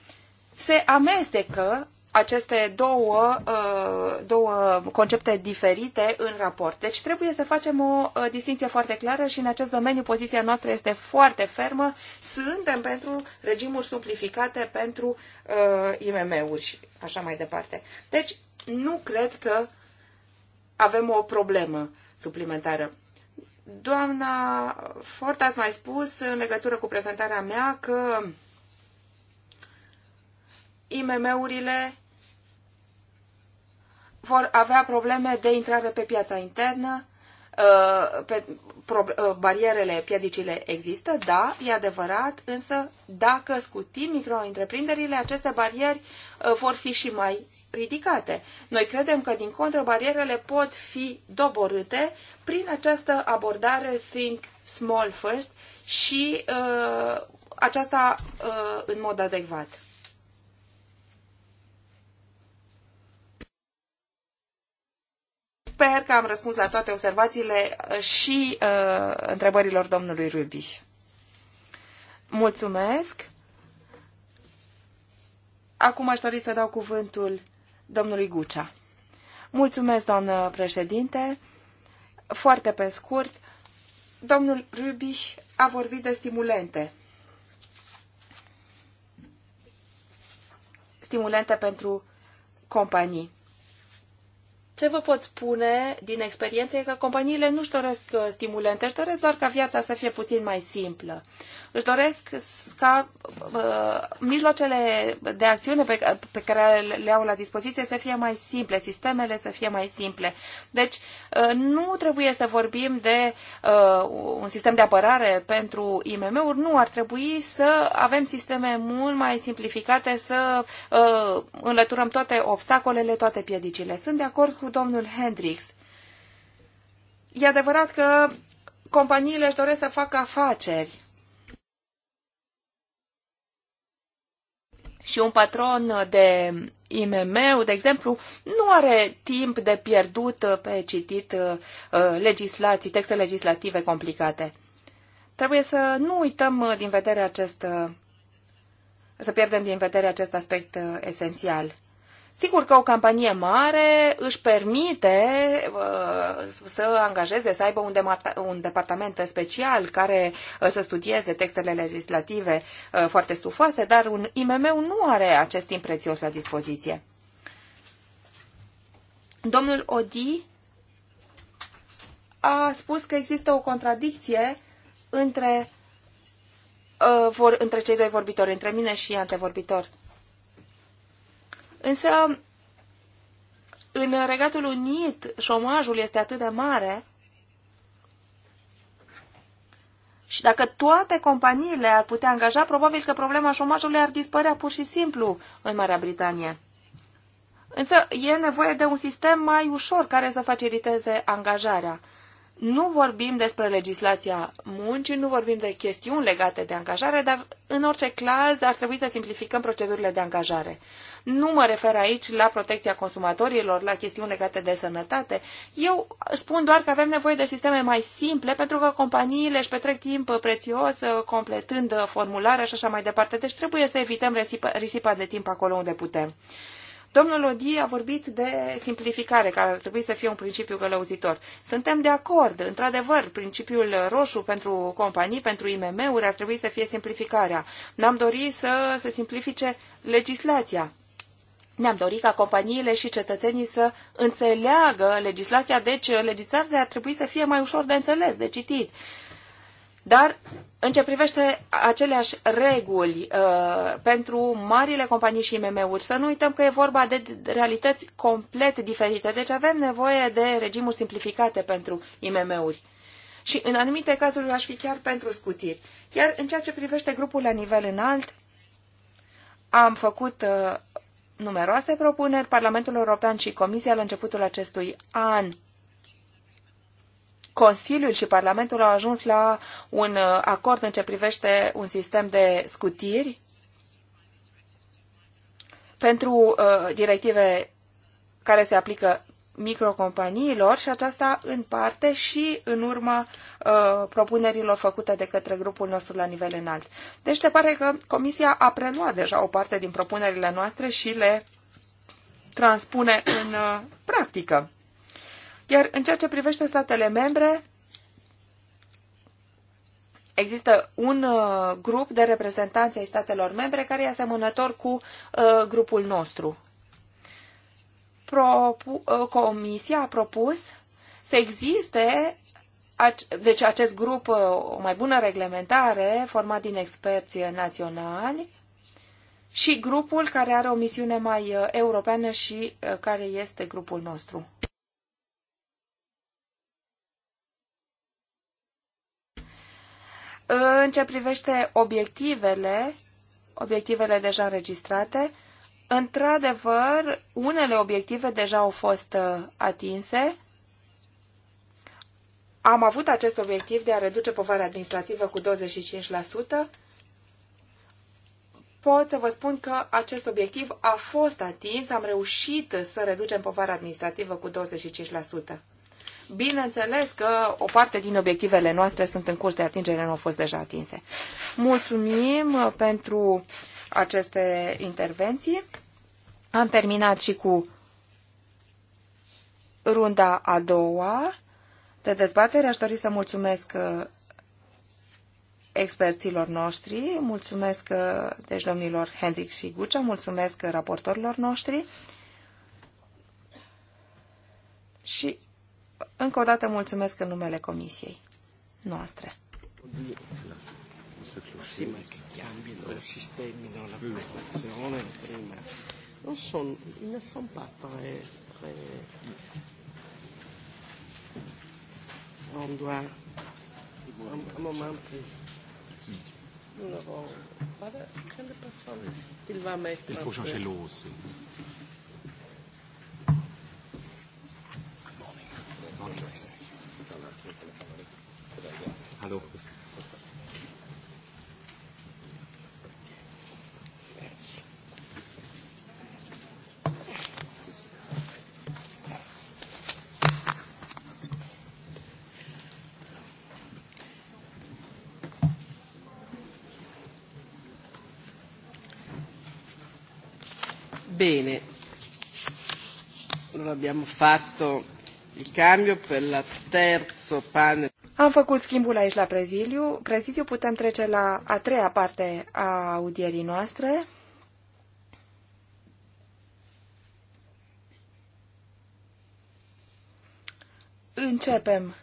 Se amestecă aceste două, uh, două concepte diferite în raport. Deci trebuie să facem o uh, distinție foarte clară și în acest domeniu poziția noastră este foarte fermă. Suntem pentru regimuri simplificate pentru uh, IMM-uri și așa mai departe. Deci nu cred că avem o problemă suplimentară. Doamna Fortas mai spus în legătură cu prezentarea mea că IMM-urile vor avea probleme de intrare pe piața internă, uh, pe uh, barierele, piedicile există, da, e adevărat, însă dacă scutim micro-întreprinderile, aceste barieri uh, vor fi și mai ridicate. Noi credem că, din contră, barierele pot fi doborâte prin această abordare Think Small First și uh, aceasta uh, în mod adecvat. Sper că am răspuns la toate observațiile uh, și uh, întrebărilor domnului Rubiș. Mulțumesc! Acum aș dori să dau cuvântul domnului Gucea. Mulțumesc, doamnă președinte. Foarte pe scurt, domnul Rubiș a vorbit de stimulente. Stimulente pentru companii. Ce vă pot spune din experiență e că companiile nu-și doresc stimulente, își doresc doar ca viața să fie puțin mai simplă își doresc ca uh, mijloacele de acțiune pe, pe care le au la dispoziție să fie mai simple, sistemele să fie mai simple. Deci uh, nu trebuie să vorbim de uh, un sistem de apărare pentru IMM-uri, nu ar trebui să avem sisteme mult mai simplificate, să uh, înlăturăm toate obstacolele, toate piedicile. Sunt de acord cu domnul Hendrix. E adevărat că companiile își doresc să facă afaceri și un patron de IMM, de exemplu, nu are timp de pierdut pe citit uh, legislații, texte legislative complicate. Trebuie să nu uităm uh, din vedere acest uh, să pierdem din vedere acest aspect esențial. Sigur că o campanie mare își permite uh, să angajeze, să aibă un, departament special care uh, să studieze textele legislative uh, foarte stufoase, dar un IMM nu are acest timp prețios la dispoziție. Domnul Odi a spus că există o contradicție între, uh, vor, între cei doi vorbitori, între mine și antevorbitor. Însă, în Regatul Unit, șomajul este atât de mare și dacă toate companiile ar putea angaja, probabil că problema șomajului ar dispărea pur și simplu în Marea Britanie. Însă e nevoie de un sistem mai ușor care să faciliteze angajarea nu vorbim despre legislația muncii, nu vorbim de chestiuni legate de angajare, dar în orice caz ar trebui să simplificăm procedurile de angajare. Nu mă refer aici la protecția consumatorilor, la chestiuni legate de sănătate. Eu spun doar că avem nevoie de sisteme mai simple pentru că companiile își petrec timp prețios uh, completând formulare și așa mai departe. Deci trebuie să evităm risipa, de timp acolo unde putem. Domnul Odie a vorbit de simplificare, care ar trebui să fie un principiu călăuzitor. Suntem de acord. Într-adevăr, principiul roșu pentru companii, pentru IMM-uri, ar trebui să fie simplificarea. N-am dorit să se simplifice legislația. Ne-am dorit ca companiile și cetățenii să înțeleagă legislația, deci legislația ar trebui să fie mai ușor de înțeles, de citit. Dar în ce privește aceleași reguli uh, pentru marile companii și IMM-uri, să nu uităm că e vorba de realități complet diferite. Deci avem nevoie de regimuri simplificate pentru IMM-uri. Și în anumite cazuri aș fi chiar pentru scutiri. Iar în ceea ce privește grupul la nivel înalt, am făcut uh, numeroase propuneri. Parlamentul European și Comisia la începutul acestui an Consiliul și Parlamentul au ajuns la un uh, acord în ce privește un sistem de scutiri pentru uh, directive care se aplică microcompaniilor și aceasta în parte și în urma uh, propunerilor făcute de către grupul nostru la nivel înalt. Deci se pare că Comisia a preluat deja o parte din propunerile noastre și le transpune în uh, practică. Iar în ceea ce privește statele membre, Există un uh, grup de reprezentanți ai statelor membre care e asemănător cu uh, grupul nostru. Propu uh, comisia a propus să existe ac- deci acest grup, uh, o mai bună reglementare, format din experți naționali și grupul care are o misiune mai uh, europeană și uh, care este grupul nostru. În ce privește obiectivele, obiectivele deja înregistrate, într-adevăr, unele obiective deja au fost uh, atinse. Am avut acest obiectiv de a reduce povara administrativă cu 25%. Pot să vă spun că acest obiectiv a fost atins, am reușit să reducem povara administrativă cu 25%. Bineînțeles că o parte din obiectivele noastre sunt în curs de atingere, nu au fost deja atinse. Mulțumim uh, pentru aceste intervenții. Am terminat și cu runda a doua de dezbatere. Aș dori să mulțumesc uh, experților noștri, mulțumesc uh, deci domnilor Hendrik și Gucea, mulțumesc raportorilor noștri și încă o dată mulțumesc în numele Comisiei noastre. la On doit un, un moment plus. Nous n'avons pas de... personne il va mettre... Il faut changer l'eau aussi. Hallo. Bene, allora abbiamo fatto cambio per la terzo Am făcut schimbul aici la prezidiu. Prezidiu putem trece la a treia parte a audierii noastre. Începem.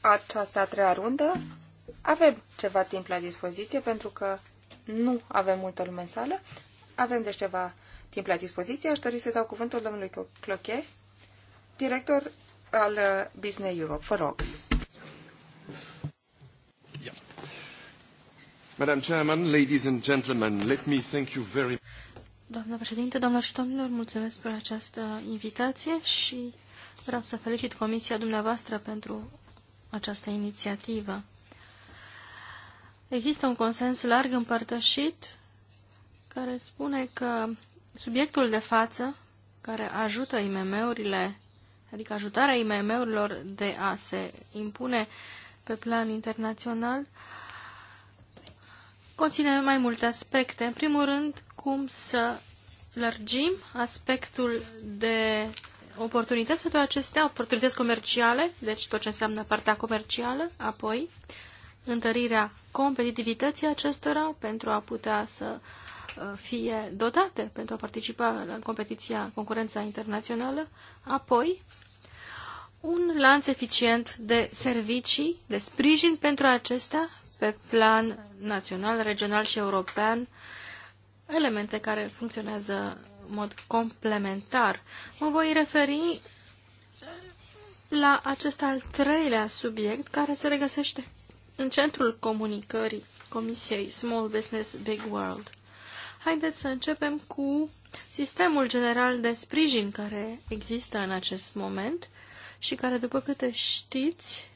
Această a treia rundă. Avem ceva timp la dispoziție pentru că nu avem multă lume în sală. Avem deci ceva timp la dispoziție. Aș dori să dau cuvântul domnului Cloche, director al uh, Business Europe. Vă rog. Madam Chairman, ladies and gentlemen, let me thank you very much. Doamna președinte, doamnă și domnilor, mulțumesc pentru această invitație și vreau să felicit Comisia dumneavoastră pentru această inițiativă. Există un consens larg împărtășit care spune că subiectul de față care ajută IMM-urile, adică ajutarea IMM-urilor de a se impune pe plan internațional, conține mai multe aspecte. În primul rând, cum să lărgim aspectul de oportunități pentru acestea, oportunități comerciale, deci tot ce înseamnă partea comercială, apoi întărirea competitivității acestora pentru a putea să uh, fie dotate pentru a participa la competiția, concurența internațională, apoi un lanț eficient de servicii, de sprijin pentru acestea pe plan național, regional și european, elemente care funcționează în mod complementar. Mă voi referi la acest al treilea subiect care se regăsește în centrul comunicării Comisiei Small Business Big World, haideți să începem cu sistemul general de sprijin care există în acest moment și care, după câte știți,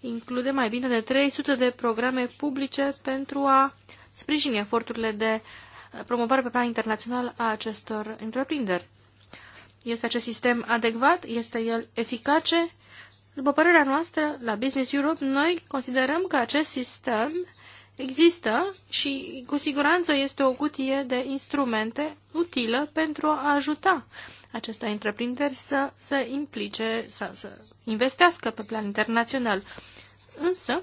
include mai bine de 300 de programe publice pentru a sprijini eforturile de promovare pe plan internațional a acestor întreprinderi. Este acest sistem adecvat? Este el eficace? După părerea noastră, la Business Europe, noi considerăm că acest sistem există și cu siguranță este o cutie de instrumente utilă pentru a ajuta aceste întreprinderi să se implice, să, să investească pe plan internațional. Însă,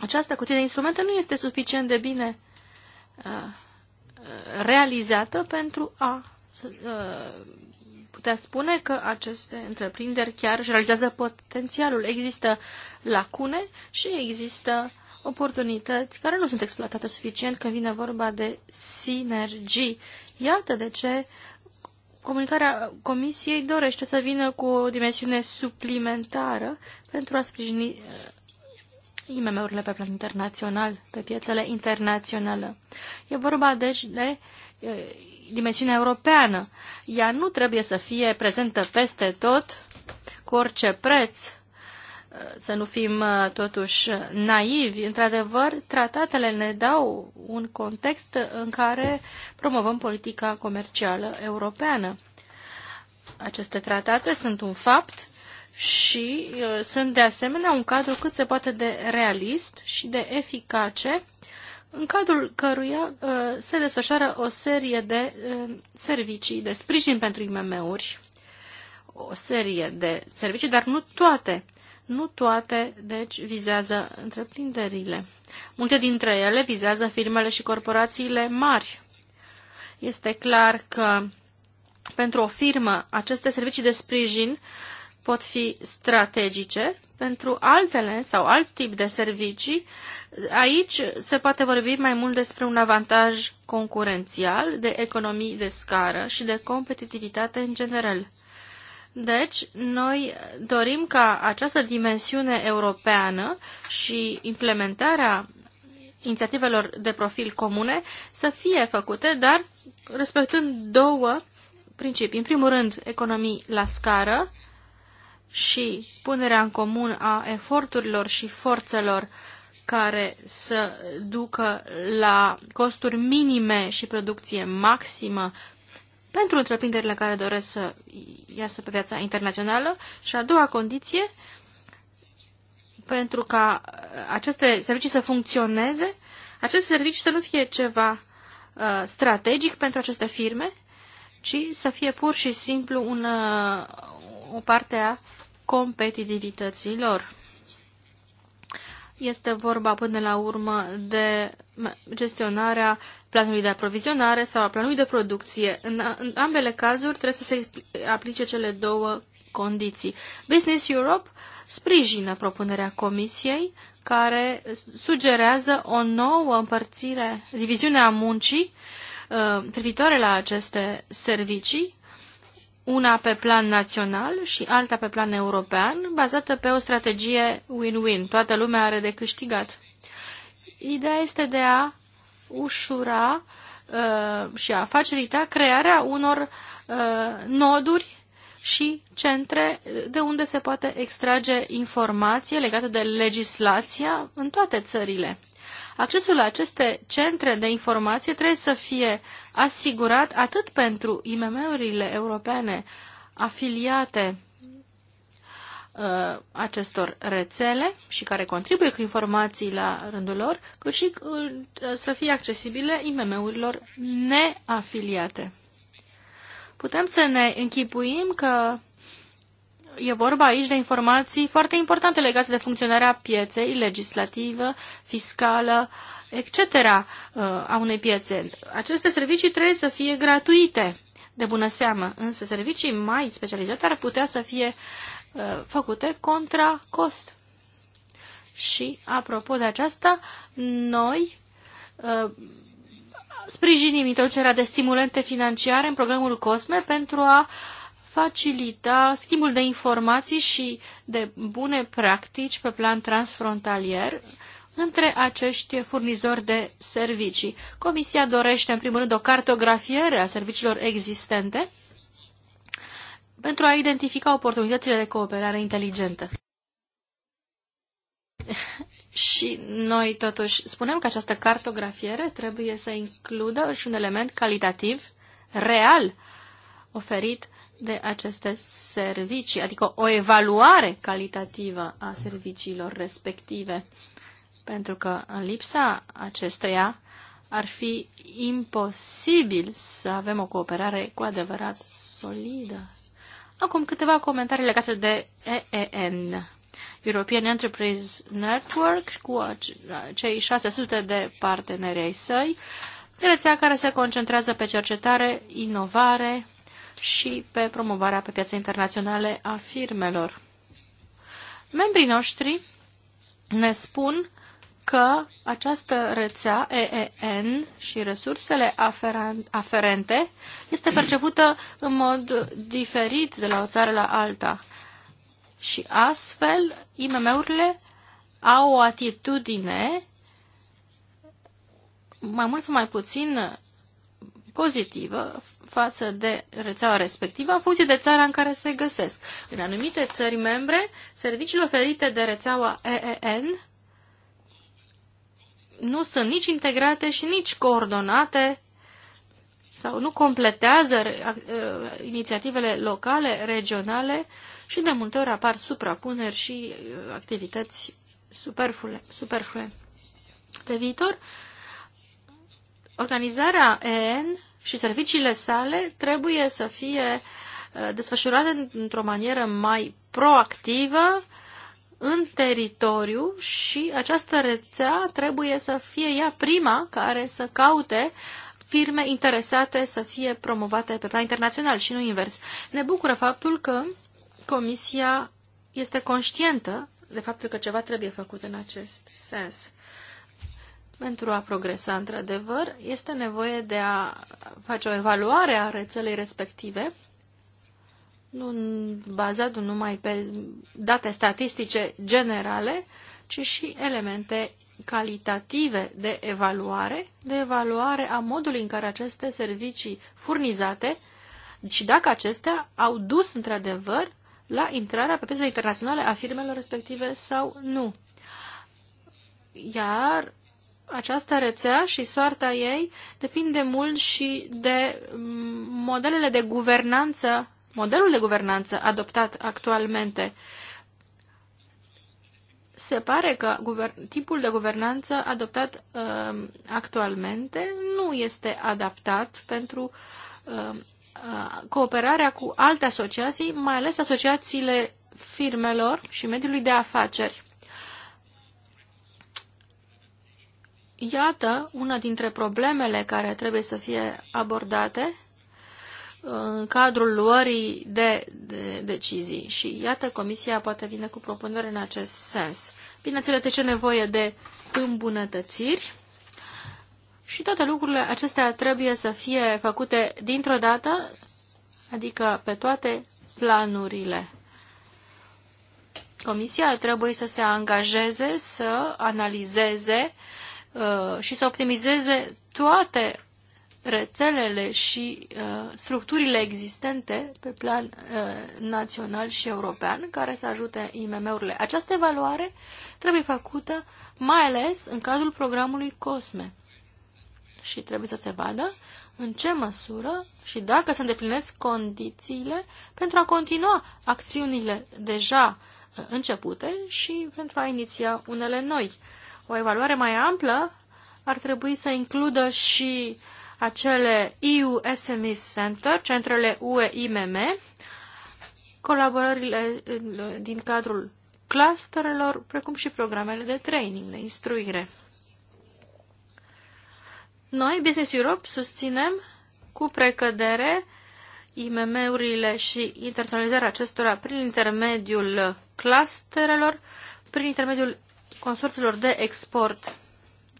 această cutie de instrumente nu este suficient de bine uh, realizată pentru a uh, putea spune că aceste întreprinderi chiar își realizează potențialul. Există lacune și există oportunități care nu sunt exploatate suficient când vine vorba de sinergii. Iată de ce comunicarea Comisiei dorește să vină cu o dimensiune suplimentară pentru a sprijini eh, IMM-urile pe plan internațional, pe piețele internaționale. E vorba deci de eh, dimensiunea europeană. Ea nu trebuie să fie prezentă peste tot, cu orice preț, uh, să nu fim uh, totuși naivi. Într-adevăr, tratatele ne dau un context în care promovăm politica comercială europeană. Aceste tratate sunt un fapt și uh, sunt de asemenea un cadru cât se poate de realist și de eficace în cadrul căruia uh, se desfășoară o serie de uh, servicii de sprijin pentru IMM-uri, o serie de servicii, dar nu toate. Nu toate, deci, vizează întreprinderile. Multe dintre ele vizează firmele și corporațiile mari. Este clar că pentru o firmă aceste servicii de sprijin pot fi strategice, pentru altele sau alt tip de servicii Aici se poate vorbi mai mult despre un avantaj concurențial, de economii de scară și de competitivitate în general. Deci, noi dorim ca această dimensiune europeană și implementarea inițiativelor de profil comune să fie făcute, dar respectând două principii. În primul rând, economii la scară și punerea în comun a eforturilor și forțelor care să ducă la costuri minime și producție maximă pentru întreprinderile care doresc să iasă pe viața internațională și a doua condiție, pentru ca aceste servicii să funcționeze, aceste servicii să nu fie ceva uh, strategic pentru aceste firme, ci să fie pur și simplu un, uh, o parte a competitivității lor. Este vorba până la urmă de gestionarea planului de aprovizionare sau a planului de producție. În, în ambele cazuri trebuie să se aplice cele două condiții. Business Europe sprijină propunerea Comisiei care sugerează o nouă împărțire, diviziune a muncii uh, privitoare la aceste servicii una pe plan național și alta pe plan european, bazată pe o strategie win-win. Toată lumea are de câștigat. Ideea este de a ușura uh, și a facilita crearea unor uh, noduri și centre de unde se poate extrage informație legată de legislația în toate țările. Accesul la aceste centre de informație trebuie să fie asigurat atât pentru IMM-urile europene afiliate uh, acestor rețele și care contribuie cu informații la rândul lor, cât și uh, să fie accesibile IMM-urilor neafiliate. Putem să ne închipuim că e vorba aici de informații foarte importante legate de funcționarea pieței legislativă, fiscală, etc. Uh, a unei piețe. Aceste servicii trebuie să fie gratuite, de bună seamă, însă servicii mai specializate ar putea să fie uh, făcute contra cost. Și, apropo de aceasta, noi uh, sprijinim introducerea de stimulente financiare în programul COSME pentru a uh, facilita schimbul de informații și de bune practici pe plan transfrontalier între acești furnizori de servicii. Comisia dorește, în primul rând, o cartografiere a serviciilor existente pentru a identifica oportunitățile de cooperare inteligentă. Și noi totuși spunem că această cartografiere trebuie să includă și un element calitativ real oferit de aceste servicii, adică o evaluare calitativă a serviciilor respective, pentru că în lipsa acesteia ar fi imposibil să avem o cooperare cu adevărat solidă. Acum câteva comentarii legate de EEN. European Enterprise Network cu cei 600 de parteneri ai săi, rețea care se concentrează pe cercetare, inovare, și pe promovarea pe piața internaționale a firmelor. Membrii noștri ne spun că această rețea EEN și resursele aferente este percepută în mod diferit de la o țară la alta. Și astfel, IMM-urile au o atitudine mai mult sau mai puțin pozitivă față de rețeaua respectivă în funcție de țara în care se găsesc. În anumite țări membre, serviciile oferite de rețeaua EEN nu sunt nici integrate și nici coordonate sau nu completează inițiativele locale, regionale și de multe ori apar suprapuneri și activități superflue. superflue. Pe viitor, Organizarea EN și serviciile sale trebuie să fie uh, desfășurate într-o manieră mai proactivă în teritoriu și această rețea trebuie să fie ea prima care să caute firme interesate să fie promovate pe plan internațional și nu invers. Ne bucură faptul că Comisia este conștientă de faptul că ceva trebuie făcut în acest sens. Pentru a progresa într-adevăr, este nevoie de a face o evaluare a rețelei respective, nu bazat numai pe date statistice generale, ci și elemente calitative de evaluare, de evaluare a modului în care aceste servicii furnizate și dacă acestea au dus într-adevăr la intrarea pe piața internațională a firmelor respective sau nu. Iar această rețea și soarta ei depinde mult și de mm, modelele de guvernanță, modelul de guvernanță adoptat actualmente. Se pare că tipul de guvernanță adoptat uh, actualmente nu este adaptat pentru uh, cooperarea cu alte asociații, mai ales asociațiile firmelor și mediului de afaceri. Iată una dintre problemele care trebuie să fie abordate uh, în cadrul luării de, de decizii și iată Comisia poate vine cu propunere în acest sens. Bineînțeles, de ce nevoie de îmbunătățiri și toate lucrurile acestea trebuie să fie făcute dintr-o dată, adică pe toate planurile. Comisia trebuie să se angajeze să analizeze uh, Uh, și să optimizeze toate rețelele și uh, structurile existente pe plan uh, național și european care să ajute IMM-urile. Această evaluare trebuie făcută mai ales în cazul programului COSME și trebuie să se vadă în ce măsură și dacă se îndeplinesc condițiile pentru a continua acțiunile deja uh, începute și pentru a iniția unele noi o evaluare mai amplă ar trebui să includă și acele EU SME Center, centrele UE IMM, colaborările din cadrul clusterelor, precum și programele de training, de instruire. Noi, Business Europe, susținem cu precădere IMM-urile și internaționalizarea acestora prin intermediul clusterelor, prin intermediul consorțiilor de export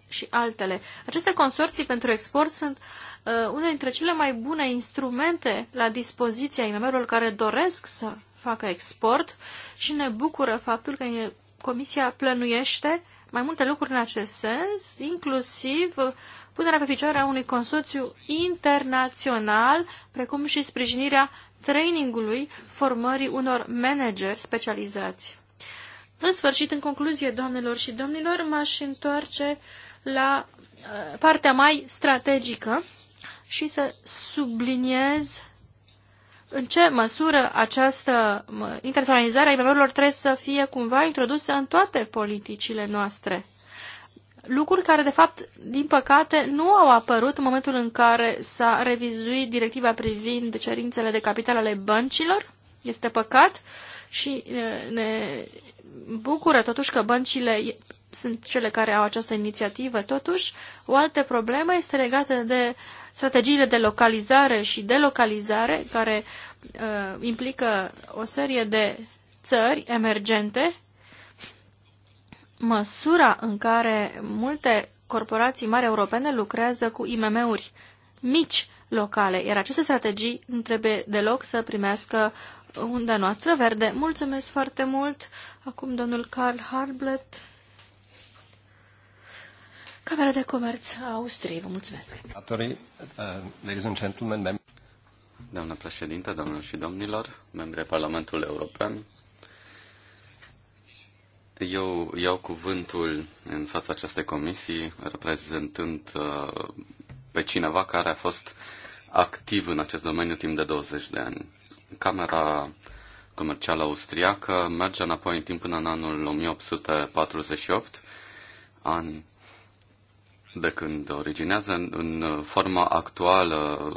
și altele. Aceste consorții pentru export sunt uh, unele dintre cele mai bune instrumente la dispoziția imm care doresc să facă export și ne bucură faptul că Comisia plănuiește mai multe lucruri în acest sens, inclusiv punerea pe picioare a unui consorțiu internațional, precum și sprijinirea trainingului formării unor manageri specializați. În sfârșit, în concluzie, doamnelor și domnilor, m-aș întoarce la uh, partea mai strategică și să subliniez în ce măsură această internaționalizare a imm trebuie să fie cumva introdusă în toate politicile noastre. Lucruri care, de fapt, din păcate, nu au apărut în momentul în care s-a revizuit directiva privind cerințele de capital ale băncilor. Este păcat. Uh, și ne bucură totuși că băncile sunt cele care au această inițiativă. Totuși, o altă problemă este legată de strategiile de localizare și delocalizare care uh, implică o serie de țări emergente. Măsura în care multe corporații mari europene lucrează cu IMM-uri mici locale, iar aceste strategii nu trebuie deloc să primească unda noastră verde. Mulțumesc foarte mult. Acum domnul Karl Harblet, Camera de Comerț a Austriei. Vă mulțumesc. Doamna președinte, domnilor și domnilor, membrii Parlamentului European, eu iau cuvântul în fața acestei comisii reprezentând uh, pe cineva care a fost activ în acest domeniu timp de 20 de ani. Camera comercială austriacă merge înapoi în timp până în anul 1848, an de când originează. În, în forma actuală,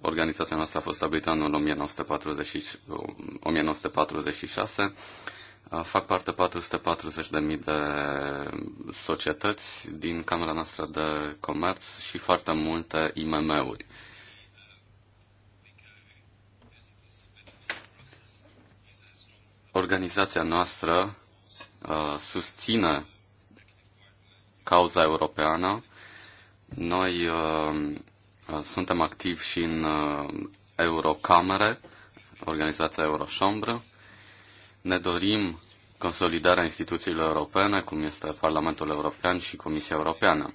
organizația noastră a fost stabilită în 1940, 1946. Fac parte 440.000 de societăți din Camera noastră de Comerț și foarte multe IMM-uri. Organizația noastră uh, susține cauza europeană. Noi uh, uh suntem activi și în uh, Eurocamere, organizația Euroșombră. Ne dorim consolidarea instituțiilor europene, cum este Parlamentul European și Comisia Europeană.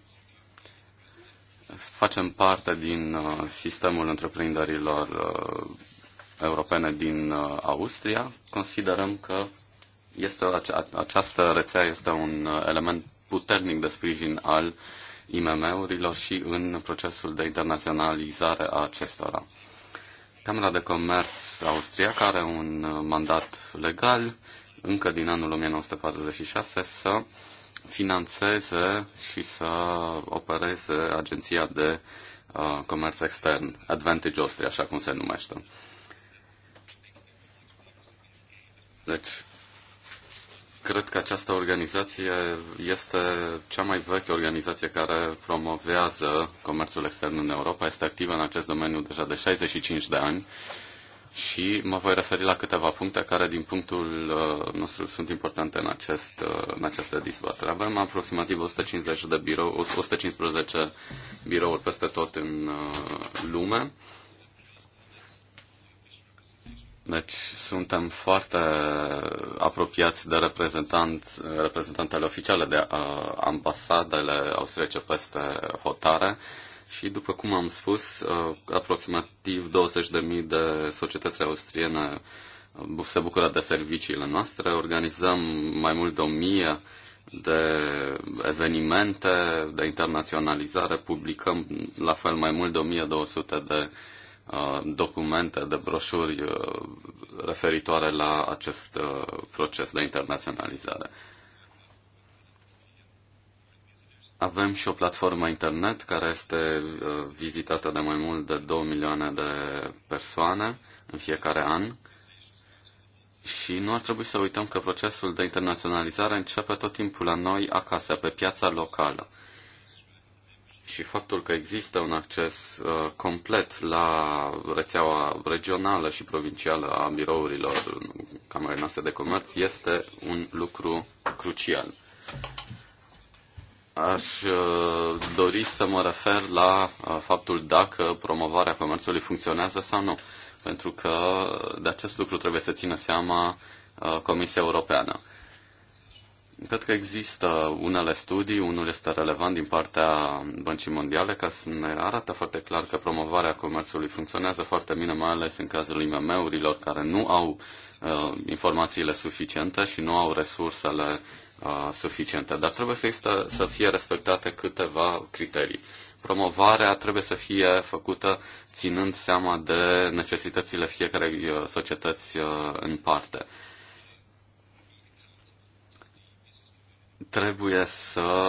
Facem parte din uh, sistemul întreprinderilor uh, Europene din uh, Austria, considerăm că este, această rețea este un element puternic de sprijin al IMM-urilor și în procesul de internaționalizare a acestora. Camera de Comerț austriacă are un uh, mandat legal încă din anul 1946 să financeze și să opereze agenția de uh, comerț extern, Advantage Austria, așa cum se numește. Deci, cred că această organizație este cea mai veche organizație care promovează comerțul extern în Europa. Este activă în acest domeniu deja de 65 de ani și mă voi referi la câteva puncte care, din punctul uh, nostru, sunt importante în, acest, uh, în această dezbatere. Avem aproximativ 150 de birou, 115 birouri peste tot în uh, lume. Deci suntem foarte apropiați de reprezentantele oficiale de ambasadele austriece peste hotare și, după cum am spus, aproximativ 20.000 de societăți austriene se bucură de serviciile noastre. Organizăm mai mult de 1000 de evenimente de internaționalizare, publicăm la fel mai mult de 1200 de Uh, documente, de broșuri uh, referitoare la acest uh, proces de internaționalizare. Avem și o platformă internet care este vizitată de mai mult de 2 milioane de persoane în fiecare an. Și nu ar trebui să uităm că procesul de internaționalizare începe tot timpul la noi acasă, pe piața locală și faptul că există un acces uh, complet la rețeaua regională și provincială a birourilor Camerei noastre de comerț este un lucru crucial. Aș uh, dori să mă refer la uh, faptul dacă promovarea comerțului funcționează sau nu, pentru că de acest lucru trebuie să țină seama uh, Comisia Europeană. Cred că există unele studii, unul este relevant din partea Băncii Mondiale, ca să ne arată foarte clar că promovarea comerțului funcționează foarte bine, mai ales în cazul IMM-urilor care nu au uh, informațiile suficiente și nu au resursele uh, suficiente. Dar trebuie să, există, să fie respectate câteva criterii. Promovarea trebuie să fie făcută ținând seama de necesitățile fiecarei uh, societăți uh, în parte trebuie să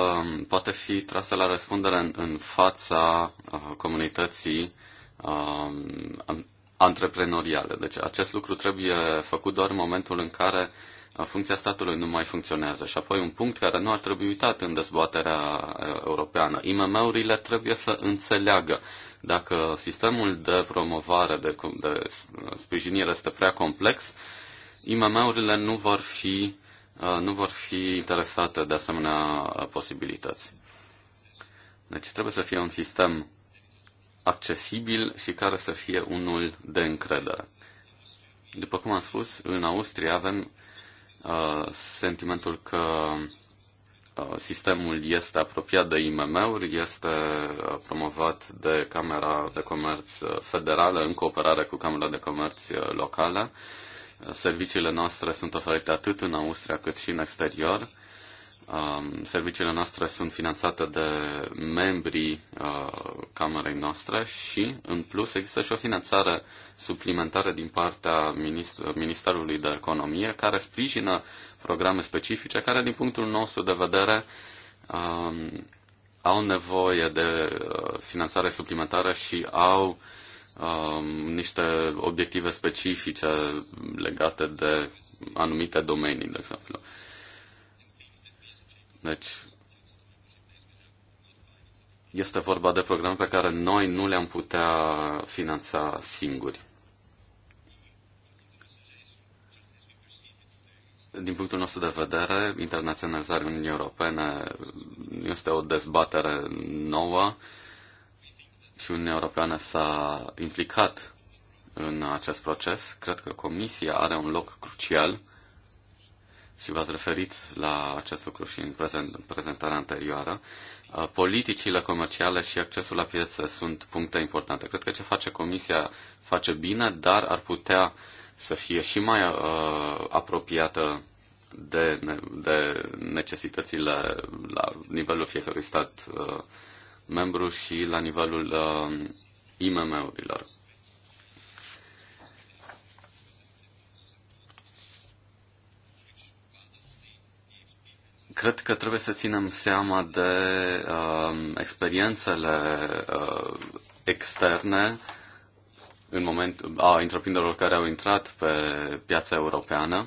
poată fi trasă la răspundere în, în fața uh, comunității uh, antreprenoriale. Deci acest lucru trebuie făcut doar în momentul în care uh, funcția statului nu mai funcționează. Și apoi un punct care nu ar trebui uitat în dezbaterea uh, europeană. IMM-urile trebuie să înțeleagă dacă sistemul de promovare, de, de sprijinire este prea complex, IMM-urile nu vor fi Uh, nu vor fi interesate de asemenea uh, posibilități. Deci trebuie să fie un sistem accesibil și care să fie unul de încredere. După cum am spus, în Austria avem uh, sentimentul că uh, sistemul este apropiat de IMM-uri, este uh, promovat de Camera de Comerț Federală în cooperare cu Camera de Comerț Locală. Uh, Serviciile noastre sunt oferite atât în Austria cât și în exterior. Um, serviciile noastre sunt finanțate de membrii uh, camerei noastre și, în plus, există și o finanțare suplimentară din partea Ministerului de Economie care sprijină programe specifice care, din punctul nostru de vedere, um, au nevoie de uh, finanțare suplimentară și au um, niște obiective specifice legate de anumite domenii, de exemplu. Deci, este vorba de programe pe care noi nu le-am putea finanța singuri. Din punctul nostru de vedere, internaționalizarea Uniunii Europene este o dezbatere nouă. Uh, și Uniunea Europeană s-a implicat în acest proces. Cred că Comisia are un loc crucial și v-ați referit la acest lucru și în, prezentarea anterioară. Uh, politicile comerciale și accesul la piețe sunt puncte importante. Cred că ce face Comisia face bine, dar ar putea să fie și mai uh, apropiată de, de necesitățile la nivelul fiecărui stat uh, membru și la nivelul uh, IMM-urilor. Cred că trebuie să ținem seama de uh, experiențele uh, externe în moment, a întreprinderilor care au intrat pe piața europeană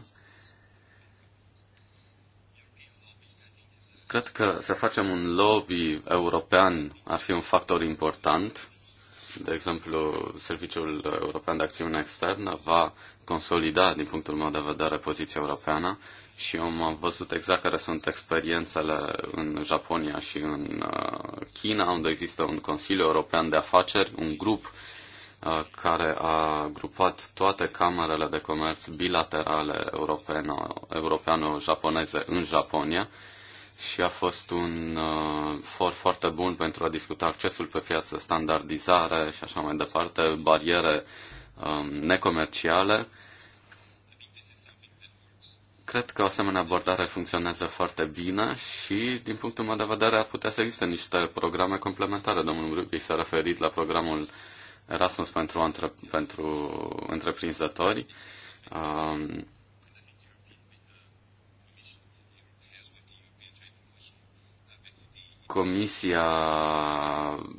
Cred că să facem un lobby european ar fi un factor important. De exemplu, Serviciul European de Acțiune Externă va consolida, din punctul meu de vedere, poziția europeană și eu am văzut exact care sunt experiențele în Japonia și în uh, China, unde există un Consiliu European de Afaceri, un grup uh, care a grupat toate camerele de comerț bilaterale europeno-japoneze în Japonia și a fost un uh, for foarte bun pentru a discuta accesul pe piață, standardizare și așa mai departe, bariere um, necomerciale. Cred că o asemenea abordare funcționează foarte bine și, din punctul meu de vedere, ar putea să existe niște programe complementare. Domnul Rubic s-a referit la programul Erasmus pentru, antre- pentru întreprinzători. Um, Comisia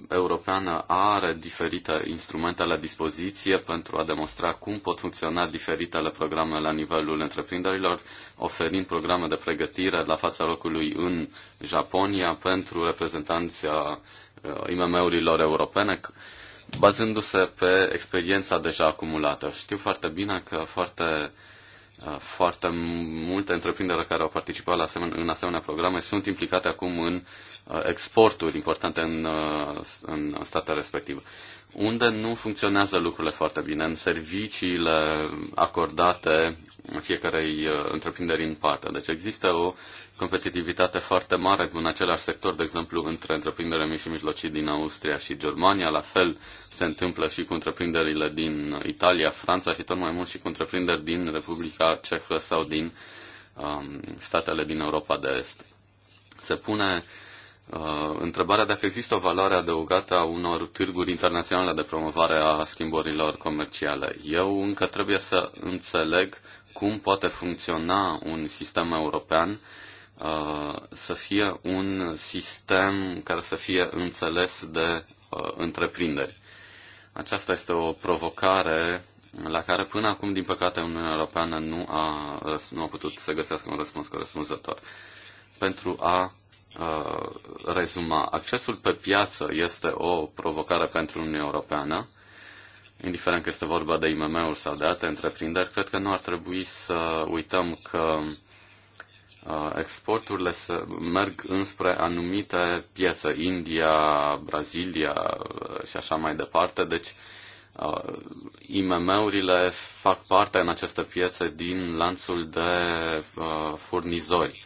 Europeană are diferite instrumente la dispoziție pentru a demonstra cum pot funcționa diferitele programe la nivelul întreprinderilor, oferind programe de pregătire la fața locului în Japonia pentru reprezentanția uh, IMM-urilor europene, bazându-se pe experiența deja acumulată. Știu foarte bine că foarte uh, foarte multe întreprinderi care au participat la asemenea, în asemenea programe sunt implicate acum în Uh, exporturi importante în, uh, în statele respective. Unde nu funcționează lucrurile foarte bine, în serviciile acordate fiecarei uh, întreprinderi în parte. Deci există o competitivitate foarte mare în același sector, de exemplu, între întreprinderile mici și mijlocii din Austria și Germania. La fel se întâmplă și cu întreprinderile din Italia, Franța și tot mai mult și cu întreprinderi din Republica Cehă sau din um, statele din Europa de Est. Se pune Uh, întrebarea dacă există o valoare adăugată a unor târguri internaționale de promovare a schimburilor comerciale. Eu încă trebuie să înțeleg cum poate funcționa un sistem european uh, să fie un sistem care să fie înțeles de uh, întreprinderi. Aceasta este o provocare la care până acum, din păcate, Uniunea Europeană nu a, nu a putut să găsească un răspuns corespunzător. Pentru a Uh, rezuma. Accesul pe piață este o provocare pentru Uniunea Europeană, indiferent că este vorba de IMM-uri sau de alte întreprinderi. Cred că nu ar trebui să uităm că uh, exporturile se merg înspre anumite piețe, India, Brazilia uh, și așa mai departe. Deci, IMM-urile fac parte în aceste piețe din lanțul de furnizori.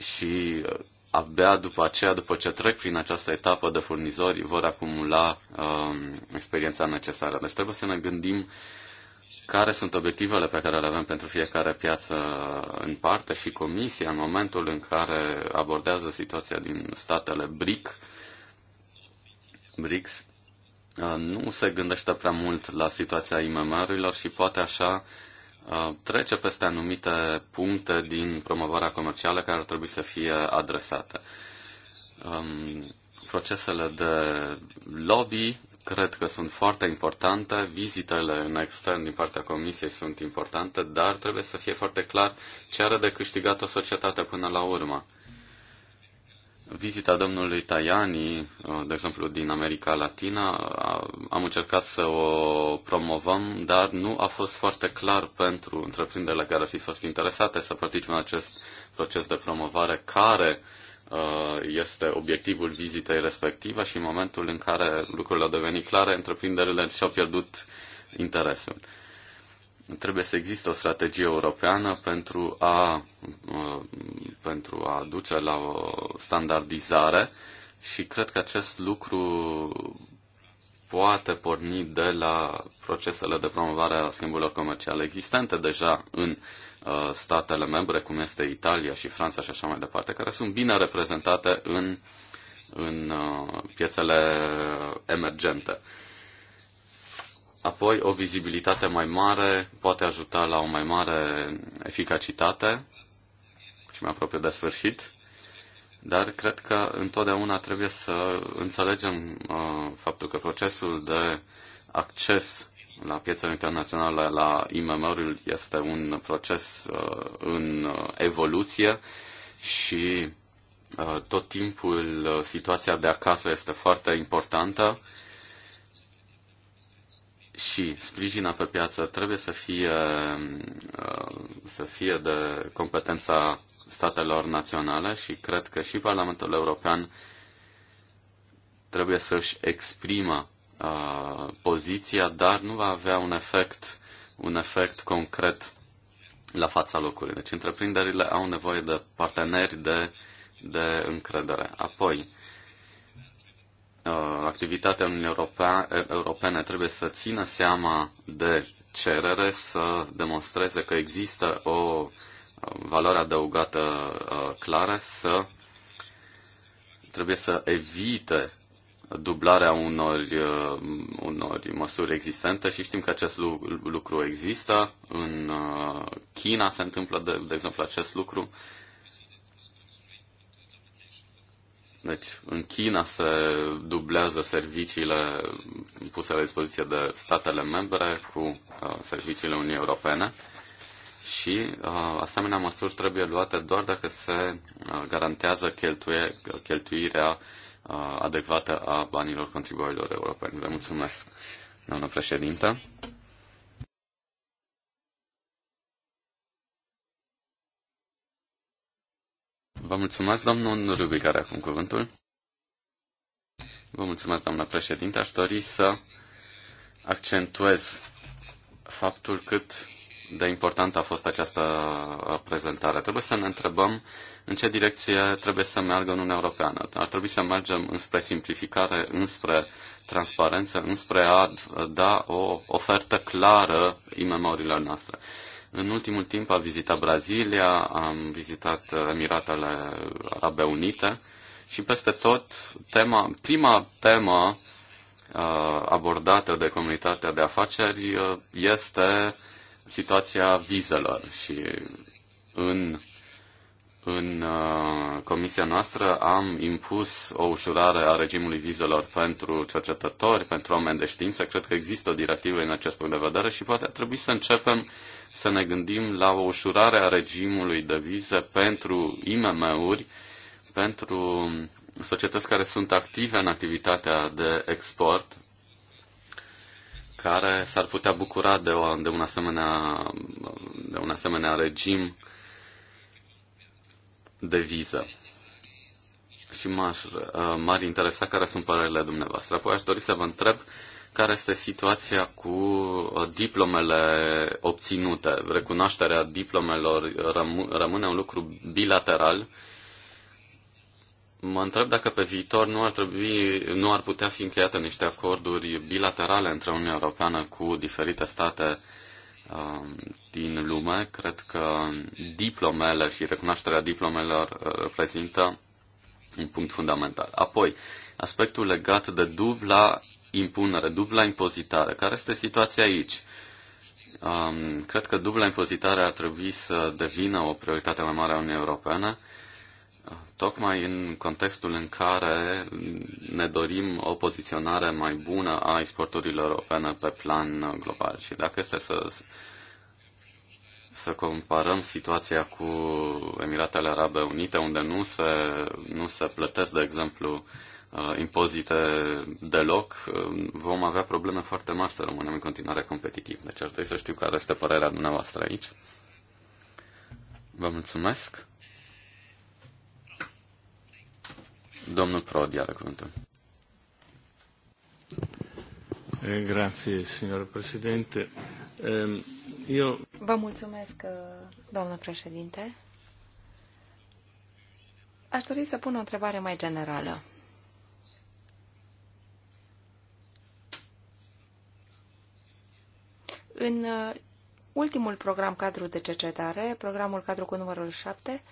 și uh, abia după aceea, după ce trec prin această etapă de furnizori, vor acumula um, experiența necesară. Deci trebuie să ne gândim care sunt obiectivele pe care le avem pentru fiecare piață în parte și Comisia, în momentul în care abordează situația din statele BRIC, BRICS, uh, nu se gândește prea mult la situația IMM-urilor și poate așa uh, trece peste anumite puncte din promovarea comercială care ar trebui să fie adresate. Procesele de lobby cred că sunt foarte importante, vizitele în extern din partea Comisiei sunt importante, dar trebuie să fie foarte clar ce are de câștigat o societate până la urmă vizita domnului Tajani, uh, de exemplu, din America Latina, am încercat să o promovăm, dar nu a fost foarte clar pentru întreprinderile care ar fi fost interesate să participe în acest proces de promovare care uh, este obiectivul vizitei respective și în momentul în care lucrurile au devenit clare, întreprinderile și-au pierdut interesul trebuie să existe o strategie europeană pentru a, pentru a duce la o standardizare și cred că acest lucru poate porni de la procesele de promovare a schimburilor comerciale existente deja în uh, statele membre, cum este Italia și Franța și așa mai departe, care sunt bine reprezentate în, în uh, piețele emergente. Apoi, o vizibilitate mai mare poate ajuta la o mai mare eficacitate și mai apropiu de sfârșit, dar cred că întotdeauna trebuie să înțelegem uh, faptul că procesul de acces la piețele internaționale, la IMM-uri, este un proces uh, în evoluție și uh, tot timpul uh, situația de acasă este foarte importantă. Uh, și sprijina pe piață trebuie să fie, uh, să fie de competența statelor naționale și cred că și Parlamentul European trebuie să-și exprimă uh, poziția, dar nu va avea un efect, un efect concret la fața locului. Deci întreprinderile au nevoie de parteneri de, de încredere. Apoi, Uh, activitatea Uniunii Europene trebuie să țină seama de cerere, să demonstreze că există o uh, valoare adăugată uh, clară, să trebuie să evite dublarea unor, unor măsuri existente și știm că acest lucru există. În China se întâmplă, de, de exemplu, acest lucru. Deci, în China se dublează serviciile puse la dispoziție de statele membre cu uh, serviciile Uniunii Europene și uh, asemenea măsuri trebuie luate doar dacă se uh, garantează cheltuie, cheltuirea uh, adecvată a banilor contribuabililor europeni. Vă mulțumesc, doamnă președintă. Vă mulțumesc, domnul Rubi, care acum cuvântul. Vă mulțumesc, doamnă președinte. Aș dori să accentuez faptul cât de importantă a fost această uh, prezentare. Trebuie să ne întrebăm în ce direcție trebuie să meargă Uniunea Europeană. Ar trebui să mergem înspre simplificare, înspre transparență, înspre a uh, da o ofertă clară imemorilor noastre. În ultimul timp a vizitat Brazilia, am vizitat Emiratele Arabe Unite și peste tot tema, prima temă uh, abordată de comunitatea de afaceri uh, este situația vizelor și în, în uh, comisia noastră am impus o ușurare a regimului vizelor pentru cercetători, pentru oameni de știință. Cred că există o directivă în acest punct de vedere și poate ar trebui să începem să ne gândim la o ușurare a regimului de vize pentru IMM-uri, pentru societăți care sunt active în activitatea de export, care s-ar putea bucura de, o, de, un, asemenea, de un asemenea regim de viză. Și m ar interesa care sunt părerile dumneavoastră. Apoi aș dori să vă întreb uh, care este situația cu uh, diplomele obținute. Recunoașterea diplomelor rămâne un lucru bilateral. Mă întreb dacă pe viitor nu ar, trebui, nu ar putea fi încheiate niște acorduri bilaterale între Uniunea Europeană cu diferite state um, din lume. Cred că diplomele și recunoașterea diplomelor uh, reprezintă un punct fundamental. Apoi, aspectul legat de dubla impunere, dubla impozitare. Care este situația aici? Um, cred că dubla impozitare ar trebui să devină o prioritate mai mare a Uniunii Europene, tocmai în contextul în care ne dorim o poziționare mai bună a exporturilor europene pe plan global. Și dacă este să, să comparăm situația cu Emiratele Arabe Unite, unde nu se, nu se plătesc, de exemplu, uh, Uh, impozite deloc, um, vom avea probleme foarte mari să rămânem în continuare competitivi. Deci aș dori să știu care este părerea dumneavoastră aici. Vă mulțumesc. Domnul Prodi are cuvântul. Eh, grazie, signor Presidente. Eu... Ehm, Vă mulțumesc, eh, doamnă președinte. Aș dori să pun o întrebare mai generală. În uh, ultimul program cadru de cercetare, programul cadru cu numărul 7,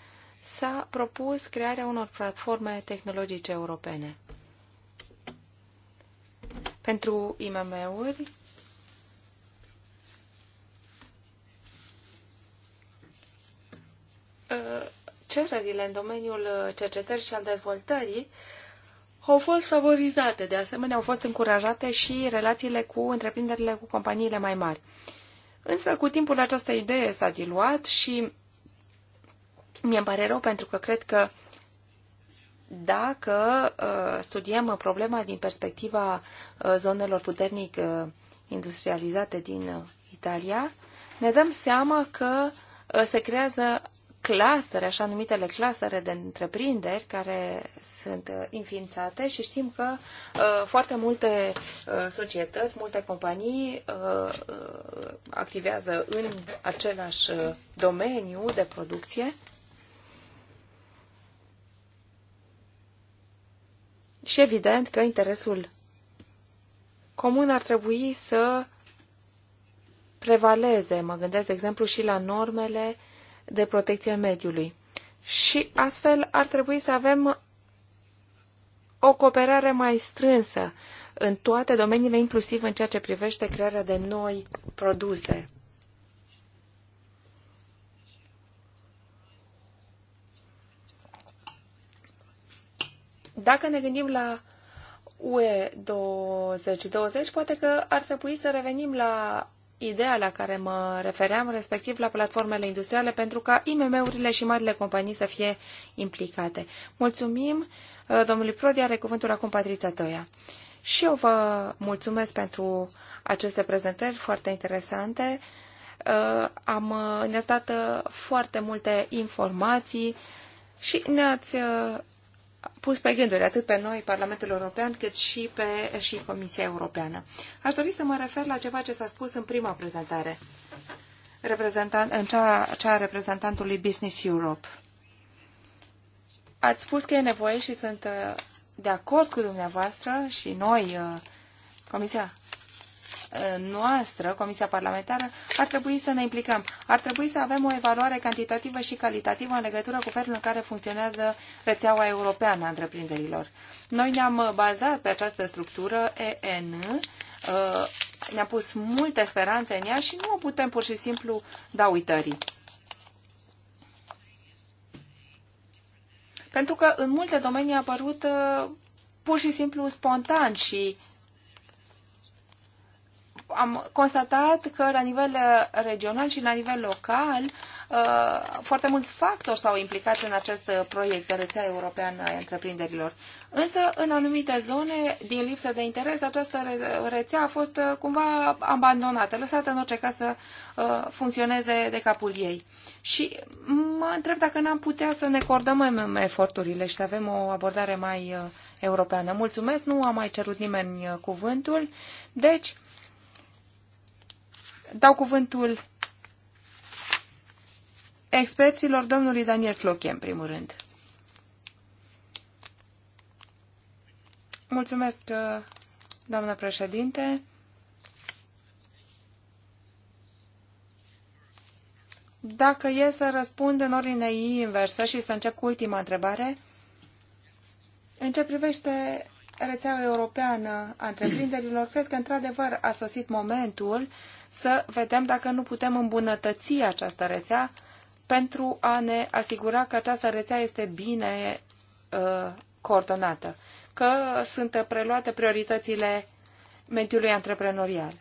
s-a propus crearea unor platforme tehnologice europene. Pentru IMM-uri, uh, cererile în domeniul cercetării și al dezvoltării au fost favorizate. De asemenea, au fost încurajate și relațiile cu întreprinderile cu companiile mai mari. Însă, cu timpul această idee s-a diluat și mi-e pare rău pentru că cred că dacă uh, studiem problema din perspectiva uh, zonelor puternic uh, industrializate din uh, Italia, ne dăm seama că uh, se creează clastere, așa numitele clastere de întreprinderi care sunt uh, înființate și știm că uh, foarte multe uh, societăți, multe companii activează în același domeniu de producție. Și evident că interesul comun ar trebui să prevaleze. Mă gândesc, de exemplu, și la normele de protecție a mediului. Și astfel ar trebui să avem o cooperare mai strânsă în toate domeniile, inclusiv în ceea ce privește crearea de noi produse. Dacă ne gândim la UE 2020, poate că ar trebui să revenim la ideea la care mă refeream, respectiv la platformele industriale, pentru ca IMM-urile și marile companii să fie implicate. Mulțumim, uh, domnului Prodi are cuvântul acum Patrița Toia. Și eu vă mulțumesc pentru aceste prezentări foarte interesante. Uh, am, ne-ați dat uh, foarte multe informații și ne-ați pus pe gânduri atât pe noi, Parlamentul European, cât și pe și Comisia Europeană. Aș dori să mă refer la ceva ce s-a spus în prima prezentare, reprezentant, în cea, cea a reprezentantului Business Europe. Ați spus că e nevoie și sunt uh, de acord cu dumneavoastră și noi, uh, Comisia Uh, noastră, Comisia Parlamentară, ar trebui să ne implicăm. Ar trebui să avem o evaluare cantitativă și calitativă în legătură cu felul în care funcționează rețeaua europeană a întreprinderilor. Noi ne-am bazat pe această structură EN, uh, ne-am pus multe speranțe în ea și nu o putem pur și simplu da uitării. Pentru că în multe domenii a apărut uh, pur și simplu spontan și am constatat că la nivel uh, regional și la nivel local uh, foarte mulți factori s-au implicat în acest uh, proiect de rețea europeană a întreprinderilor. Însă, în anumite zone, din lipsă de interes, această rețea a fost cumva abandonată, lăsată în orice caz să funcționeze de capul ei. Și mă întreb dacă n-am putea să ne coordonăm eforturile și să avem o abordare mai europeană. Mulțumesc, nu a mai cerut nimeni cuvântul. Deci, dau cuvântul experților domnului Daniel Cloche, în primul rând. Mulțumesc, uh, doamnă președinte. Dacă e să răspund în ordine inversă și să încep cu ultima întrebare, în ce privește rețeaua europeană a întreprinderilor, cred că într-adevăr a sosit momentul să vedem dacă nu putem îmbunătăți această rețea pentru a ne asigura că această rețea este bine uh, coordonată, că sunt preluate prioritățile mediului antreprenorial.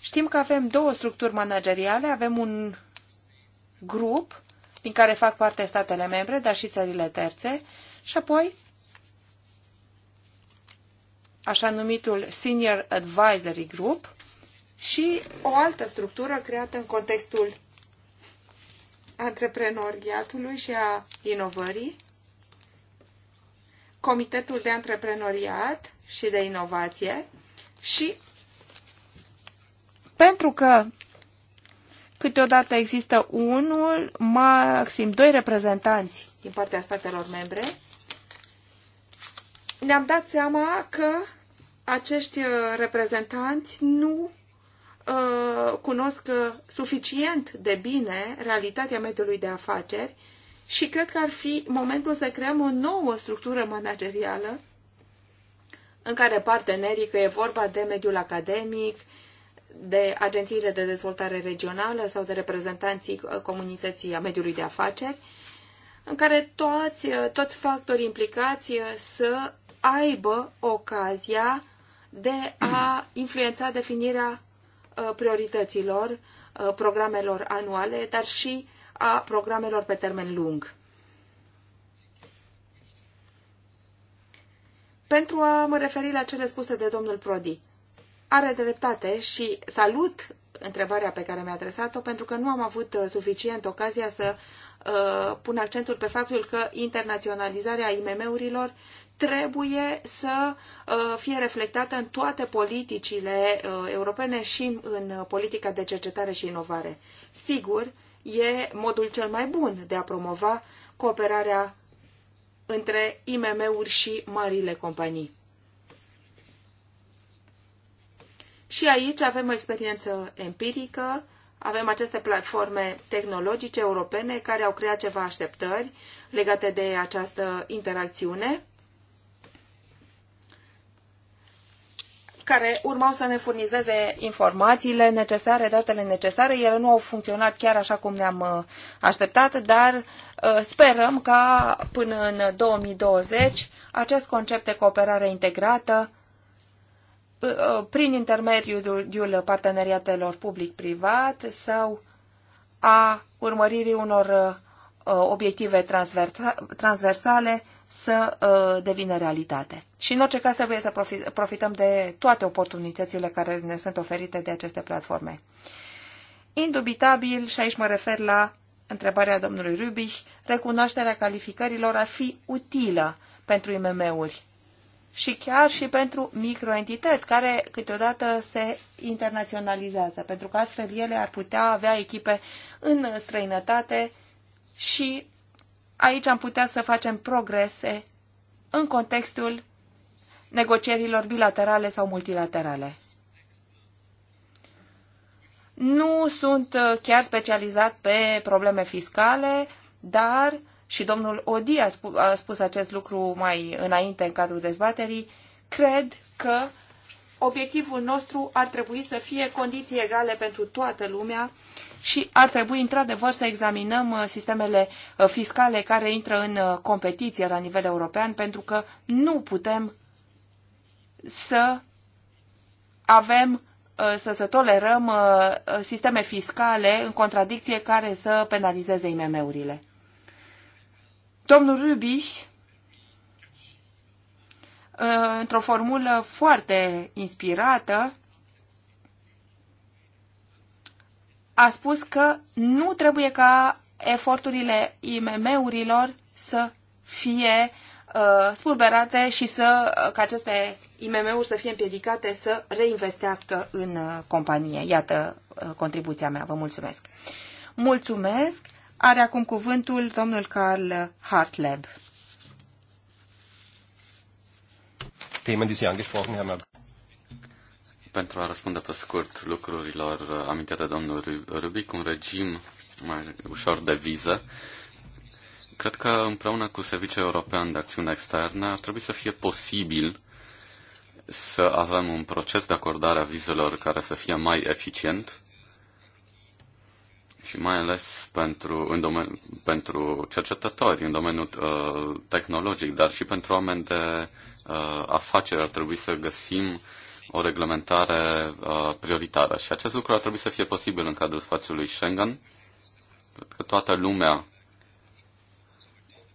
Știm că avem două structuri manageriale, avem un grup din care fac parte statele membre, dar și țările terțe, și apoi așa numitul Senior Advisory Group și o altă structură creată în contextul antreprenoriatului și a inovării, Comitetul de Antreprenoriat și de Inovație și pentru că câteodată există unul, maxim doi reprezentanți din partea statelor membre, ne-am dat seama că acești uh, reprezentanți nu uh, cunosc uh, suficient de bine realitatea mediului de afaceri și cred că ar fi momentul să creăm o nouă structură managerială în care partenerii, că e vorba de mediul academic, de agențiile de dezvoltare regională sau de reprezentanții comunității a mediului de afaceri, în care toți, toți factorii implicați să aibă ocazia de a influența definirea uh, priorităților uh, programelor anuale, dar și a programelor pe termen lung. Pentru a mă referi la cele spuse de domnul Prodi, are dreptate și salut întrebarea pe care mi-a adresat-o, pentru că nu am avut uh, suficient ocazia să uh, pun accentul pe faptul că internaționalizarea IMM-urilor trebuie să uh, fie reflectată în toate politicile uh, europene și în uh, politica de cercetare și inovare. Sigur, e modul cel mai bun de a promova cooperarea între IMM-uri și marile companii. Și aici avem o experiență empirică, avem aceste platforme tehnologice europene care au creat ceva așteptări legate de această interacțiune care urmau să ne furnizeze informațiile necesare, datele necesare. Ele nu au funcționat chiar așa cum ne-am uh, așteptat, dar uh, sperăm ca până în 2020 acest concept de cooperare integrată uh, prin intermediul parteneriatelor public-privat sau a urmăririi unor obiective transversale să uh, devină realitate. Și în orice caz trebuie să profităm de toate oportunitățile care ne sunt oferite de aceste platforme. Indubitabil, și aici mă refer la întrebarea domnului Rubich, recunoașterea calificărilor ar fi utilă pentru IMM-uri și chiar și pentru microentități care câteodată se internaționalizează, pentru că astfel ele ar putea avea echipe în străinătate și Aici am putea să facem progrese în contextul negocierilor bilaterale sau multilaterale. Nu sunt uh, chiar specializat pe probleme fiscale, dar și domnul Odi a, a spus acest lucru mai înainte în cadrul dezbaterii, cred că obiectivul nostru ar trebui să fie condiții egale pentru toată lumea și ar trebui într-adevăr să examinăm uh, sistemele uh, fiscale care intră în uh, competiție la nivel european, pentru că nu putem să avem să, să tolerăm sisteme fiscale în contradicție care să penalizeze IMM-urile. Domnul Rubiș, într-o formulă foarte inspirată, a spus că nu trebuie ca eforturile IMM-urilor să fie uh, spulberate și să, uh, ca aceste IMM-uri să fie împiedicate să reinvestească în uh, companie. Iată uh, contribuția mea. Vă mulțumesc. Mulțumesc. Are acum cuvântul domnul Carl Hartleb. Themen, die Sie angesprochen haben, pentru a răspunde pe scurt lucrurilor amintite de domnul Rubic, un regim mai ușor de viză, cred că împreună cu Serviciul European de Acțiune Externă ar trebui să fie posibil să avem un proces de acordare a vizelor care să fie mai eficient și mai ales pentru, în domen- pentru cercetători în domeniul uh, tehnologic, dar și pentru oameni de uh, afaceri ar trebui să găsim o reglementare uh, prioritară. Și acest lucru ar trebui să fie posibil în cadrul spațiului Schengen. Cred că toată lumea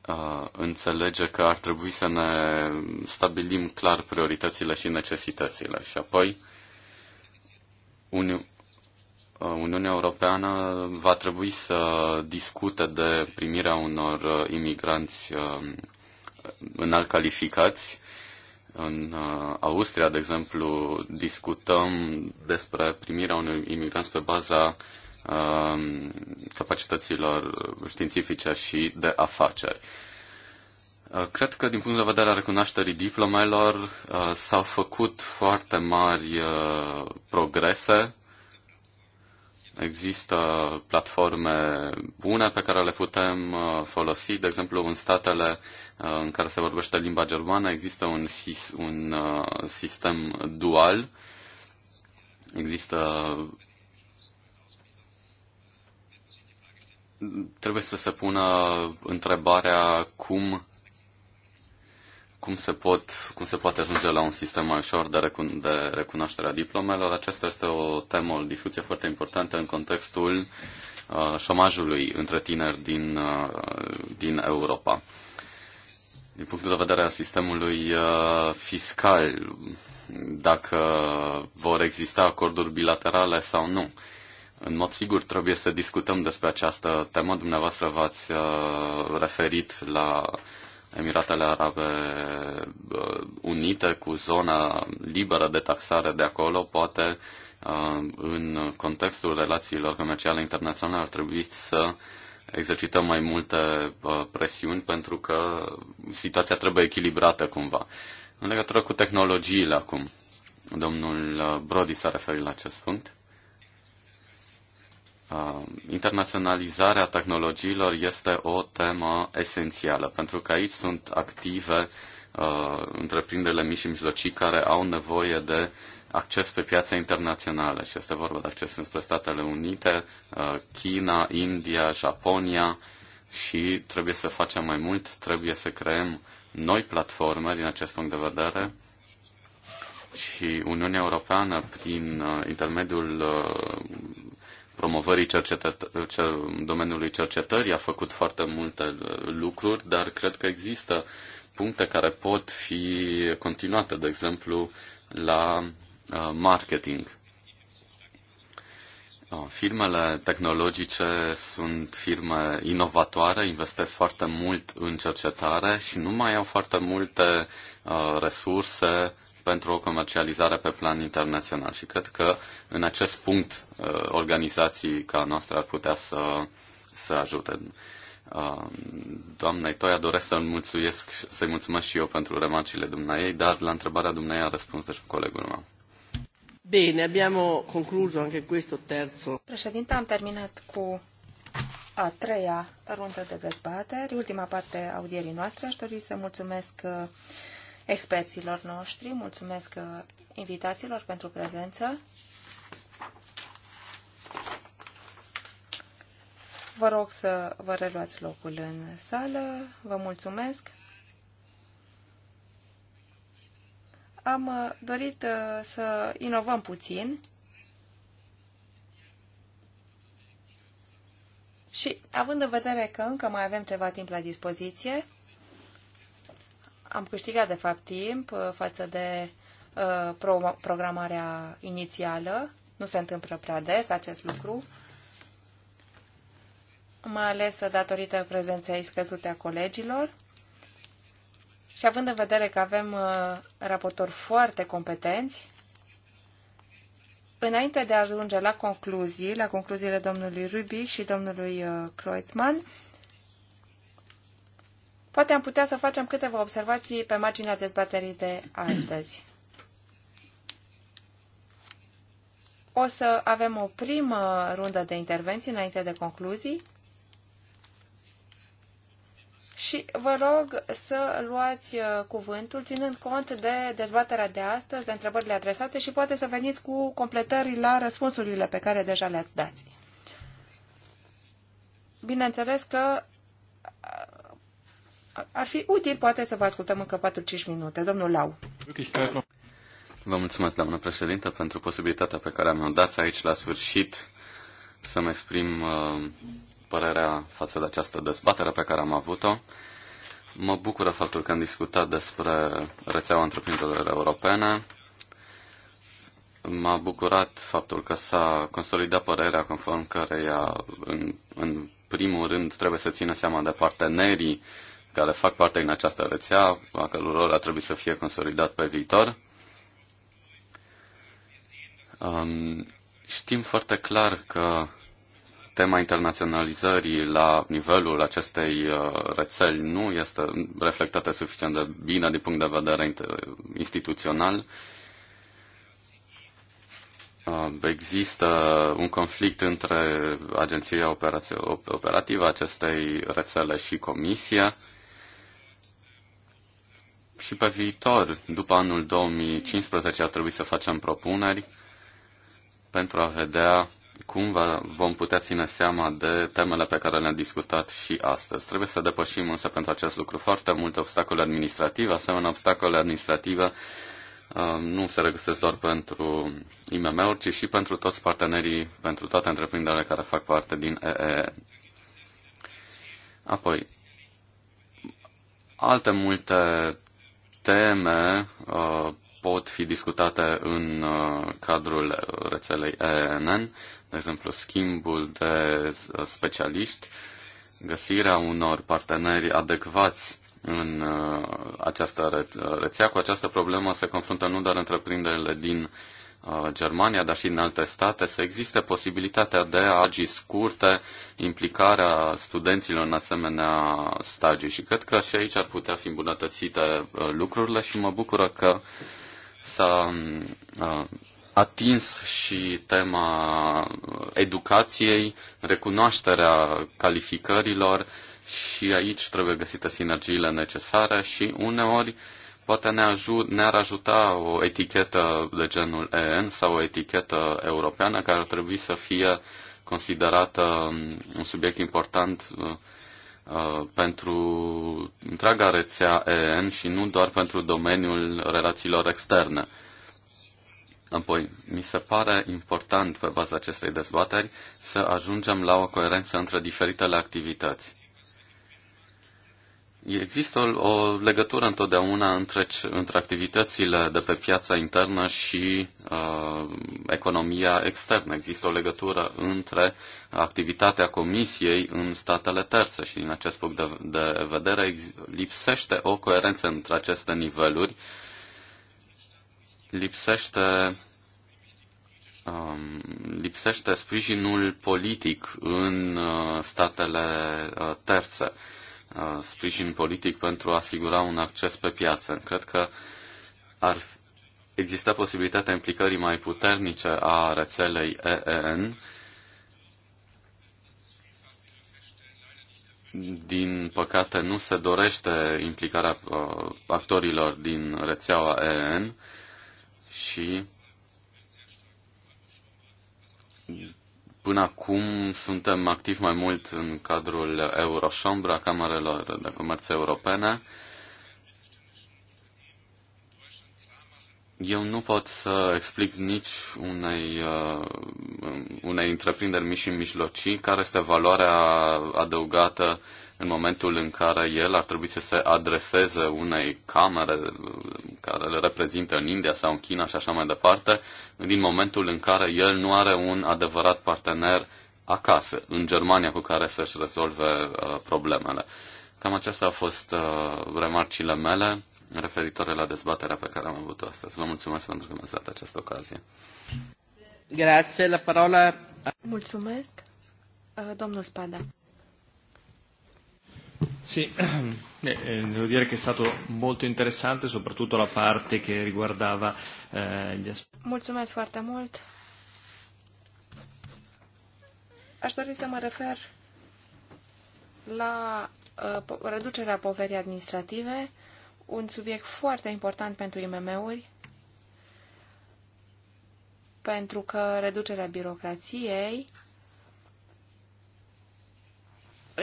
uh, înțelege că ar trebui să ne stabilim clar prioritățile și necesitățile. Și apoi, Uni- uh, Uniunea Europeană va trebui să discute de primirea unor uh, imigranți uh, înalt calificați în uh, Austria, de exemplu, discutăm despre primirea unui imigranți pe baza um, capacităților științifice și de afaceri. Uh, cred că din punct de vedere al recunoașterii diplomelor uh, s-au făcut foarte mari progrese. Există platforme bune pe care le putem folosi, de exemplu, în statele uh, Uh, în care se vorbește limba germană, există un, un uh, sistem dual, există trebuie să se pună întrebarea cum cum se, pot, cum se poate ajunge la un sistem mai ușor de, recun- de recunoaștere a diplomelor. Aceasta este o temă, o discuție foarte importantă în contextul uh, șomajului între tineri din, uh, din Europa din punctul de vedere al sistemului uh, fiscal, dacă vor exista acorduri bilaterale sau nu. În mod sigur trebuie să discutăm despre această temă. Dumneavoastră v-ați uh, referit la Emiratele Arabe uh, Unite cu zona liberă de taxare de acolo. Poate în contextul relațiilor comerciale internaționale ar trebui să uh, exercităm mai multe presiuni pentru că situația trebuie echilibrată cumva. În legătură cu tehnologiile acum, domnul Brody s-a referit la acest punct. Internaționalizarea tehnologiilor este o temă esențială, pentru că aici sunt active întreprinderile mici și mijlocii care au nevoie de uh, acces pe piața internațională și este vorba de acces înspre Statele Unite, uh, China, India, Japonia și trebuie să facem mai mult, trebuie să creăm noi platforme din acest punct de vedere și Uniunea Europeană prin uh, intermediul uh, promovării cercetă- domeniului cercetării a făcut foarte multe lucruri, dar cred că există puncte care pot fi continuate, de exemplu, la Uh, marketing. Uh, firmele tehnologice sunt firme inovatoare, investesc foarte mult în cercetare și nu mai au foarte multe uh, resurse pentru o comercializare pe plan internațional. Și cred că în acest punct organizații ca noastră ar putea să, să ajute. Doamnei Toia, doresc să-i mulțumesc, să mulțumesc și eu pentru remarcile dumneai, dar la întrebarea dumneai a răspuns deja colegul meu. Bine, abbiamo concluso anche questo terzo. Președinte, am terminat cu a treia rundă de dezbateri, ultima parte a audierii noastre. Aș dori să mulțumesc uh, experților noștri, mulțumesc uh, invitațiilor pentru prezență. Vă rog să vă reluați locul în sală. Vă mulțumesc. am uh, dorit uh, să inovăm puțin și având în vedere că încă mai avem ceva timp la dispoziție, am câștigat de fapt timp uh, față de programarea inițială. Nu se întâmplă prea des acest lucru, mai ales datorită prezenței scăzute a colegilor. Și având în vedere că avem uh, raportori foarte competenți, înainte de a ajunge la concluzii, la concluziile domnului Ruby și domnului uh, Kreutzmann, poate am putea să facem câteva observații pe marginea dezbaterii de astăzi. O să avem o primă rundă de intervenții înainte de concluzii și vă rog să luați uh, cuvântul, ținând cont de dezbaterea de astăzi, de întrebările adresate și poate să veniți cu completări la răspunsurile pe care deja le-ați dat. Bineînțeles că uh, ar fi util poate să vă ascultăm încă 4-5 minute. Domnul Lau. Vă mulțumesc, doamnă președintă, pentru posibilitatea pe care am dat aici la sfârșit să-mi exprim uh, părerea față de această dezbatere pe care am avut-o. Mă bucură faptul că am discutat despre rețeaua întreprinderilor europene. M-a bucurat faptul că s-a consolidat părerea conform căreia, în, în primul rând, trebuie să țină seama de partenerii care fac parte din această rețea, a căror ar trebui să fie consolidat pe viitor. Um, știm foarte clar că tema internaționalizării la nivelul acestei uh, rețeli nu este reflectată suficient de bine din punct de vedere instituțional. Uh, există un conflict între agenția operativă acestei rețele și comisia. Și pe viitor, după anul 2015, ar trebui să facem propuneri pentru a vedea cum va, vom putea ține seama de temele pe care le-am discutat și astăzi. Trebuie să depășim însă pentru acest lucru foarte multe obstacole administrative, asemenea obstacole administrative uh, nu se regăsesc doar pentru IMM-uri, ci și pentru toți partenerii, pentru toate întreprinderile care fac parte din EE. Apoi, alte multe teme uh, pot fi discutate în uh, cadrul rețelei ENN de exemplu, schimbul de specialiști, găsirea unor parteneri adecvați în uh, această rețea. Cu această problemă se confruntă nu doar întreprinderile din uh, Germania, dar și în alte state, să existe posibilitatea de a agi scurte, implicarea studenților în asemenea stagii. Și cred că și aici ar putea fi îmbunătățite uh, lucrurile și mă bucură că s-a atins și tema educației, recunoașterea calificărilor și aici trebuie găsite sinergiile necesare și uneori poate ne ajut, ne-ar ajuta o etichetă de genul EN sau o etichetă europeană care ar trebui să fie considerată un subiect important uh, uh, pentru întreaga rețea EN și nu doar pentru domeniul relațiilor externe. Apoi, mi se pare important, pe baza acestei dezbateri, să ajungem la o coerență între diferitele activități. Există o legătură întotdeauna între, între activitățile de pe piața internă și uh, economia externă. Există o legătură între activitatea Comisiei în statele terțe și din acest punct de, de vedere ex, lipsește o coerență între aceste niveluri uh, lipsește um, lipsește sprijinul politic în uh, statele uh, terțe, uh, sprijin politic pentru a asigura un acces pe piață. Cred că ar exista posibilitatea implicării mai puternice a rețelei EEN din păcate nu se dorește implicarea uh, actorilor din rețeaua EN și Până acum suntem activ mai mult în cadrul Eurochambra, Camerelor de Comerț Europene. Eu nu pot să explic nici unei, uh, unei întreprinderi mici și mijlocii care este valoarea adăugată în momentul în care el ar trebui să se adreseze unei camere care le reprezintă în India sau în China și așa mai departe, din momentul în care el nu are un adevărat partener acasă, în Germania, cu care să-și rezolve uh, problemele. Cam acestea au fost uh, remarcile mele referitoare la dezbaterea pe care am avut-o astăzi. Vă mulțumesc pentru că mi-ați dat această ocazie. Grazie, la parola. Mulțumesc, uh, domnul Spada. Sì, [CLEARS THROAT] eh, devo dire che è stato molto interessante, soprattutto la parte che riguardava eh, gli aspetti. Mulțumesc foarte molto. Aș dori să mă refer la uh, reducerea poverii administrative, un subiect foarte important pentru IMM-uri, pentru că reducerea birocrației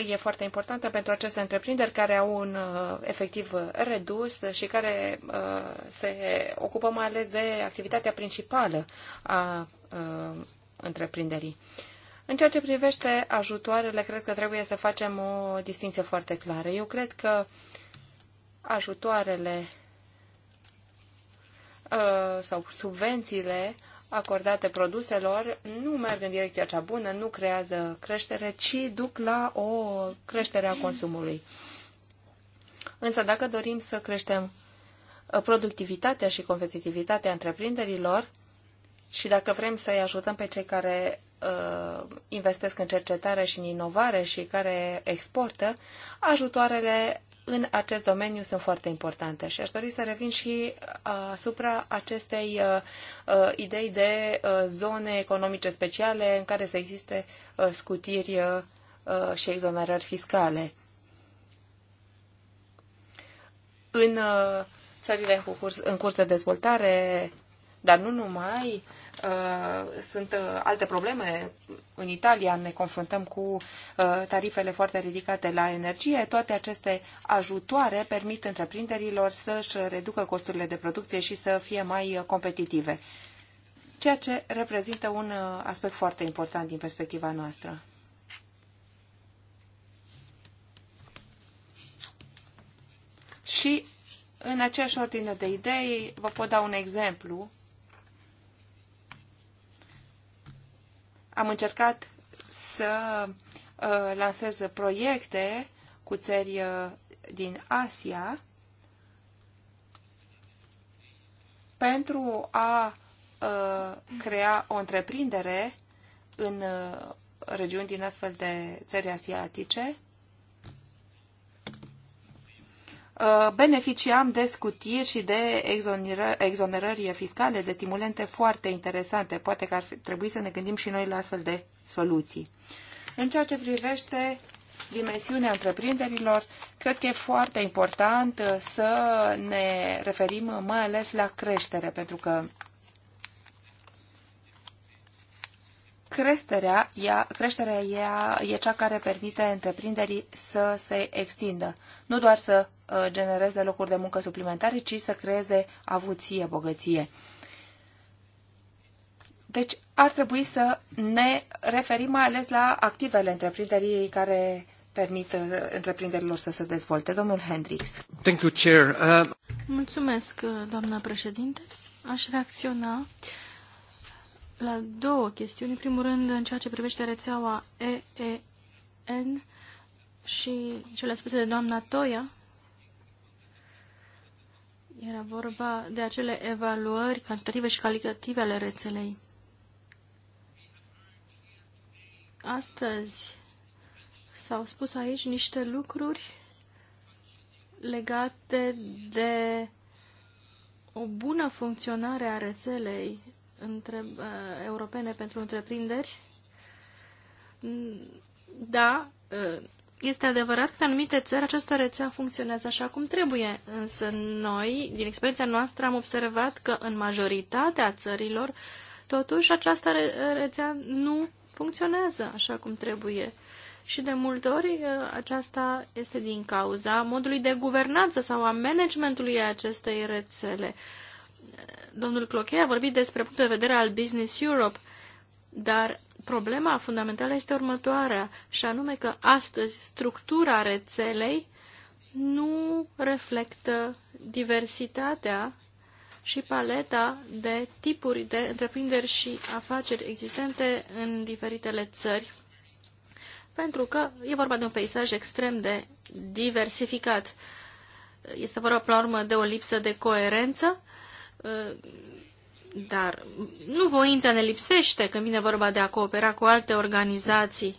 e foarte importantă pentru aceste întreprinderi care au un uh, efectiv redus și care uh, se ocupă mai ales de activitatea principală a uh, întreprinderii. În ceea ce privește ajutoarele, cred că trebuie să facem o distinție foarte clară. Eu cred că ajutoarele sau subvențiile acordate produselor nu merg în direcția cea bună, nu creează creștere, ci duc la o creștere a consumului. Însă dacă dorim să creștem uh, productivitatea și competitivitatea întreprinderilor și dacă vrem să-i ajutăm pe cei care uh, investesc în cercetare și în inovare și care exportă, ajutoarele în acest domeniu sunt foarte importante și aș dori să revin și uh, asupra acestei uh, uh, idei de zone economice speciale în care să existe scutiri și exonerări fiscale. În țările în curs de dezvoltare, dar nu numai, Uh, sunt uh, alte probleme. În Italia ne confruntăm cu uh, tarifele foarte ridicate la energie. Toate aceste ajutoare permit întreprinderilor să-și reducă costurile de producție și să fie mai competitive, ceea ce reprezintă un aspect foarte important din perspectiva noastră. Și în aceeași ordine de idei, vă pot da un exemplu Am încercat să uh, lansez proiecte cu țări uh, din Asia pentru a uh, crea o întreprindere în regiuni din astfel de țări asiatice Uh, beneficiam de scutiri și de exonerări fiscale, de stimulente foarte interesante. Poate că ar trebui să ne gândim și noi la astfel de soluții. În ceea ce privește dimensiunea întreprinderilor, cred că e foarte important uh, să ne referim mai ales la creștere, pentru că creșterea, ea, creșterea ea e cea care permite întreprinderii să se extindă. Nu doar să uh, genereze locuri de muncă suplimentare, ci să creeze avuție, bogăție. Deci ar trebui să ne referim mai ales la activele întreprinderii care permit uh, întreprinderilor să se dezvolte. Domnul Hendrix. Thank you, Chair. Uh... Mulțumesc, uh, doamna președinte. Aș reacționa uh, la două chestiuni. În primul rând, în ceea ce privește rețeaua EEN și cele spuse de doamna Toia, era vorba de acele evaluări cantitative și calitative ale rețelei. Astăzi s-au spus aici niște lucruri legate de o bună funcționare a rețelei, uh, europene pentru întreprinderi. Mm, da, uh, este adevărat că în anumite țări această rețea funcționează așa cum trebuie, însă noi, din experiența noastră, am observat că în majoritatea țărilor, totuși, această rețea nu funcționează așa cum trebuie. Și de multe ori uh, aceasta este din cauza modului de guvernanță sau a managementului acestei rețele domnul Clochet a vorbit despre punctul de vedere al Business Europe, dar problema fundamentală este următoarea, și anume că astăzi structura rețelei nu reflectă diversitatea și paleta de tipuri de întreprinderi și afaceri existente în diferitele țări, pentru că e vorba de un peisaj extrem de diversificat. Este vorba, până la urmă, de o lipsă de coerență Ă, dar nu voința ne lipsește când vine vorba de a coopera cu alte organizații.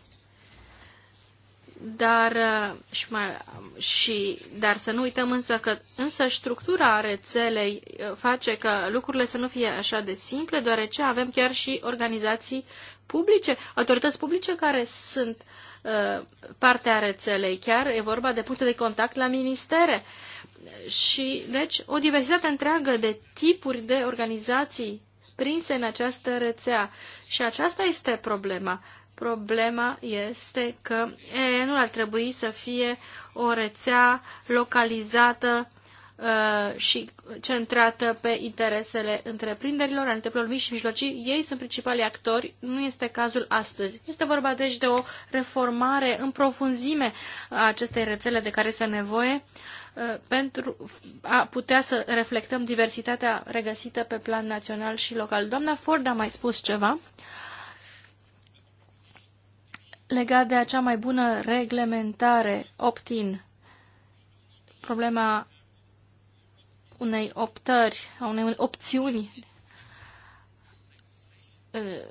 Dar, ă, și mai, și, dar să nu uităm însă că însă structura rețelei ă, face că lucrurile să nu fie așa de simple, deoarece avem chiar și organizații publice, autorități publice care sunt uh, partea rețelei. Chiar e vorba de puncte de contact la ministere. Uh, și, deci, o diversitate întreagă de tipuri de organizații prinse în această rețea. Și aceasta este problema. Problema este că e, nu ar trebui să fie o rețea localizată e, uh, și centrată pe interesele întreprinderilor, întreprinderilor mici și mijlocii. Ei sunt principalii actori, nu este cazul astăzi. Este vorba deci de o reformare în profunzime a acestei rețele de care este nevoie Uh, pentru a putea să reflectăm diversitatea regăsită pe plan național și local. Doamna Ford a mai spus ceva legat de acea mai bună reglementare opt-in, problema unei optări, a unei opțiuni uh,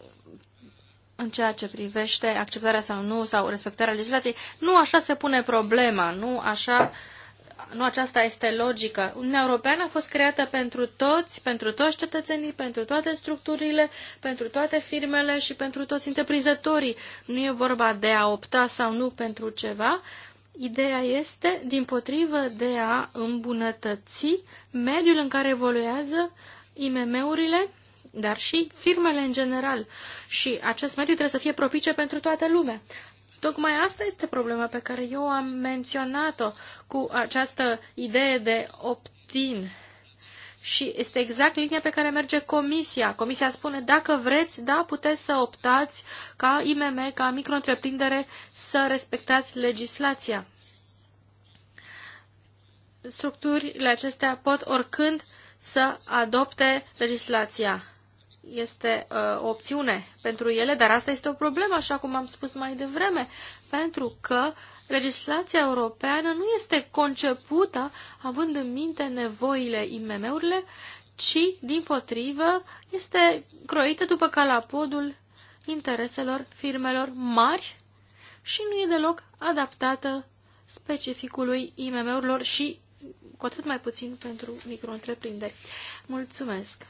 în ceea ce privește acceptarea sau nu, sau respectarea legislației, nu așa se pune problema, nu așa uh, nu aceasta este logica. Uniunea Europeană a fost creată pentru toți, pentru toți cetățenii, pentru toate structurile, pentru toate firmele și pentru toți întreprinzătorii. Nu e vorba de a opta sau nu pentru ceva. Ideea este, din potrivă, de a îmbunătăți mediul în care evoluează IMM-urile, dar și firmele în general. Și acest mediu trebuie să fie propice pentru toată lumea. Tocmai asta este problema pe care eu am menționat-o cu această idee de optin Și este exact linia pe care merge comisia. Comisia spune, dacă vreți, da, puteți să optați ca IMM, ca micro să respectați legislația. Structurile acestea pot oricând să adopte legislația este uh, o opțiune pentru ele, dar asta este o problemă, așa cum am spus mai devreme, pentru că legislația europeană nu este concepută având în minte nevoile IMM-urile, ci, din potrivă, este croită după calapodul intereselor firmelor mari și nu e deloc adaptată specificului IMM-urilor și cu atât mai puțin pentru micro-întreprinderi. Mulțumesc!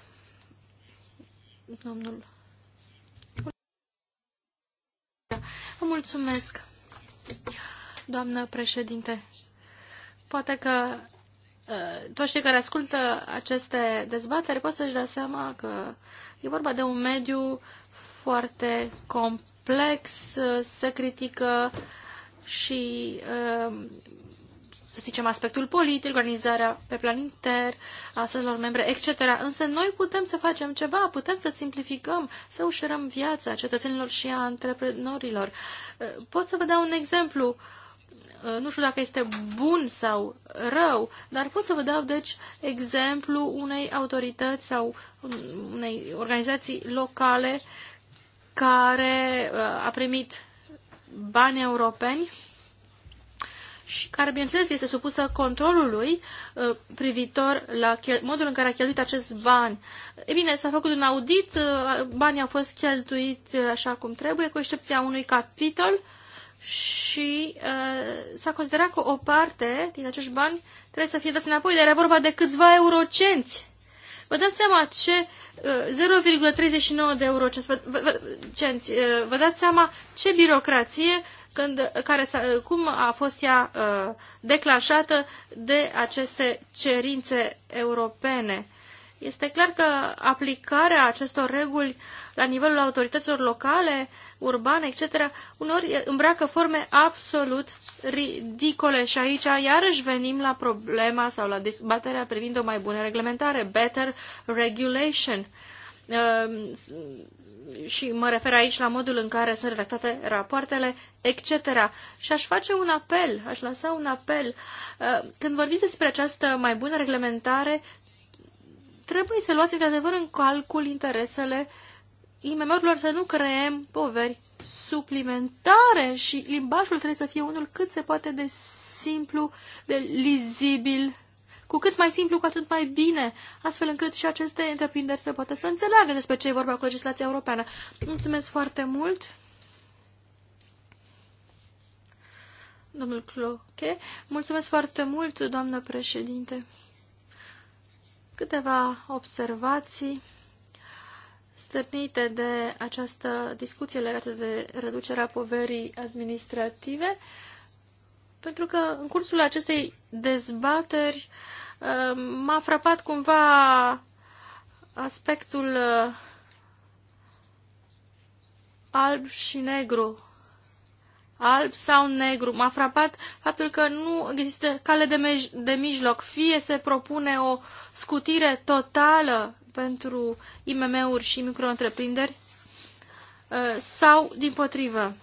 domnul. Vă mulțumesc, doamnă președinte. Poate că ă, toți cei care ascultă aceste dezbateri pot să-și dea seama că e vorba de un mediu foarte complex, se critică și ă, să zicem, aspectul politic, organizarea pe plan intern a membre, etc. Însă noi putem să facem ceva, putem să simplificăm, să ușurăm viața cetățenilor și a antreprenorilor. Eh, pot să vă dau un exemplu eh, nu știu dacă este bun sau rău, dar pot să vă dau, deci, exemplu unei autorități sau unei organizații locale care eh, a primit bani europeni și care, bineînțeles, este supusă controlului uh, privitor la modul în care a cheltuit acest bani. E bine, s-a făcut un audit, uh, banii au fost cheltuiți uh, așa cum trebuie, cu excepția unui capitol și uh, s-a considerat că o parte din acești bani trebuie să fie dați înapoi, dar era vorba de câțiva eurocenți. Vă dați seama ce 0,39 de eurocenți, vă, vă, cenți, vă dați seama ce birocrație când, care cum a fost ea uh, declanșată de aceste cerințe europene. Este clar că aplicarea acestor reguli la nivelul autorităților locale, urbane, etc., uneori îmbracă forme absolut ridicole și aici iarăși venim la problema sau la dezbaterea privind o mai bună reglementare, better regulation. Uh, și mă refer aici la modul în care sunt redactate rapoartele, etc. Și aș face un apel, aș lăsa un apel. Uh, când vorbim despre această mai bună reglementare, trebuie să luați într-adevăr în calcul interesele imm să nu creăm poveri suplimentare și limbajul trebuie să fie unul cât se poate de simplu, de lizibil, cu cât mai simplu, cu atât mai bine, astfel încât și aceste întreprinderi să poată să înțeleagă despre ce e vorba cu legislația europeană. Mulțumesc foarte mult! Domnul Cloche, mulțumesc foarte mult, doamnă președinte. Câteva observații stârnite de această discuție legată de reducerea poverii administrative, pentru că în cursul acestei dezbateri Ehm, m-a frapat cumva aspectul eh, alb și negru. Alb sau negru. M-a frapat faptul că nu există cale de, mej- de mijloc. Fie se propune o scutire totală pentru IMM-uri și micro eh, sau din potrivă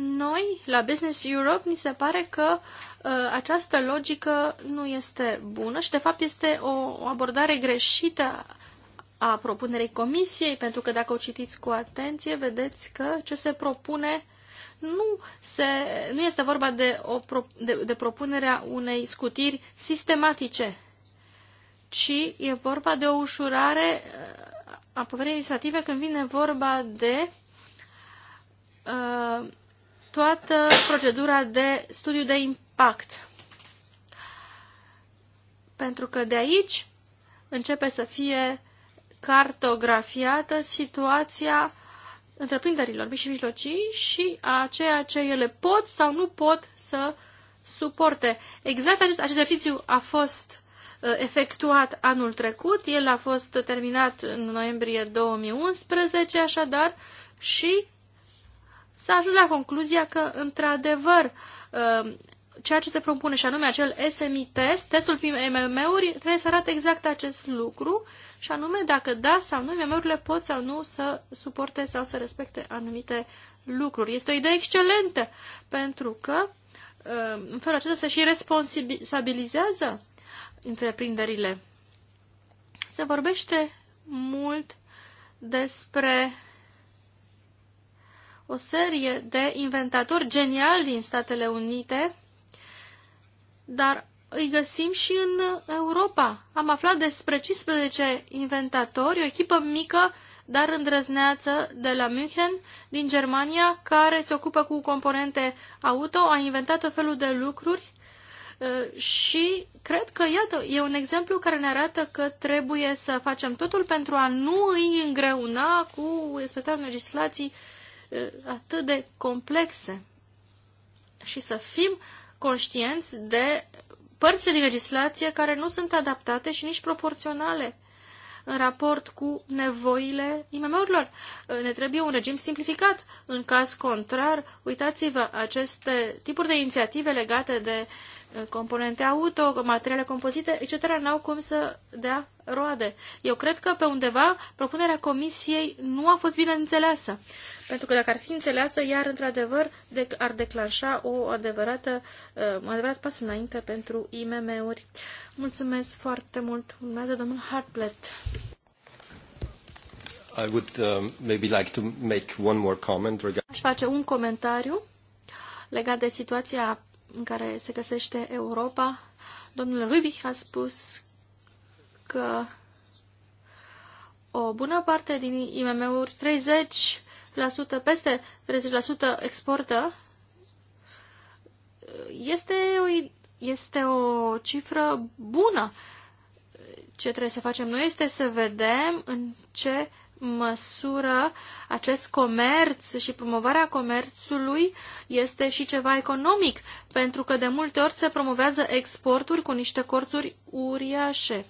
noi, la Business Europe, ni se pare că uh, această logică nu este bună și, de fapt, este o, o abordare greșită a propunerei comisiei, pentru că dacă o citiți cu atenție, vedeți că ce se propune nu, se, nu este vorba de, o, de, de propunerea unei scutiri sistematice, ci e vorba de o ușurare uh, a poverii administrative când vine vorba de uh, toată procedura de studiu de impact. Pentru că de aici începe să fie cartografiată situația întreprinderilor mici și mijlocii și a ceea ce ele pot sau nu pot să suporte. Exact acest, acest exercițiu a fost uh, efectuat anul trecut, el a fost terminat în noiembrie 2011, așadar, și s-a ajuns la concluzia că, într-adevăr, uh, ceea ce se propune, și anume acel SMI test, testul MMM-uri, trebuie să arate exact acest lucru, și anume dacă da sau nu, MMM-urile pot sau nu să suporte sau să respecte anumite lucruri. Este o idee excelentă, pentru că uh, în felul acesta se și responsabilizează întreprinderile. Se vorbește mult despre o serie de inventatori geniali din Statele Unite, dar îi găsim și în Europa. Am aflat despre 15 inventatori, o echipă mică, dar îndrăzneață de la München, din Germania, care se ocupă cu componente auto, a inventat o felul de lucruri ă, și cred că, iată, e un exemplu care ne arată că trebuie să facem totul pentru a nu îi îngreuna cu respectarea legislații Uh, atât de complexe și să fim conștienți de părți din legislație care nu sunt adaptate și nici proporționale în raport cu nevoile imm uh, Ne trebuie un regim simplificat. În caz contrar, uitați-vă, aceste tipuri de inițiative legate de componente auto, materiale compozite, etc., n-au cum să dea roade. Eu cred că pe undeva propunerea comisiei nu a fost bine înțeleasă. Pentru că dacă ar fi înțeleasă, iar într-adevăr dec- ar declanșa o adevărată, uh, adevărat pas înainte pentru IMM-uri. Mulțumesc foarte mult. Urmează domnul Hartlet. I would uh, maybe like to make one more comment. Aș face un comentariu legat de situația în care se găsește Europa. Domnul Rubic a spus că o bună parte din IMM-uri, 30%, peste 30% exportă, este o, este o cifră bună. Ce trebuie să facem noi este să vedem în ce măsură acest comerț și promovarea comerțului este și ceva economic, pentru că de multe ori se promovează exporturi cu niște corțuri uriașe.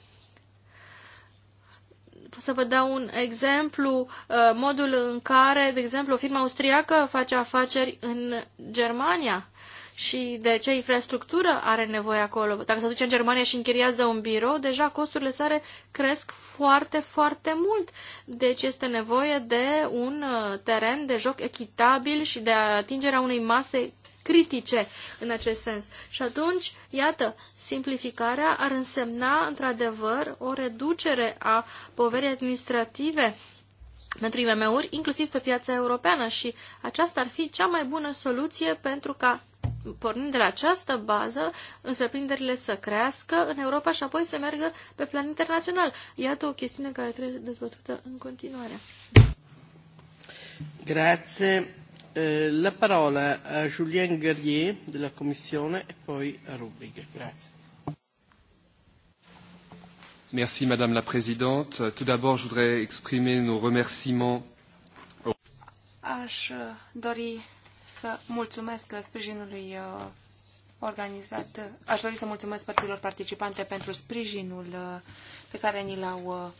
Să vă dau un exemplu, uh, modul în care, de exemplu, o firmă austriacă face afaceri în Germania și de ce infrastructură are nevoie acolo. Dacă se duce în Germania și închiriază un birou, deja costurile sale cresc foarte, foarte mult. Deci este nevoie de un uh, teren de joc echitabil și de atingerea unei mase critice în acest sens. Și atunci, iată, simplificarea ar însemna, într-adevăr, o reducere a poverii administrative pentru IMM-uri, inclusiv pe piața europeană și aceasta ar fi cea mai bună soluție pentru ca pornind de la această bază, întreprinderile să crească în Europa și apoi să meargă pe plan internațional. Iată o chestiune care trebuie dezbătută în continuare. Grazie. Eh, la parola a Julien Guerrier della Commissione e poi a Rubig. Grazie. Merci Madame la Présidente. Tout d'abord, je voudrais exprimer nos remerciements. Aș dori să mulțumesc sprijinului uh, organizat. Aș dori să mulțumesc părților participante pentru sprijinul uh, pe care ni l-au uh,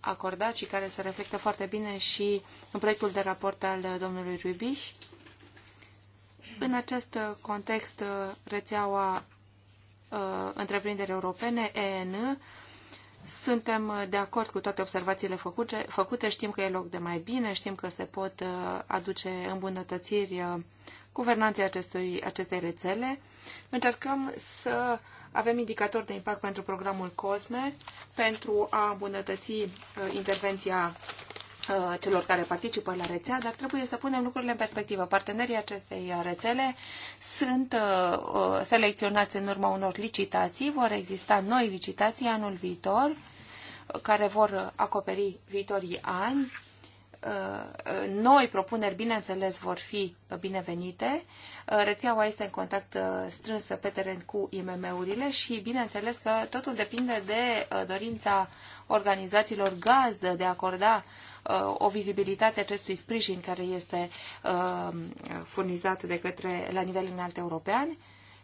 acordat și care se reflectă foarte bine și în proiectul de raport al domnului Rubiș. În acest context, rețeaua întreprinderi europene, EN, suntem uh, de acord cu toate observațiile făcute, făcute, știm că e loc de mai bine, știm că se pot uh, aduce îmbunătățiri uh, guvernanței acestui, acestei rețele. Încercăm să avem indicatori de impact pentru programul COSME pentru a îmbunătăți intervenția Uh, celor care participă la rețea, dar trebuie să punem lucrurile în perspectivă. Partenerii acestei rețele sunt uh, uh, selecționați în urma unor licitații, vor exista noi licitații anul viitor, care vor acoperi viitorii ani noi propuneri, bineînțeles, vor fi binevenite. Uh, rețeaua este în contact uh, strânsă pe teren cu IMM-urile și bineînțeles că totul depinde de uh, dorința organizațiilor gazdă de a acorda o vizibilitate acestui sprijin care este furnizat de către la nivel înalt european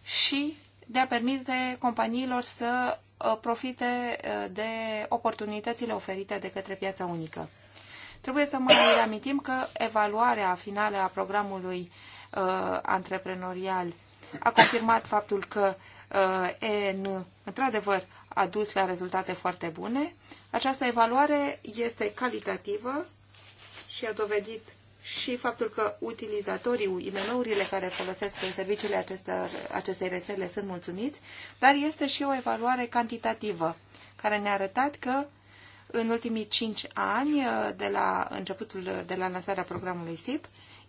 și de a permite companiilor să profite de oportunitățile oferite de către piața unică. Trebuie să mai reamintim că evaluarea finală a programului uh, antreprenorial. A confirmat faptul că uh, EN, într-adevăr, a dus la rezultate foarte bune. Această evaluare este calitativă și a dovedit și faptul că utilizatorii, IMM-urile care folosesc serviciile acestor, acestei rețele sunt mulțumiți, dar este și o evaluare cantitativă care ne-a arătat că în ultimii 5 ani, uh, de la începutul, de la lansarea programului SIP,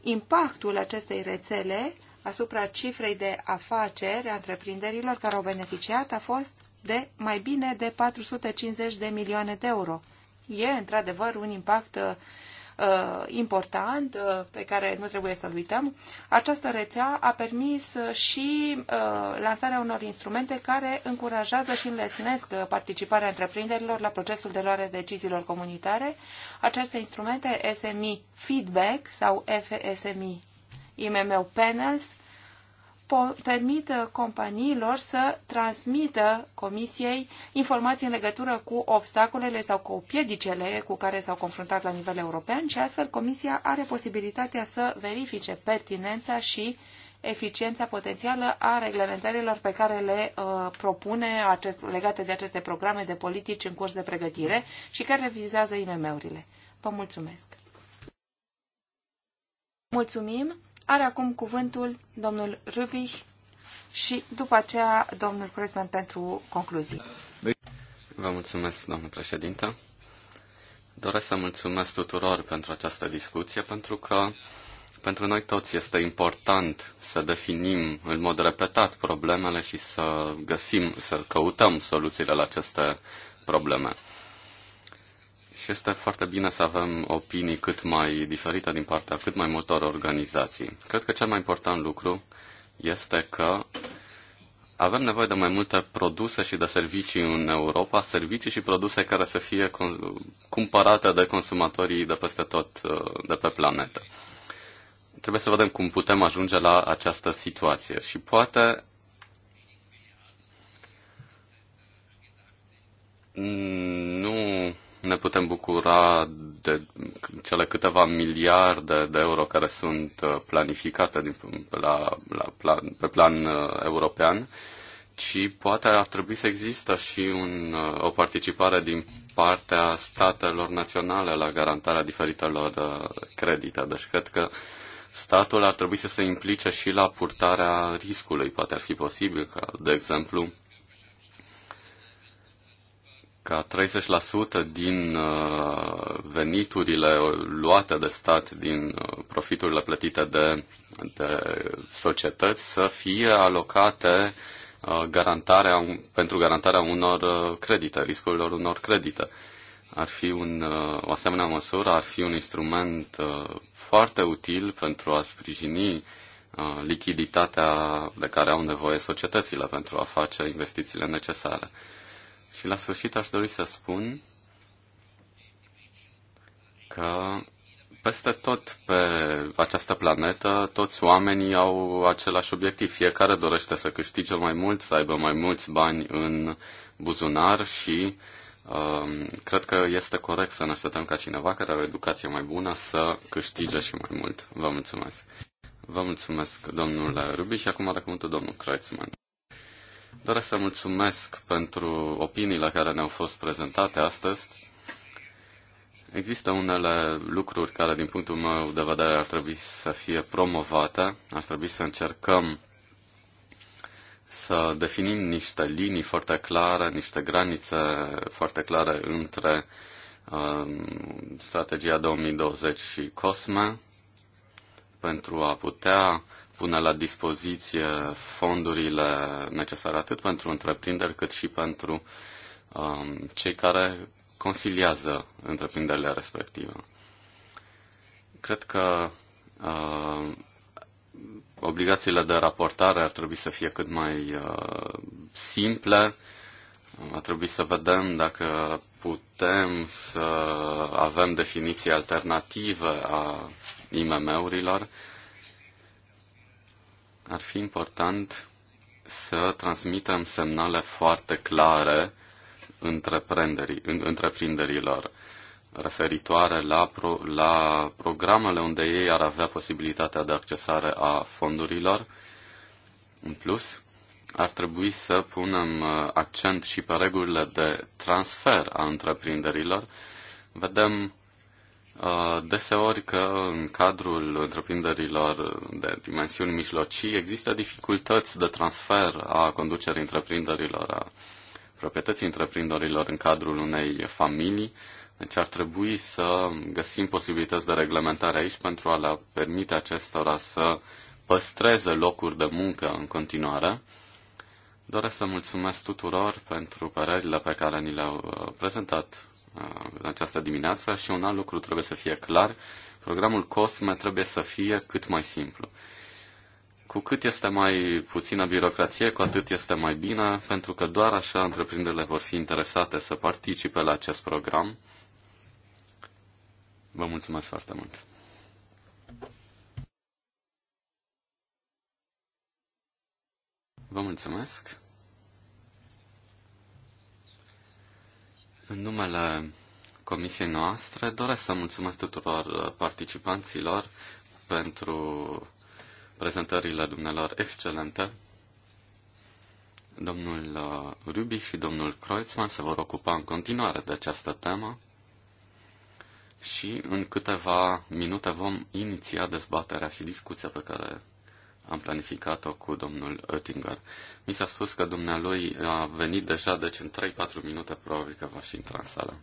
impactul acestei rețele asupra cifrei de afaceri a întreprinderilor care au beneficiat a fost de mai bine de 450 de milioane de euro. E, într-adevăr, un impact uh, uh, important uh, pe care nu trebuie să-l uităm. Această rețea a permis și uh, lansarea unor instrumente care încurajează și înlesnesc uh, participarea întreprinderilor la procesul de luare deciziilor comunitare. Aceste instrumente SMI Feedback sau FSME IMM Panels uh, permită companiilor să transmită Comisiei informații în legătură cu obstacolele sau cu piedicele cu care s-au confruntat la nivel european și astfel Comisia are posibilitatea să verifice pertinența și eficiența potențială a reglementărilor pe care le uh, propune acest, legate de aceste programe de politici în curs de pregătire și care vizează IMM-urile. Vă mulțumesc! Mulțumim! Are acum cuvântul domnul Rubich și după aceea domnul Cruzman pentru concluzii. Vă mulțumesc, domnul președinte. Doresc să mulțumesc tuturor pentru această discuție, pentru că pentru noi toți este important să definim în mod repetat problemele și să găsim, să căutăm soluțiile la aceste probleme. Și este foarte bine să avem opinii cât mai diferite din partea cât mai multor organizații. Cred că cel mai important lucru este că avem nevoie de mai multe produse și de servicii în Europa, servicii și produse care să fie cumpărate de consumatorii de peste tot de pe planetă. Trebuie să vedem cum putem ajunge la această situație și poate nu ne putem bucura de cele câteva miliarde de euro care sunt uh, planificate din, la, la plan, pe plan uh, european, ci poate ar trebui să există și un, uh, o participare din partea statelor naționale la garantarea diferitelor credite. Deci cred că statul ar trebui să se implice și la purtarea riscului. Poate ar fi posibil că, de exemplu, ca 30% din uh, veniturile luate de stat, din uh, profiturile plătite de, de societăți, să fie alocate uh, garantarea, pentru garantarea unor credite, riscurilor unor credite. Ar fi un, o asemenea măsură ar fi un instrument foarte util pentru a sprijini lichiditatea de care au nevoie societățile pentru a face investițiile necesare. Și la sfârșit aș dori să spun că peste tot pe această planetă, toți oamenii au același obiectiv. Fiecare dorește să câștige mai mult, să aibă mai mulți bani în buzunar și uh, cred că este corect să ne așteptăm ca cineva care are o educație mai bună să câștige și mai mult. Vă mulțumesc. Vă mulțumesc, domnule Rubi, și acum are cuvântul domnul Kreutzmann. Doresc să mulțumesc pentru opiniile care ne-au fost prezentate astăzi. Există unele lucruri care, din punctul meu de vedere, ar trebui să fie promovate. Ar trebui să încercăm să definim niște linii foarte clare, niște granițe foarte clare între uh, strategia 2020 și COSME pentru a putea pune la dispoziție fondurile necesare atât pentru întreprinderi cât și pentru um, cei care consiliază întreprinderile respective. Cred că uh, obligațiile de raportare ar trebui să fie cât mai uh, simple. Ar trebui să vedem dacă putem să avem definiții alternative a IMM-urilor. Uh, ar fi important să transmitem semnale foarte clare întreprinderilor referitoare la, pro, la programele unde ei ar avea posibilitatea de accesare a fondurilor. În plus, ar trebui să punem uh, accent și pe regulile de transfer a întreprinderilor. Vedem Uh, deseori că în cadrul întreprinderilor de dimensiuni mijlocii există dificultăți de transfer a conducerii întreprinderilor, a proprietății întreprinderilor în cadrul unei familii. Deci ar trebui să găsim posibilități de reglementare aici pentru a le permite acestora să păstreze locuri de muncă în continuare. Doresc să mulțumesc tuturor pentru părerile pe care ni le-au uh, prezentat Uh, în această dimineață și un alt lucru trebuie să fie clar. Programul COSME trebuie să fie cât mai simplu. Cu cât este mai puțină birocrație, cu atât este mai bine, pentru că doar așa întreprinderile vor fi interesate să participe la acest program. Vă mulțumesc foarte mult! Vă mulțumesc! În numele comisiei noastre doresc să mulțumesc tuturor uh, participanților pentru prezentările dumnealor excelente. Domnul uh, Rubi și domnul Kreutzmann se vor ocupa în continuare de această temă și în câteva minute vom iniția dezbaterea și discuția pe care am planificat-o cu domnul Oettinger. Mi s-a spus că dumnealui a venit deja, deci în 3-4 minute probabil că va fi intra în sală.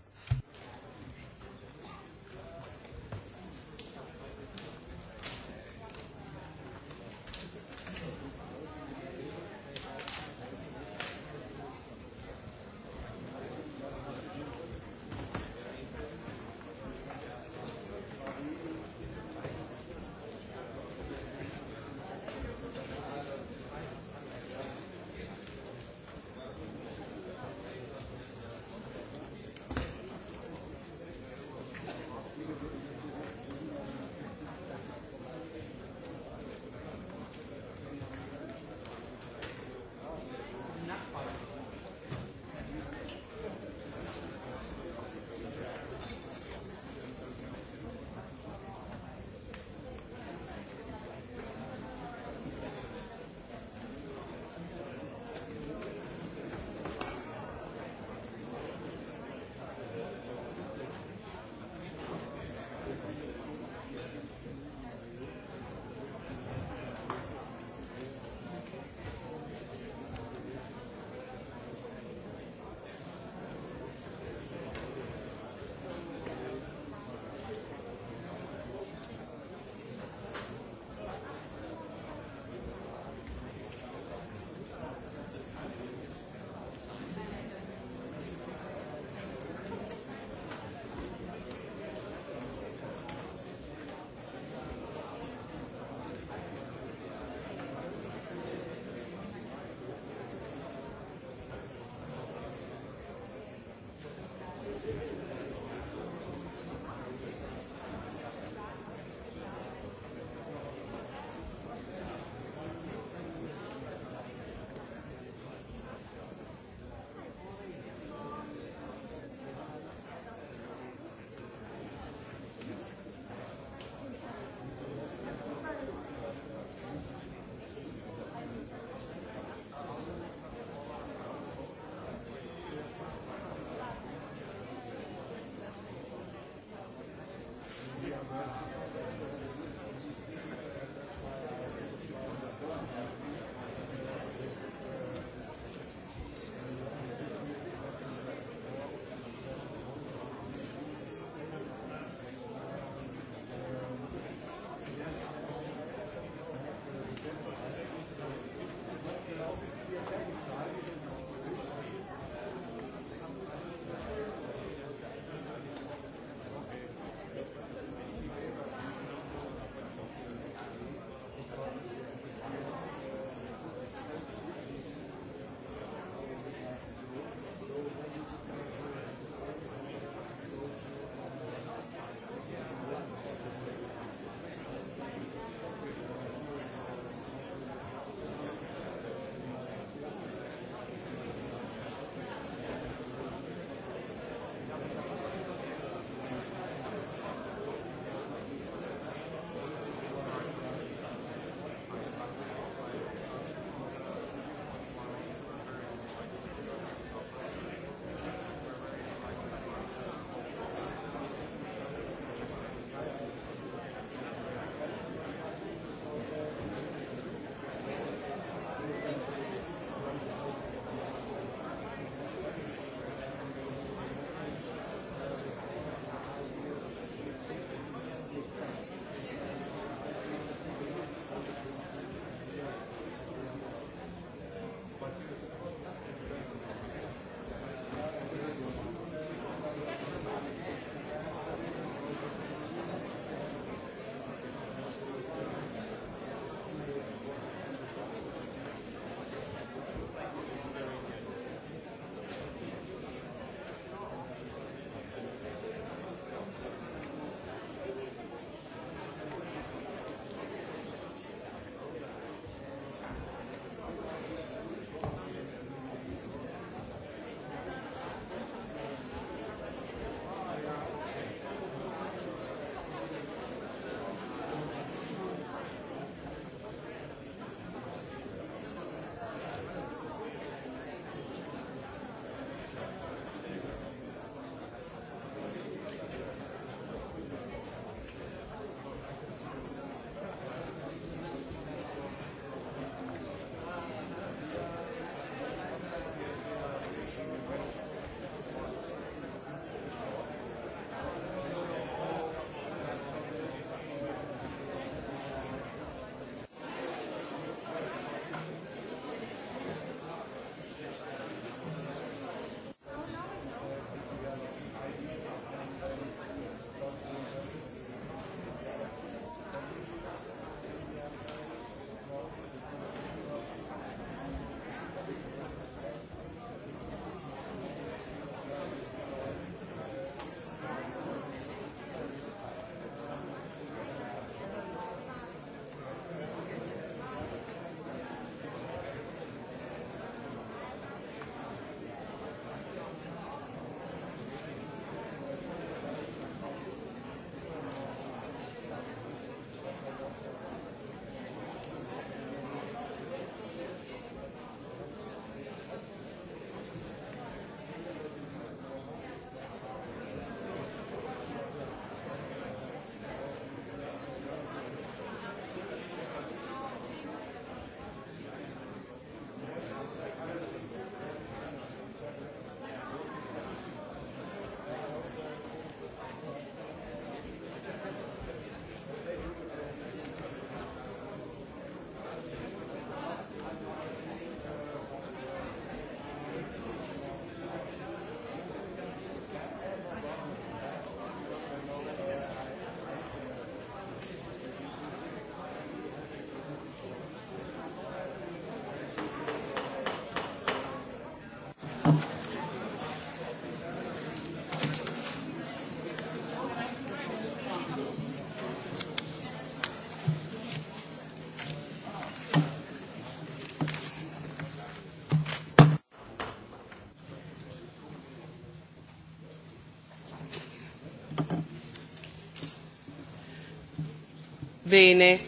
Bene,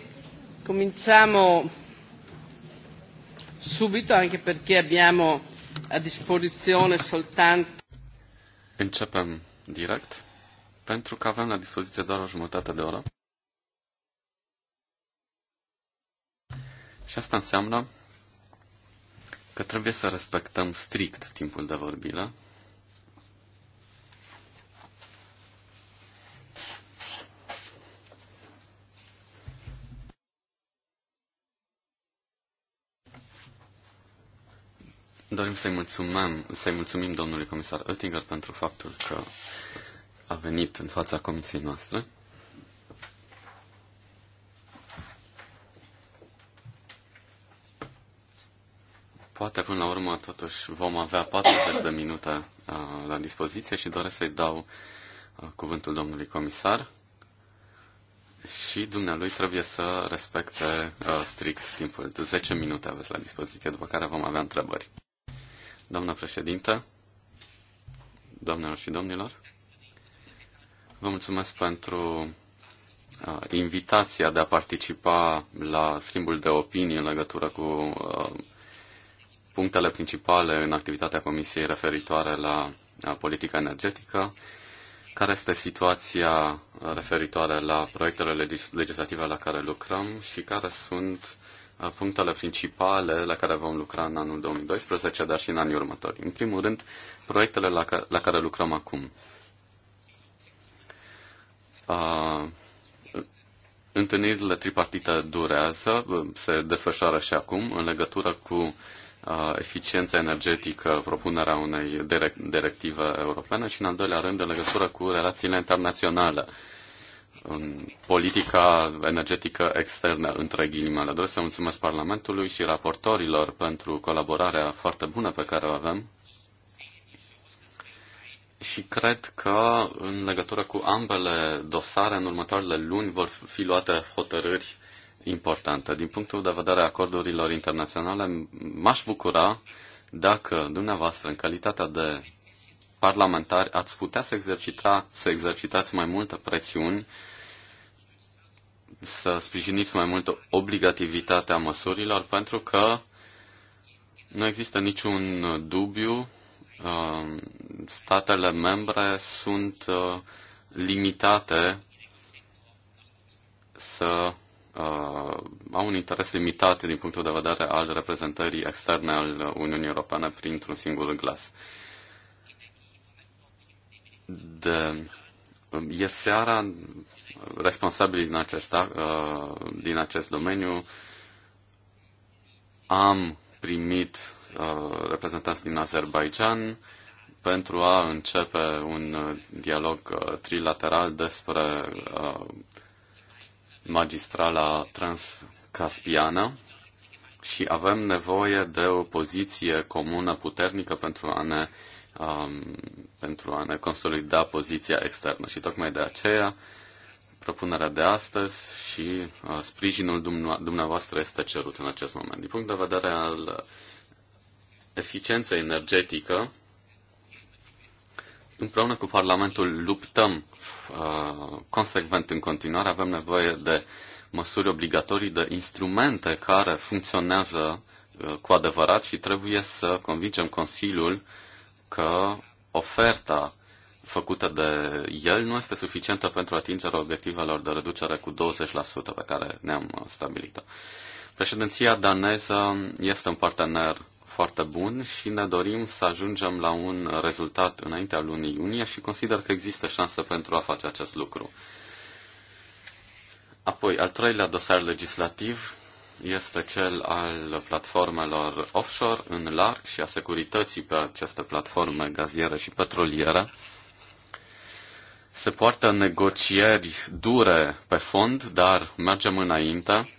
cominciamo subito anche perché abbiamo a disposizione soltanto. Începem direct pentru că avem la dispoziție doar o jumătate de oră. Și asta înseamnă că trebuie să respectăm strict timpul de vorbire, să-i mulțumim, să mulțumim domnului comisar Oettinger pentru faptul că a venit în fața comisiei noastre. Poate până la urmă totuși vom avea 40 de minute uh, la dispoziție și doresc să-i dau uh, cuvântul domnului comisar și dumnealui trebuie să respecte uh, strict timpul. 10 deci, minute aveți la dispoziție, după care vom avea întrebări. Doamna președintă, doamnelor și domnilor, vă mulțumesc pentru uh, invitația de a participa la schimbul de opinii în legătură cu uh, punctele principale în activitatea Comisiei referitoare la uh, politica energetică, care este situația referitoare la proiectele legislative la care lucrăm și care sunt punctele principale la care vom lucra în anul 2012, dar și în anii următori. În primul rând, proiectele la, ca- la care lucrăm acum. Uh, întâlnirile tripartite durează, se desfășoară și acum în legătură cu uh, eficiența energetică, propunerea unei direct- directive europene și, în al doilea rând, în legătură cu relațiile internaționale. Uh, politica energetică externă, între ghilimele. Doresc să mulțumesc Parlamentului și raportorilor pentru colaborarea foarte bună pe care o avem. Și cred că în legătură cu ambele dosare, în următoarele luni vor fi luate hotărâri importante. Din punctul de vedere a acordurilor internaționale, m-aș bucura dacă dumneavoastră, în calitatea de parlamentari, ați putea să, exercita, să exercitați mai multă presiuni să sprijiniți mai mult obligativitatea măsurilor, pentru că nu există niciun dubiu. Um, statele membre sunt uh, limitate să uh, au un interes limitat din punctul de vedere al reprezentării externe al Uniunii Europene printr-un singur glas. De ieri seara, responsabilii din acest, din acest domeniu am primit reprezentanți din Azerbaijan pentru a începe un dialog trilateral despre magistrala transcaspiană și avem nevoie de o poziție comună puternică pentru a ne um, pentru a ne consolida poziția externă. Și tocmai de aceea, propunerea de astăzi și uh, sprijinul dumneavoastră este cerut în acest moment. Din punct de vedere al eficienței energetică, împreună cu Parlamentul luptăm uh, consecvent în continuare. Avem nevoie de măsuri obligatorii, de instrumente care funcționează uh, cu adevărat și trebuie să convingem Consiliul uh, că oferta făcută de el nu este suficientă pentru atingerea obiectivelor de reducere cu 20% pe care ne-am stabilit-o. Președinția daneză este un partener foarte bun și ne dorim să ajungem la un rezultat înaintea lunii iunie și consider că există șanse pentru a face acest lucru. Apoi, al treilea dosar legislativ este cel al platformelor offshore în larg și a securității pe aceste platforme gaziere și petroliere. Se poartă negocieri dure pe fond, dar mergem înainte.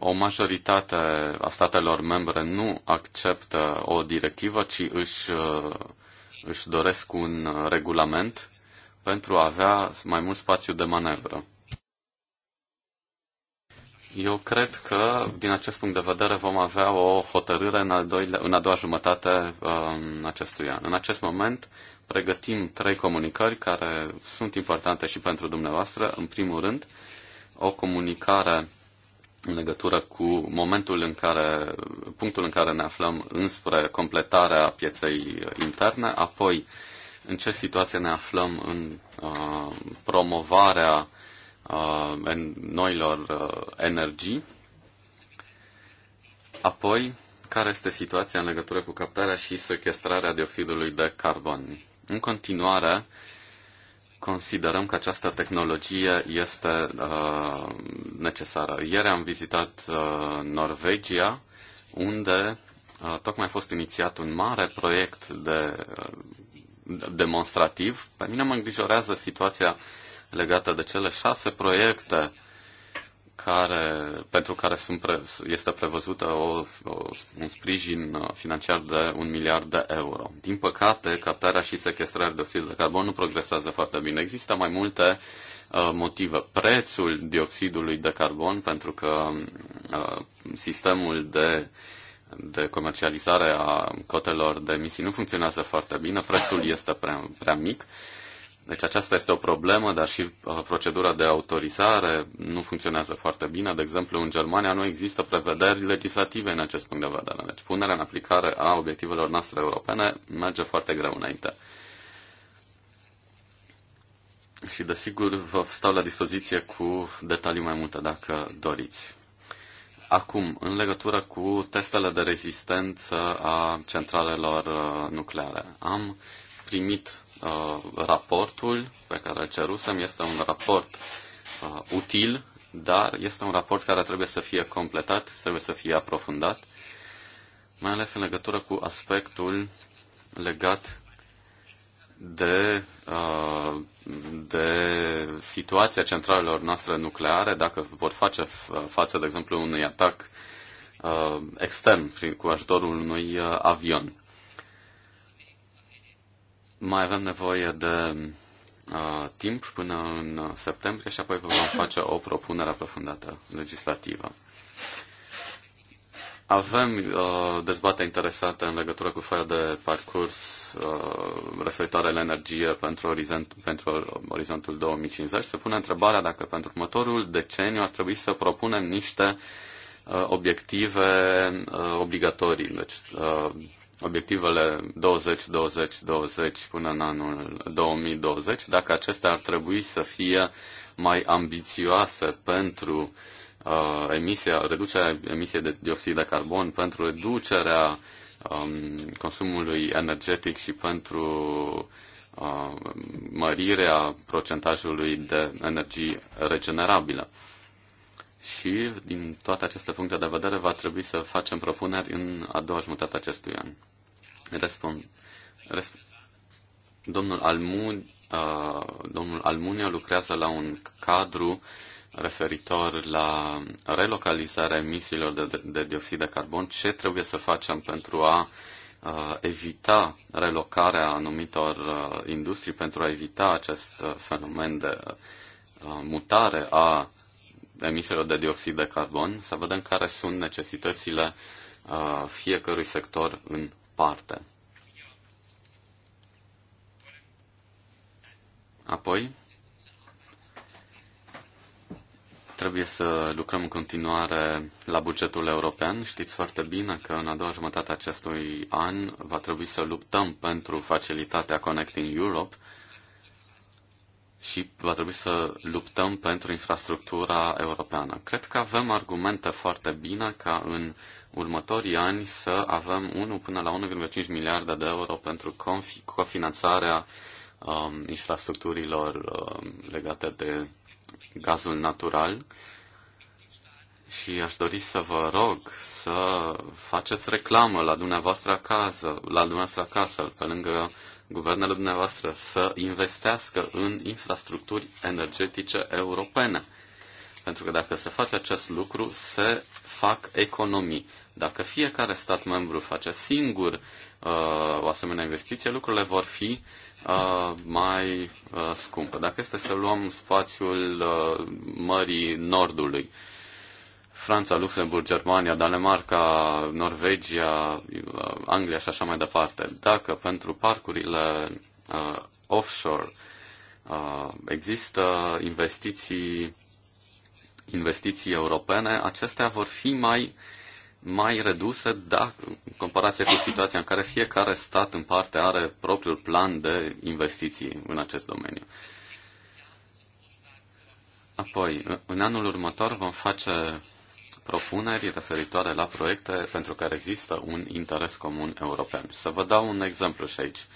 O majoritate a statelor membre nu acceptă o directivă, ci își, își doresc un regulament pentru a avea mai mult spațiu de manevră. Eu cred că, din acest punct de vedere, vom avea o hotărâre în, al doilea, în a doua jumătate um, acestui an. În acest moment, pregătim trei comunicări care sunt importante și pentru dumneavoastră. În primul rând, o comunicare în legătură cu momentul în care, punctul în care ne aflăm înspre completarea pieței interne, apoi în ce situație ne aflăm în uh, promovarea Uh, noilor uh, energii. Apoi, care este situația în legătură cu captarea și sequestrarea dioxidului de carbon? În continuare, considerăm că această tehnologie este uh, necesară. Ieri am vizitat uh, Norvegia, unde uh, tocmai a fost inițiat un mare proiect de uh, demonstrativ. Pe mine mă îngrijorează situația uh, legată de cele șase proiecte care, pentru care sunt pre, este prevăzută o, o, un sprijin financiar de un miliard de euro. Din păcate, captarea și sequestrarea dioxidului de carbon nu progresează foarte bine. Există mai multe uh, motive. Prețul dioxidului de carbon, pentru că uh, sistemul de de comercializare a cotelor de emisii nu funcționează foarte bine, prețul este prea, prea mic deci aceasta este o problemă, dar și uh, procedura de autorizare nu funcționează foarte bine. De exemplu, în Germania nu există prevederi legislative în acest punct de vedere. Deci punerea în aplicare a obiectivelor noastre europene merge foarte greu înainte. Și desigur vă stau la dispoziție cu detalii mai multe dacă doriți. Acum, în legătură cu testele de rezistență a centralelor uh, nucleare, am primit Uh, raportul pe care îl cerusem este un raport uh, util, dar este un raport care trebuie să fie completat, trebuie să fie aprofundat, mai ales în legătură cu aspectul legat de, uh, de situația centralelor noastre nucleare, dacă vor face uh, față, de exemplu, unui atac uh, extern prin, cu ajutorul unui uh, avion. Mai avem nevoie de uh, timp până în septembrie și apoi vom face o propunere aprofundată legislativă. Avem uh, dezbate interesate în legătură cu fel de parcurs uh, referitoare la energie pentru, orizont, pentru orizontul 2050. Se pune întrebarea dacă pentru următorul deceniu ar trebui să propunem niște uh, obiective uh, obligatorii, deci uh, obiectivele 20-20-20 până în anul 2020, dacă acestea ar trebui să fie mai ambițioase pentru uh, emisia, reducerea emisiei de dioxid de carbon, pentru reducerea um, consumului energetic și pentru uh, mărirea procentajului de energie regenerabilă și, din toate aceste puncte de vedere, va trebui să facem propuneri în a doua jumătate a acestui an. Răspund. Răsp- domnul Almu- uh, domnul Almunia lucrează la un cadru referitor la relocalizarea emisiilor de, de dioxid de carbon. Ce trebuie să facem pentru a uh, evita relocarea anumitor uh, industrii, pentru a evita acest uh, fenomen de uh, mutare a emisiilor de dioxid de carbon, să vedem care sunt necesitățile uh, fiecărui sector în parte. Apoi, trebuie să lucrăm în continuare la bugetul european. Știți foarte bine că în a doua jumătate a acestui an va trebui să luptăm pentru facilitatea Connecting Europe și va trebui să luptăm pentru infrastructura europeană. Cred că avem argumente foarte bine ca în următorii ani să avem 1 până la 1,5 miliarde de euro pentru cofinanțarea um, infrastructurilor um, legate de gazul natural și aș dori să vă rog să faceți reclamă la dumneavoastră acasă, la dumneavoastră acasă, pe lângă guvernele dumneavoastră să investească în infrastructuri energetice europene. Pentru că dacă se face acest lucru, se fac economii. Dacă fiecare stat membru face singur uh, o asemenea investiție, lucrurile vor fi uh, mai uh, scumpe. Dacă este să luăm spațiul uh, Mării Nordului, uh, Franța, Luxemburg, Germania, Danemarca, Norvegia, uh, Anglia și așa mai departe. Dacă pentru parcurile uh, offshore uh, există investiții, investiții europene, acestea vor fi mai, mai reduse dacă, în comparație cu situația în care fiecare stat în parte are propriul plan de investiții în acest domeniu. Apoi, în anul următor vom face propuneri referitoare la proiecte pentru care există un interes comun european. Să vă dau un exemplu și aici.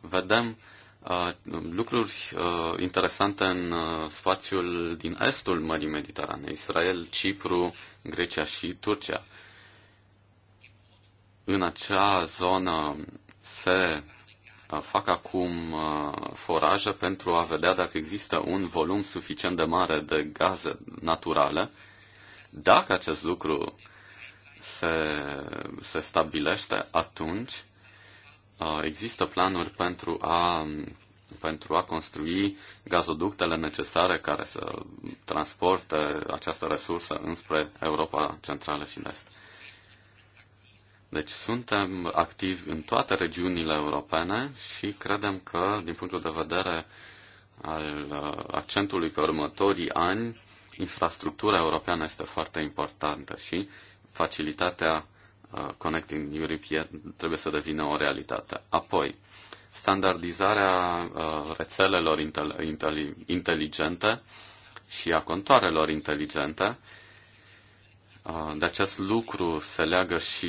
Vedem uh, lucruri uh, interesante în uh, spațiul din estul Mării Mediterane, Israel, Cipru, Grecia și Turcia. În acea zonă se uh, fac acum uh, foraje pentru a vedea dacă există un volum suficient de mare de gaze naturale dacă acest lucru se, se stabilește, atunci uh, există planuri pentru a, pentru a construi gazoductele necesare care să transporte această resursă înspre Europa Centrală și Est. Deci suntem activi în toate regiunile europene și credem că, din punctul de vedere al uh, accentului pe următorii ani, infrastructura europeană este foarte importantă și facilitatea uh, Connecting Europe trebuie să devină o realitate. Apoi, standardizarea uh, rețelelor inteligente și a contoarelor inteligente. Uh, de acest lucru se leagă și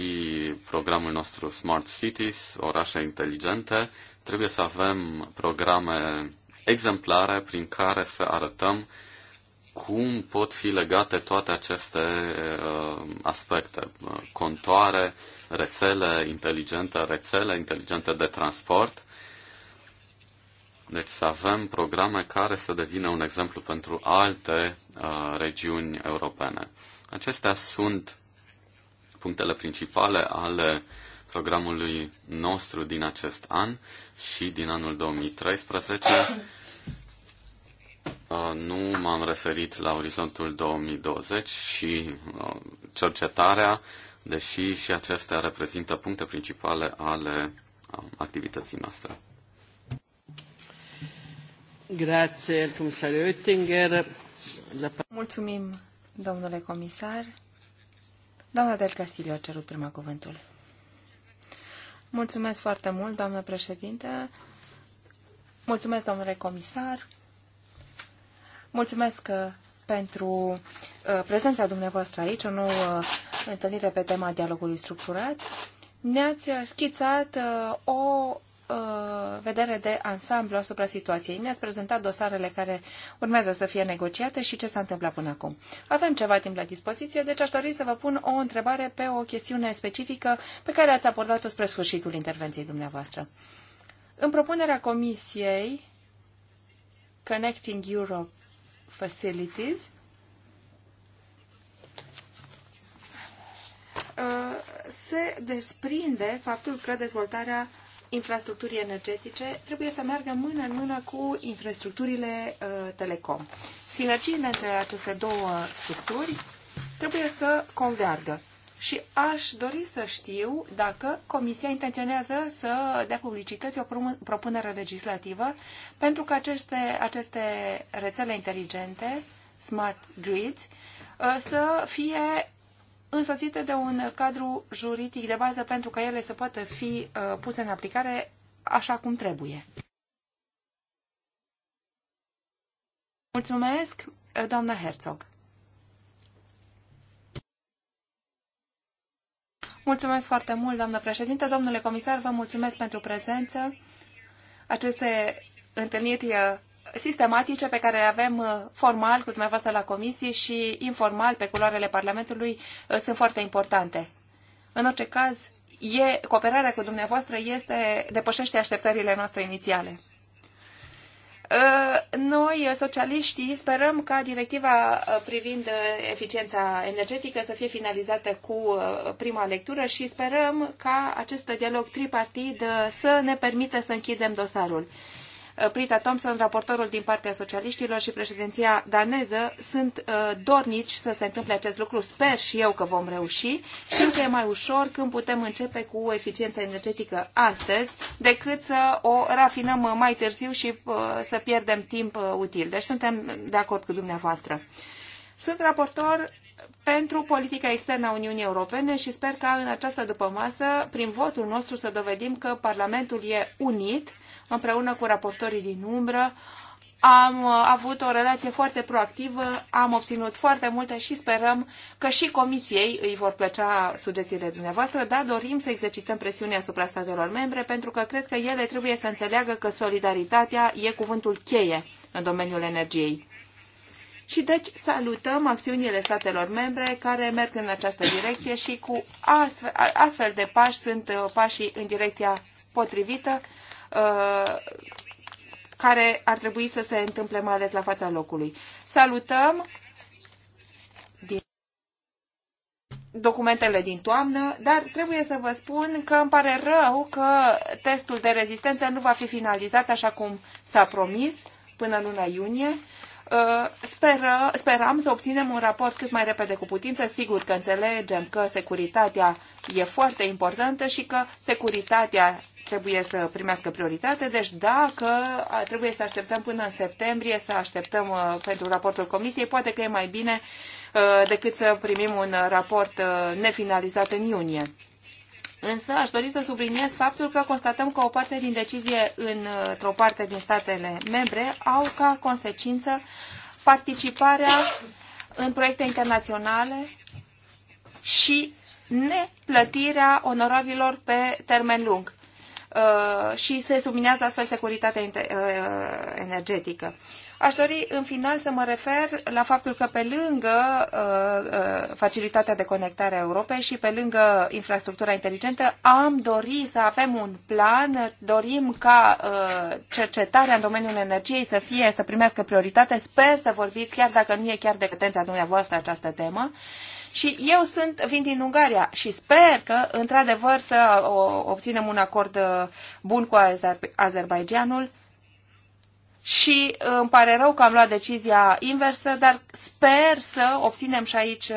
programul nostru Smart Cities, orașe inteligente. Trebuie să avem programe exemplare prin care să arătăm uh, cum pot fi legate toate aceste uh, aspecte, contoare, rețele inteligente, rețele inteligente de transport. Deci să avem programe care să devină un exemplu pentru alte uh, regiuni europene. Acestea sunt punctele principale ale programului nostru din acest an și din anul 2013 Uh, nu m-am referit la orizontul 2020 și uh, cercetarea, deși și acestea reprezintă puncte principale ale um, activității noastre. Grazie, Oettinger. Mulțumim, domnule comisar. Doamna Del Castillo a cerut prima cuvântul. Mulțumesc foarte mult, doamnă președinte. Mulțumesc, domnule comisar. Mulțumesc uh, pentru uh, prezența dumneavoastră aici, o nouă uh, întâlnire pe tema dialogului structurat. Ne-ați schițat o vedere de ansamblu asupra situației. Ne-ați prezentat dosarele care urmează să fie negociate și ce s-a întâmplat până acum. Avem ceva timp la dispoziție, deci aș dori să vă pun o întrebare pe o chestiune specifică pe care ați abordat-o spre sfârșitul intervenției dumneavoastră. În propunerea Comisiei Connecting Europe facilities. Uh, se desprinde faptul că dezvoltarea infrastructurii energetice trebuie să meargă mână în mână cu infrastructurile uh, telecom. Sinergiile între aceste două structuri trebuie să convergă și aș dori să știu dacă Comisia intenționează să dea publicității o propunere legislativă pentru că aceste, aceste rețele inteligente, smart grids, uh, să fie însoțite de un cadru juridic de bază pentru că ele să poată fi uh, puse în aplicare așa cum trebuie. Mulțumesc, uh, doamna Herzog. Mulțumesc foarte mult, doamnă președinte. Domnule comisar, vă mulțumesc pentru prezență. Aceste întâlniri uh, sistematice pe care le avem uh, formal cu dumneavoastră la comisie și informal pe culoarele Parlamentului uh, sunt foarte importante. În orice caz, e, cooperarea cu dumneavoastră este, depășește așteptările noastre inițiale. Uh, noi, uh, socialiștii, sperăm ca directiva uh, privind eficiența energetică să fie finalizată cu prima lectură și sperăm ca acest dialog tripartit să ne permită să închidem dosarul. Uh, Prita Thompson, raportorul din partea socialiștilor și președinția daneză sunt uh, dornici să se întâmple acest lucru. Sper și eu că vom reuși. Știu că e mai ușor când putem începe cu eficiența energetică astăzi decât să o rafinăm uh, mai târziu și să pierdem timp util. Deci suntem de acord cu dumneavoastră. Sunt raportor pentru politica externă a Uniunii Europene și sper ca în această dupămasă, prin votul nostru, să dovedim că Parlamentul e unit împreună cu raportorii din umbră. Am uh, avut o relație foarte proactivă, am obținut foarte multe și sperăm că și comisiei îi vor plăcea sugestiile dumneavoastră, dar dorim să exercităm presiunea asupra statelor membre pentru că cred că ele trebuie să înțeleagă că solidaritatea e cuvântul cheie în domeniul energiei. Și deci salutăm acțiunile statelor membre care merg în această direcție și cu astfel, de pași sunt uh, pașii în direcția potrivită. Uh, care ar trebui să se întâmple mai ales la fața locului. Salutăm din documentele din toamnă, dar trebuie să vă spun că îmi pare rău că testul de rezistență nu va fi finalizat așa cum s-a promis până luna iunie. Uh, speră, speram să obținem un raport cât mai repede cu putință. Sigur că înțelegem că securitatea e foarte importantă și că securitatea trebuie să primească prioritate, deci dacă uh, trebuie să așteptăm până în septembrie, să așteptăm uh, pentru raportul comisiei, poate că e mai bine decât să primim un raport nefinalizat în iunie. Însă aș dori să subliniez faptul că constatăm că o parte din decizie într-o parte din statele membre au ca consecință participarea în proiecte internaționale și neplătirea onorarilor pe termen lung uh, și se subminează astfel securitatea uh, energetică. Aș dori în final să mă refer la faptul că pe lângă uh, uh facilitatea de conectare a Europei și pe lângă infrastructura inteligentă am dorit să avem un plan, dorim ca uh, cercetarea în domeniul energiei să fie, să primească prioritate. Sper să vorbiți, chiar dacă nu e chiar de competența dumneavoastră această temă. Și eu sunt, vin din Ungaria și sper că, într-adevăr, să uh, obținem un acord uh, bun cu Azer și uh, îmi pare rău că am luat decizia inversă, dar sper să obținem și aici uh,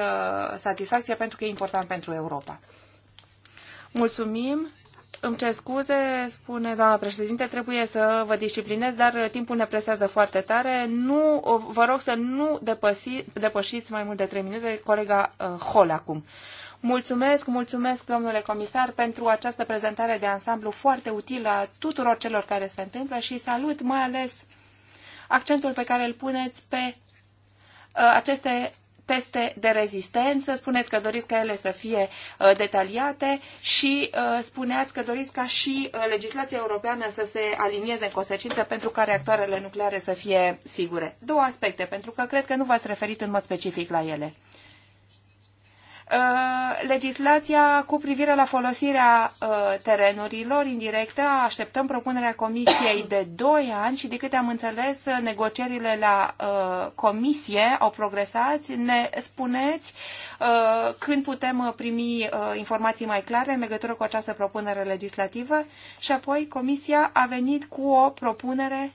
satisfacția, pentru că e important pentru Europa. Mulțumim. Îmi cer scuze, spune doamna președinte, trebuie să vă disciplinez, dar uh, timpul ne presează foarte tare. Nu, vă rog să nu depăsi, depășiți mai mult de 3 minute, colega uh, Hol acum. Mulțumesc, mulțumesc, domnule comisar, pentru această prezentare de ansamblu foarte utilă a tuturor celor care se întâmplă și salut mai ales accentul pe care îl puneți pe uh, aceste teste de rezistență, spuneți că doriți ca ele să fie uh, detaliate și uh, spuneați că doriți ca și legislația europeană să se alinieze în consecință pentru ca reactoarele nucleare să fie sigure. Două aspecte, pentru că cred că nu v-ați referit în mod specific la ele. Uh, legislația cu privire la folosirea uh, terenurilor indirectă. Așteptăm propunerea Comisiei de 2 [COUGHS] ani și de câte am înțeles, negocierile la uh, Comisie au progresat. Ne spuneți când putem primi informații mai clare în legătură cu această propunere legislativă și apoi Comisia a venit cu o propunere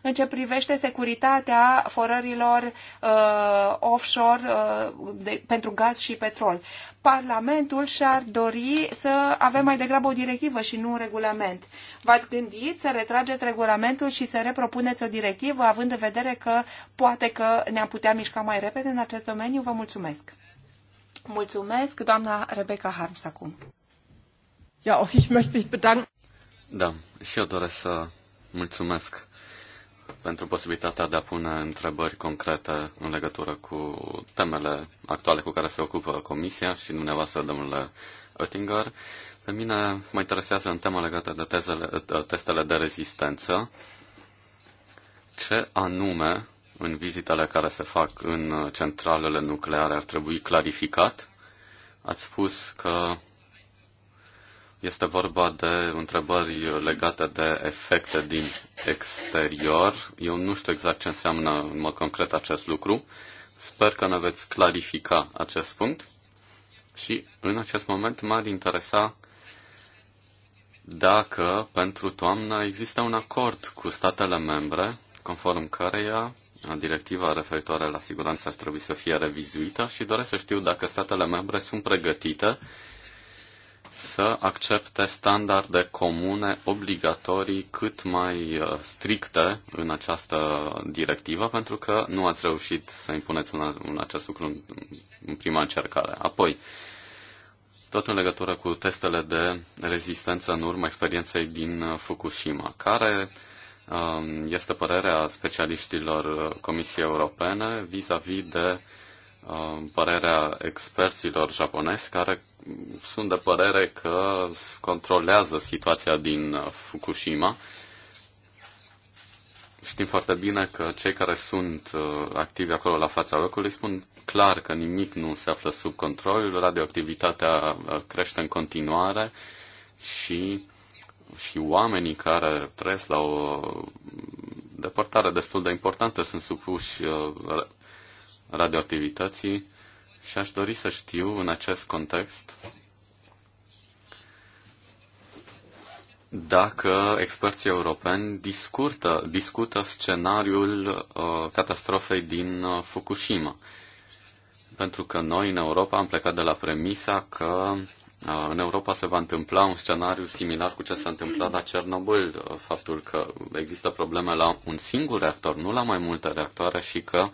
în ce privește securitatea forărilor uh, offshore uh, de, pentru gaz și petrol. Parlamentul și-ar dori să avem mai degrabă o directivă și nu un regulament. V-ați gândit să retrageți regulamentul și să repropuneți o directivă, având în vedere că poate că ne-am putea mișca mai repede în acest domeniu? Vă mulțumesc! Mulțumesc, doamna Rebecca Harms acum. Ja, auch ich möchte mich bedanken. Da, și eu doresc să mulțumesc pentru posibilitatea de a pune întrebări concrete în legătură cu temele actuale cu care se ocupă Comisia și dumneavoastră, domnule Oettinger. Pe mine mă interesează în tema legată de tezele, testele de rezistență. Ce anume în vizitele care se fac în centralele nucleare ar trebui clarificat? Ați spus că este vorba de întrebări legate de efecte din exterior. Eu nu știu exact ce înseamnă în mod concret acest lucru. Sper că ne veți clarifica acest punct. Și în acest moment m-ar interesa dacă pentru toamnă există un acord cu statele membre, conform căreia directiva referitoare la siguranță ar trebui să fie revizuită și doresc să știu dacă statele membre sunt pregătite să accepte standarde comune obligatorii cât mai uh, stricte în această directivă, pentru că nu ați reușit să impuneți un, un acest lucru în, în prima încercare. Apoi, tot în legătură cu testele de rezistență în urma experienței din uh, Fukushima, care um, este părerea specialiștilor uh, Comisiei Europene vis-a-vis -vis de uh, părerea experților japonezi care sunt de părere că controlează situația din Fukushima. Știm foarte bine că cei care sunt uh, activi acolo la fața locului spun clar că nimic nu se află sub control, radioactivitatea uh, crește în continuare și, și oamenii care trăiesc la o depărtare destul de importantă sunt supuși uh, radioactivității și aș dori să știu în acest context dacă experții europeni discută, discută scenariul uh, catastrofei din uh, Fukushima. Pentru că noi în Europa am plecat de la premisa că uh, în Europa se va întâmpla un scenariu similar cu ce s-a întâmplat la Cernobâl, uh, faptul că există probleme la un singur reactor, nu la mai multe reactoare și că uh,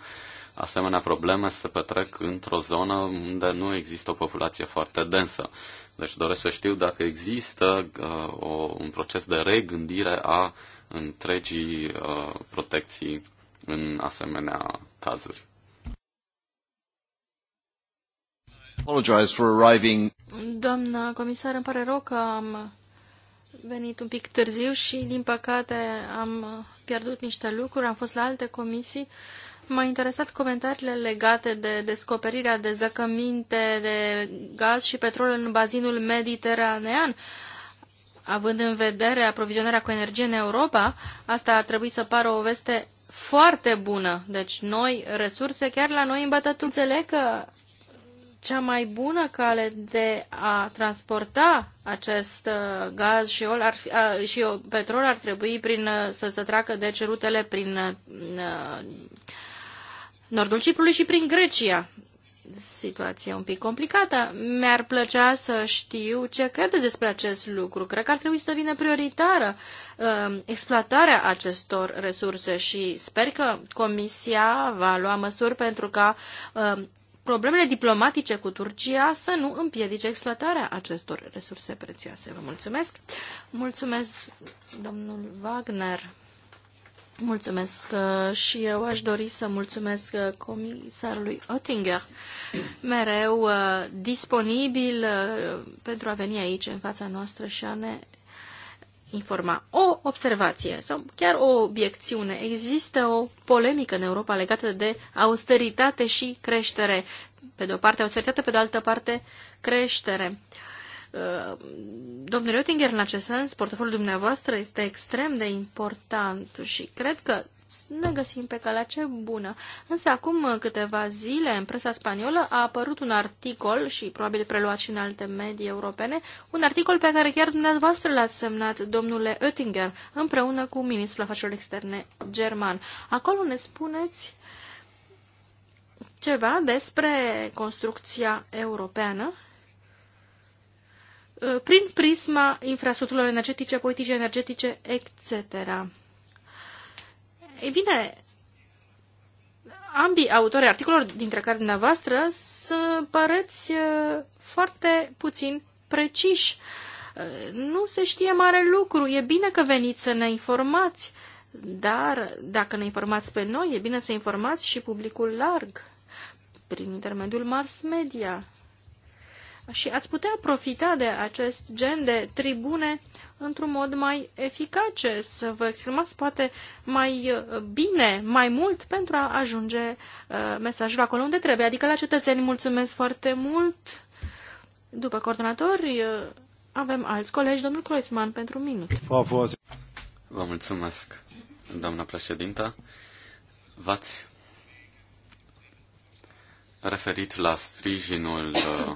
asemenea probleme se petrec într-o zonă unde nu există o populație foarte densă. Deci doresc să știu dacă există uh, o, un proces de regândire a întregii uh, protecții în asemenea cazuri. Doamna comisar, îmi pare rău că am venit un pic târziu și, din păcate, am pierdut niște lucruri, am fost la alte comisii, M-a interesat comentariile legate de descoperirea de zăcăminte de gaz și petrol în bazinul mediteranean. Având în vedere aprovizionarea cu energie în Europa, asta ar trebui să pară o veste foarte bună. Deci noi resurse chiar la noi în bătătul. Înțeleg că cea mai bună cale de a transporta acest uh, gaz și, ol ar fi, a, și petrol ar trebui prin, uh, să se treacă de deci, cerutele prin a, uh, nordul Ciprului și prin Grecia. Situație un pic complicată. Mi-ar plăcea să știu ce credeți despre acest lucru. Cred că ar trebui să devină prioritară uh, exploatarea acestor resurse și sper că Comisia va lua măsuri pentru ca uh, problemele diplomatice cu Turcia să nu împiedice exploatarea acestor resurse prețioase. Vă mulțumesc. Mulțumesc, domnul Wagner. Mulțumesc uh, și eu aș dori să mulțumesc uh, comisarului Oettinger, mereu uh, disponibil pentru a veni aici în fața noastră și a ne informa. O observație sau chiar o obiecțiune. Există o polemică în Europa legată de austeritate și creștere. Pe de o parte austeritate, pe de altă parte creștere. Uh, Uh, domnule Oettinger, în acest sens, portofoliul dumneavoastră este extrem de important și cred că ne găsim pe calea ce bună. Însă acum câteva zile în presa spaniolă a apărut un articol și probabil preluat și în alte medii europene, un articol pe care chiar dumneavoastră l-ați semnat, domnule Oettinger, împreună cu ministrul afacerilor externe german. Acolo ne spuneți ceva despre construcția europeană Uh, prin prisma infrastructurilor energetice, politice energetice, etc. Ei bine, ambii autori articolelor, dintre care dumneavoastră, să păreți uh, foarte puțin preciși. Uh, nu se știe mare lucru. E bine că veniți să ne informați, dar dacă ne informați pe noi, e bine să informați și publicul larg, prin intermediul mass media și ați putea profita de acest gen de tribune într-un mod mai eficace, să vă exprimați poate mai uh, bine, mai mult pentru a ajunge uh, mesajul acolo unde trebuie, adică la cetățeni. Mulțumesc foarte mult! După coordonatori uh, avem alți colegi. Domnul Croisman, pentru un minut. Vă mulțumesc, doamna președintă. V-ați referit la sprijinul uh,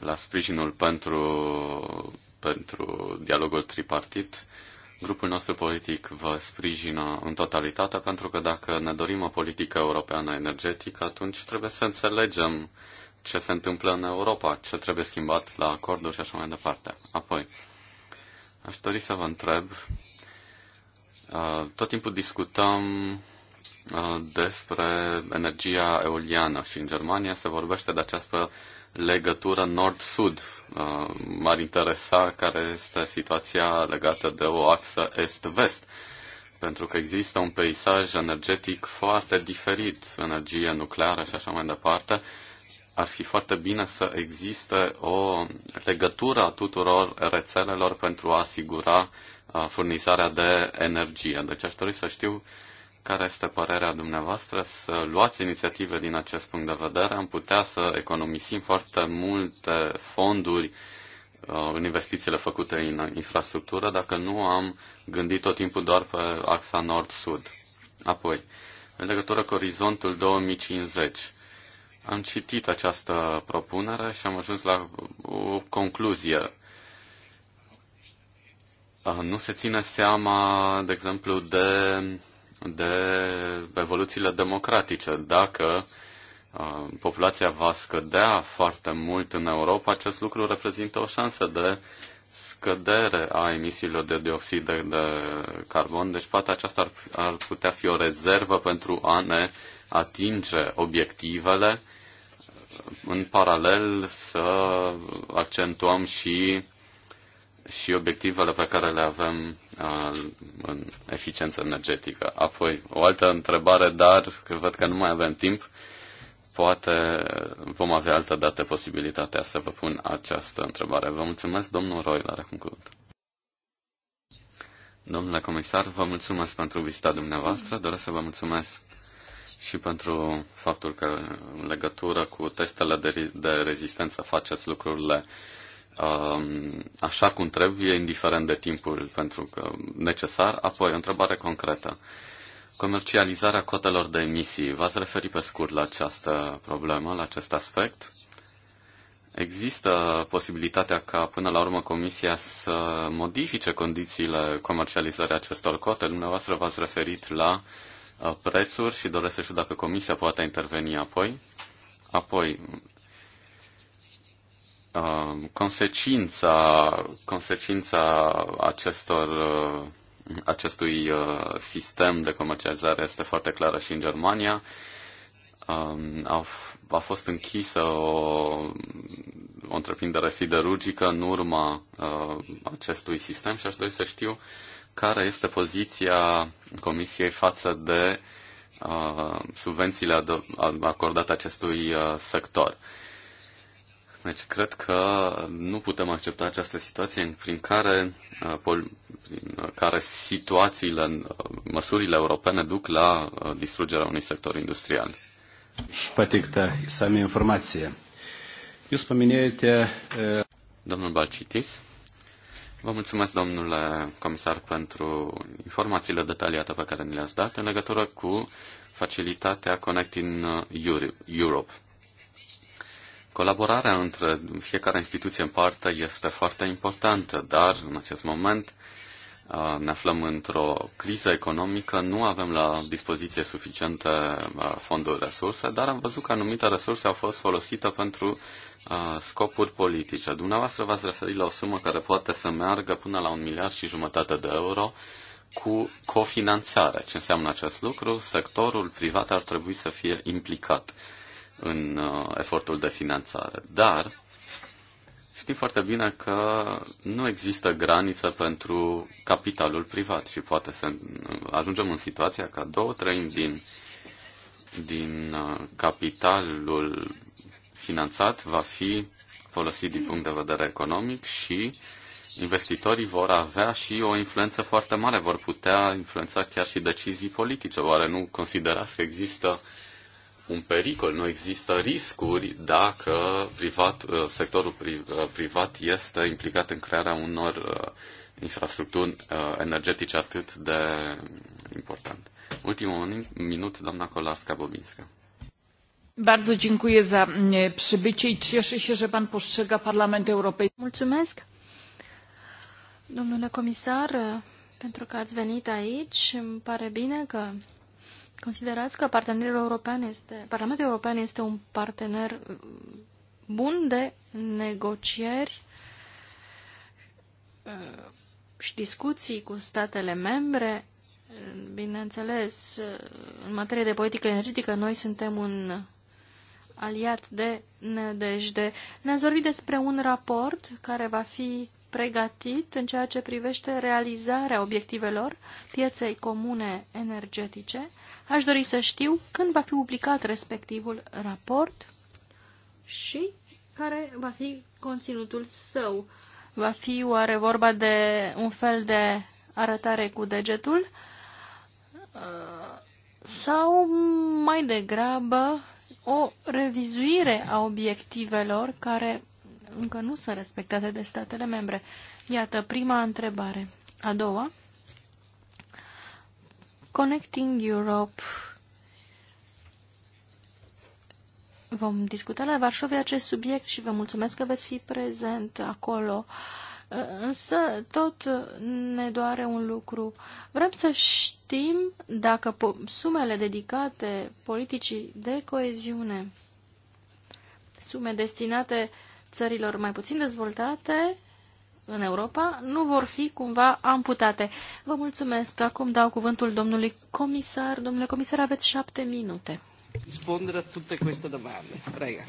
la sprijinul pentru, pentru dialogul tripartit. Grupul nostru politic vă sprijină în totalitate pentru că dacă ne dorim o politică europeană energetică, atunci trebuie să înțelegem ce se întâmplă în Europa, ce trebuie schimbat la acorduri și așa mai departe. Apoi, aș dori să vă întreb, uh, tot timpul discutăm uh, despre energia eoliană și în Germania se vorbește de această legătură nord-sud. Uh, m-ar interesa care este situația legată de o axă est-vest, pentru că există un peisaj energetic foarte diferit, energie nucleară și așa mai departe. Ar fi foarte bine să existe o legătură a tuturor rețelelor pentru a asigura uh, furnizarea de energie. Deci aș dori să știu uh, care este părerea dumneavoastră să luați inițiative din acest punct de vedere? Am putea să economisim foarte multe fonduri uh, în investițiile făcute în infrastructură dacă nu am gândit tot timpul doar pe axa nord-sud. Apoi, în legătură cu orizontul 2050, am citit această propunere și am ajuns la o concluzie. Uh, nu se ține seama, de exemplu, de de evoluțiile democratice. Dacă uh, populația va scădea foarte mult în Europa, acest lucru reprezintă o șansă de scădere a emisiilor de dioxid de, de carbon, deci poate aceasta ar, ar putea fi o rezervă pentru a ne atinge obiectivele, în paralel să accentuăm și și obiectivele pe care le avem uh, în eficiență energetică. Apoi, o altă întrebare, dar că văd că nu mai avem timp, poate vom avea altă dată posibilitatea să vă pun această întrebare. Vă mulțumesc, domnul Roy, la cuvânt. Domnule comisar, vă mulțumesc pentru vizita dumneavoastră. Doresc să vă mulțumesc și pentru faptul că în legătură cu testele de, de rezistență faceți lucrurile uh, Um, așa cum trebuie, indiferent de timpul pentru că necesar. Apoi, o întrebare concretă. Comercializarea cotelor de emisii. V-ați referit pe scurt la această problemă, la acest aspect? Există posibilitatea ca până la urmă Comisia să modifice condițiile comercializării acestor cote? Dumneavoastră v-ați referit la uh, prețuri și doresc să știu dacă Comisia poate interveni apoi. Apoi, Um, consecința, consecința acestor, uh, acestui uh, sistem de comercializare este foarte clară și în Germania. Um, Au, a fost închisă o, o întreprindere siderurgică în urma uh, acestui sistem și aș dori să știu care este poziția Comisiei față de subvențiile acordate acestui sector. Deci cred că nu putem accepta această situație prin care, uh, prin uh, care situațiile, uh, măsurile europene duc la distrugerea unui sector industrial. Și patictă da, să am informație. Eu spăminește... Domnul Balcitis, vă mulțumesc, domnule comisar, pentru informațiile detaliate pe care ni le-ați dat în legătură cu facilitatea Connecting Europe Colaborarea între fiecare instituție în parte este foarte importantă, dar în acest moment ne aflăm într-o criză economică, nu avem la dispoziție suficiente fonduri resurse, dar am văzut că anumite resurse au fost folosite pentru scopuri politice. Dumneavoastră v-ați referit la o sumă care poate să meargă până la un miliard și jumătate de euro cu cofinanțare. Ce înseamnă acest lucru? Sectorul privat ar trebui să fie implicat în uh, efortul de finanțare. Dar știm foarte bine că nu există graniță pentru capitalul privat și poate să uh, ajungem în situația ca două treimi din, din uh, capitalul finanțat va fi folosit din punct de vedere economic și investitorii vor avea și o influență foarte mare, vor putea influența chiar și decizii politice. Oare nu considerați că există uh, un pericol, nu există riscuri dacă privat, uh, sectorul uh, privat este implicat în crearea unor uh, infrastructuri energetice atât de importante. Ultimul minut, doamna Kolarska-Bobinska. Bardzo dziękuję za przybycie i cieszę się, że pan postrzega Parlament Europejski. Mulțumesc, domnule comisar, pentru că ați venit aici. Îmi pare bine că Considerați că partenerul european este, Parlamentul European este un partener mm, bun de negocieri uh, și discuții cu statele membre. Bineînțeles, uh, în materie de politică energetică, noi suntem un aliat de nădejde. Ne-ați vorbit despre un raport care va fi pregătit în ceea ce privește realizarea obiectivelor pieței comune energetice. Aș dori să știu când va fi publicat respectivul raport și care va fi conținutul său. Va fi oare vorba de un fel de arătare cu degetul uh, sau mai degrabă o revizuire a obiectivelor care încă nu sunt respectate de statele membre. Iată, prima întrebare. A doua, Connecting Europe. Vom discuta la Varșovia acest subiect și vă mulțumesc că veți fi prezent acolo. Însă tot ne doare un lucru. Vrem să știm dacă sumele dedicate politicii de coeziune, sume destinate uh, țărilor mai puțin dezvoltate în Europa nu vor fi cumva amputate. Vă mulțumesc. Acum dau cuvântul domnului comisar. Domnule comisar, aveți șapte minute. Rispondere la toate aceste domande. Prego.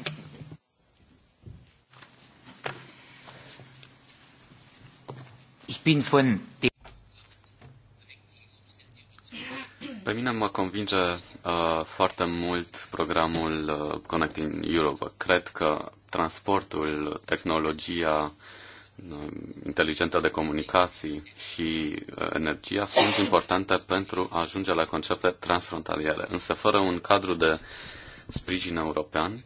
Pe mine mă convinge uh, foarte mult programul uh, Connecting Europe. Cred că transportul, tehnologia inteligentă de comunicații și uh, energia sunt importante pentru a ajunge la concepte transfrontaliere. Însă fără un cadru de sprijin european,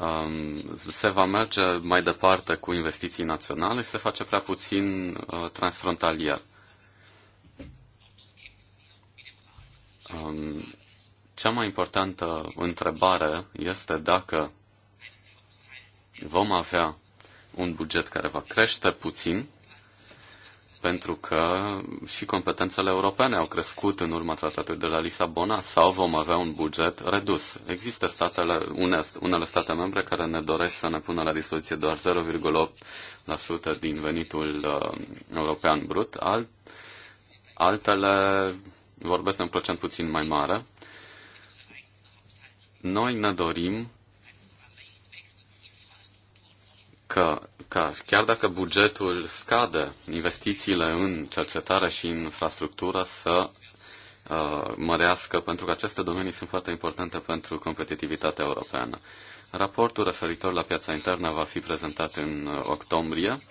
um, se va merge mai departe cu investiții naționale și se face prea puțin uh, transfrontalier. Um, cea mai importantă întrebare este dacă vom avea un buget care va crește puțin, pentru că și competențele europene au crescut în urma tratatului de la Lisabona sau vom avea un buget redus. Există statele, unele state membre care ne doresc să ne pună la dispoziție doar 0,8% din venitul uh, european brut, Alt, altele vorbesc de un procent puțin mai mare. Noi ne dorim că, că chiar dacă bugetul scade, investițiile în cercetare și infrastructură să uh, mărească, pentru că aceste domenii sunt foarte importante pentru competitivitatea europeană. Raportul referitor la piața internă va fi prezentat în uh, octombrie.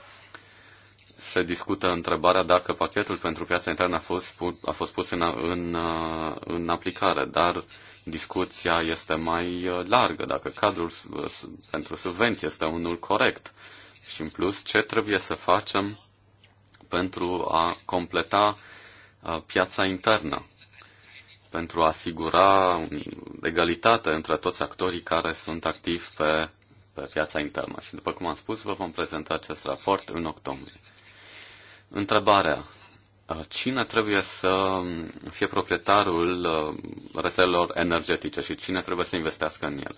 Se discută întrebarea dacă pachetul pentru piața internă a fost, a fost pus în, în, uh, în aplicare, dar discuția este mai uh, largă, dacă cadrul uh, pentru subvenții este unul corect și în plus ce trebuie să facem pentru a completa uh, piața internă, pentru a asigura egalitate între toți actorii care sunt activi pe, pe piața internă. Și după cum am spus, vă vom prezenta acest raport în octombrie. Întrebarea Uh, cine trebuie să fie proprietarul uh, rețelelor energetice și cine trebuie să investească în ele?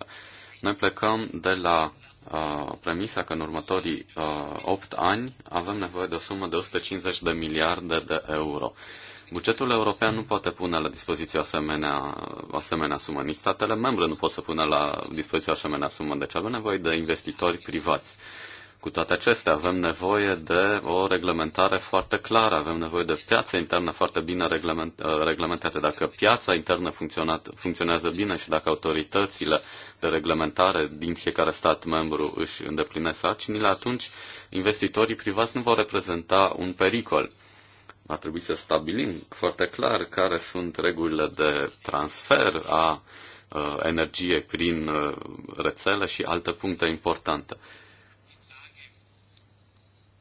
Noi plecăm de la uh, premisa că în următorii uh, 8 ani avem nevoie de o sumă de 150 de miliarde de euro. Bugetul european nu poate pune la dispoziție asemenea, asemenea sumă, nici statele membre nu pot să pună la dispoziție asemenea sumă, deci avem nevoie de investitori privați. Cu toate acestea, avem nevoie de o reglementare foarte clară, avem nevoie de piață internă foarte bine reglement, uh, reglementată. Dacă piața internă funcționează bine și dacă autoritățile de reglementare din fiecare stat membru își îndeplinesc sarcinile, atunci investitorii privați nu vor reprezenta un pericol. Va trebui să stabilim foarte clar care sunt regulile de transfer a uh, energie prin uh, rețele și alte puncte importante.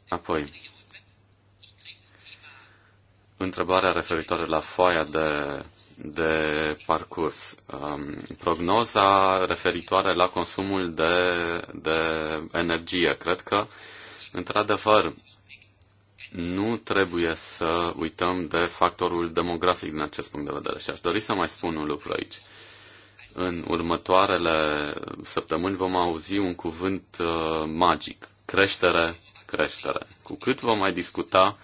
Apoi, întrebarea referitoare la foaia de, de parcurs. Um, prognoza referitoare la consumul de, de energie. Cred că, într-adevăr, nu trebuie să uităm de factorul demografic din acest punct de vedere. Și aș dori să mai spun un lucru aici. În următoarele săptămâni vom auzi un cuvânt uh, magic, creștere creștere. Cu cât vom mai discuta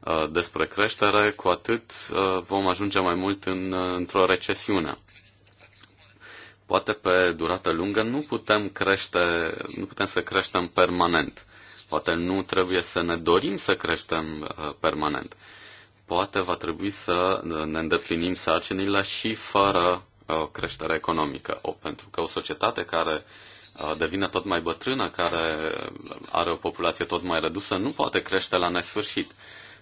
uh, despre creștere, cu atât uh, vom ajunge mai mult în, uh, într-o recesiune. Poate pe durată lungă nu putem crește, nu putem să creștem permanent. Poate nu trebuie să ne dorim să creștem uh, permanent. Poate va trebui să uh, ne îndeplinim sarcinile și fără uh, creștere economică. O, pentru că o societate care uh, Uh, devine tot mai bătrână, care are o populație tot mai redusă, nu poate crește la nesfârșit.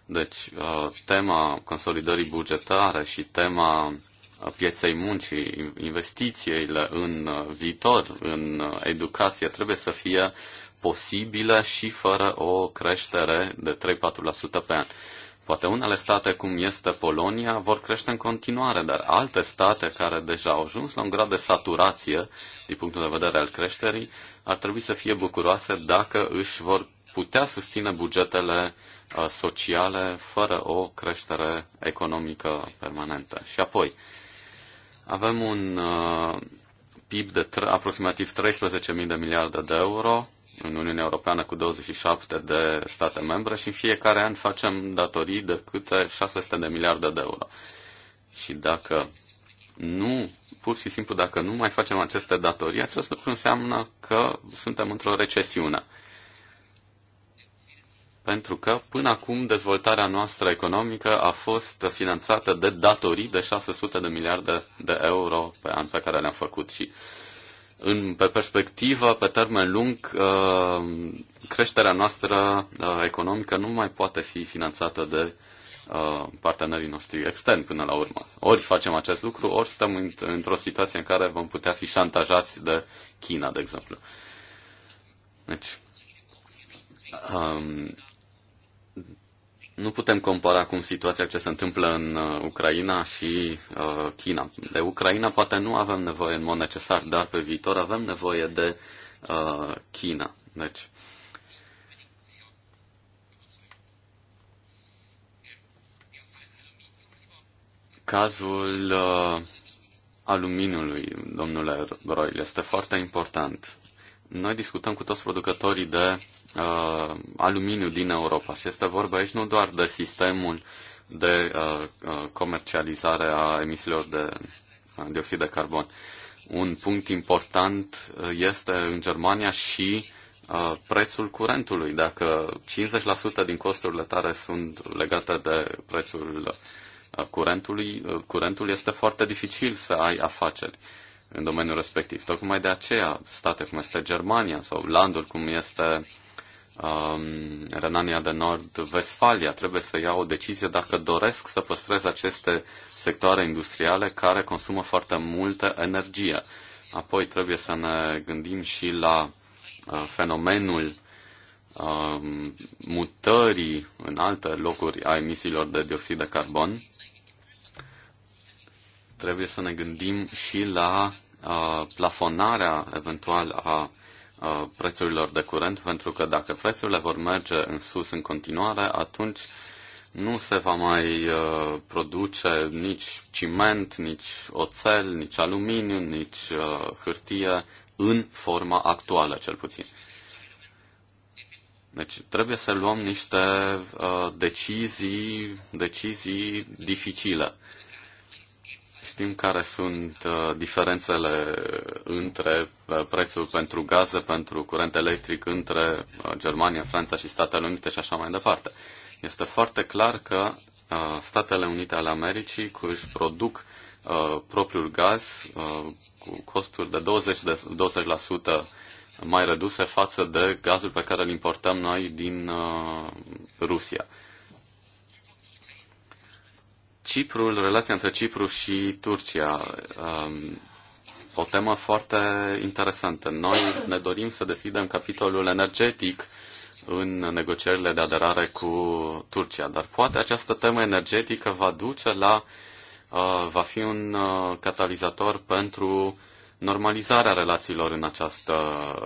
Deci, uh, tema consolidării bugetare și tema uh, pieței muncii, investițiile în viitor, în educație, trebuie să fie posibile și fără o creștere de 3-4% pe an. Poate unele state, cum este Polonia, vor crește în continuare, dar alte state care deja au ajuns la un grad de saturație din punctul de vedere al creșterii, ar trebui să fie bucuroase dacă își vor putea susține bugetele uh, sociale fără o creștere economică permanentă. Și apoi, avem un uh, PIB de aproximativ 13.000 de miliarde de euro în Uniunea Europeană cu 27 de state membre și în fiecare an facem datorii de câte 600 de miliarde de euro. Și dacă nu, pur și simplu, dacă nu mai facem aceste datorii, acest lucru înseamnă că suntem într-o recesiune. Pentru că, până acum, dezvoltarea noastră economică a fost finanțată de datorii de 600 de miliarde de euro pe an pe care le-am făcut și în, pe perspectivă, pe termen lung, uh, creșterea noastră uh, economică nu mai poate fi finanțată de uh, Uh, partenerii noștri externi până la urmă. Ori facem acest lucru, ori stăm într-o situație în care vom putea fi șantajați de China, de exemplu. Deci, um, nu putem compara cum situația ce se întâmplă în uh, Ucraina și uh, China. De Ucraina poate nu avem nevoie în mod necesar, dar pe viitor avem nevoie de uh, China. Deci, Cazul uh, aluminului, domnule Broil, este foarte important. Noi discutăm cu toți producătorii de uh, aluminiu din Europa și este vorba aici nu doar de sistemul de uh, uh comercializare a emisiilor de uh, dioxid de carbon. Un punct important uh, este în Germania și uh, prețul curentului. Dacă 50% din costurile tare sunt legate de prețul uh, curentului, uh, curentul este foarte dificil să ai afaceri în domeniul respectiv. Tocmai de aceea, state cum este Germania sau landuri cum este um, Renania de Nord-Vestfalia trebuie să ia o decizie dacă doresc să păstreze aceste sectoare industriale care consumă foarte multă energie. Apoi trebuie să ne gândim și la uh, fenomenul uh, mutării în alte locuri a emisiilor de dioxid de carbon trebuie să ne gândim și la uh, plafonarea eventual a uh, prețurilor de curent, pentru că dacă prețurile vor merge în sus în continuare, atunci nu se va mai uh, produce nici ciment, nici oțel, nici aluminiu, nici uh, hârtie în forma actuală, cel puțin. Deci trebuie să luăm niște uh, decizii, decizii dificile. Uh, știm care sunt uh, diferențele între uh, prețul pentru gaze, pentru curent electric între uh, Germania, Franța și Statele Unite și așa mai departe. Este foarte clar că Statele Unite ale Americii își produc propriul gaz cu costuri de 20%, de, 20% mai reduse față de gazul pe care îl importăm noi din Rusia. Ciprul, relația între Cipru și Turcia, um, o temă foarte interesantă. Noi ne dorim să deschidem capitolul energetic în negocierile de aderare cu Turcia, dar poate această temă energetică va duce la, uh, va fi un uh, catalizator pentru normalizarea relațiilor în această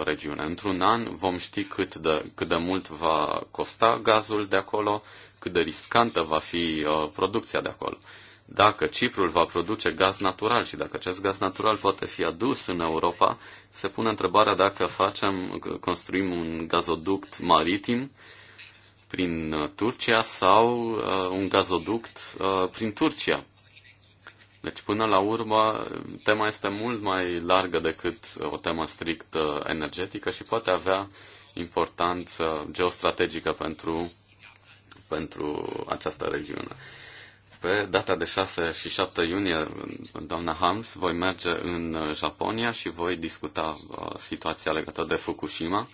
regiune. Într-un an vom ști cât de, cât de mult va costa gazul de acolo, cât de riscantă va fi uh, producția de acolo. Dacă Ciprul va produce gaz natural și dacă acest gaz natural poate fi adus în Europa, se pune întrebarea dacă facem, construim un gazoduct maritim prin uh, Turcia sau uh, un gazoduct uh, prin Turcia. Deci, până la urmă, tema este mult mai largă decât o temă strict uh, energetică și poate avea importanță geostrategică pentru pentru această regiune. Pe data de 6 și 7 iunie, doamna Hams, voi merge în Japonia și voi discuta uh, situația legată de Fukushima.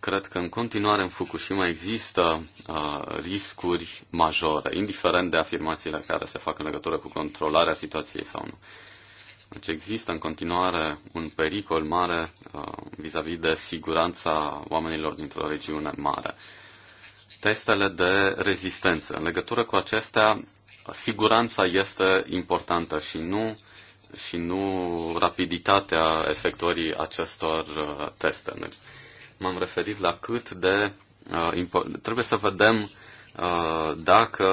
Cred că în continuare în Fukushima există uh, riscuri majore, indiferent de afirmațiile care se fac în legătură cu controlarea situației sau nu. Deci există în continuare un pericol mare uh, vis-a-vis uh, -vis de siguranța oamenilor dintr-o regiune mare. Uh, testele de rezistență. În legătură cu acestea, siguranța este importantă și nu, și nu rapiditatea efectuării acestor uh, teste. Deci, m-am referit la cât de uh, trebuie să vedem uh, dacă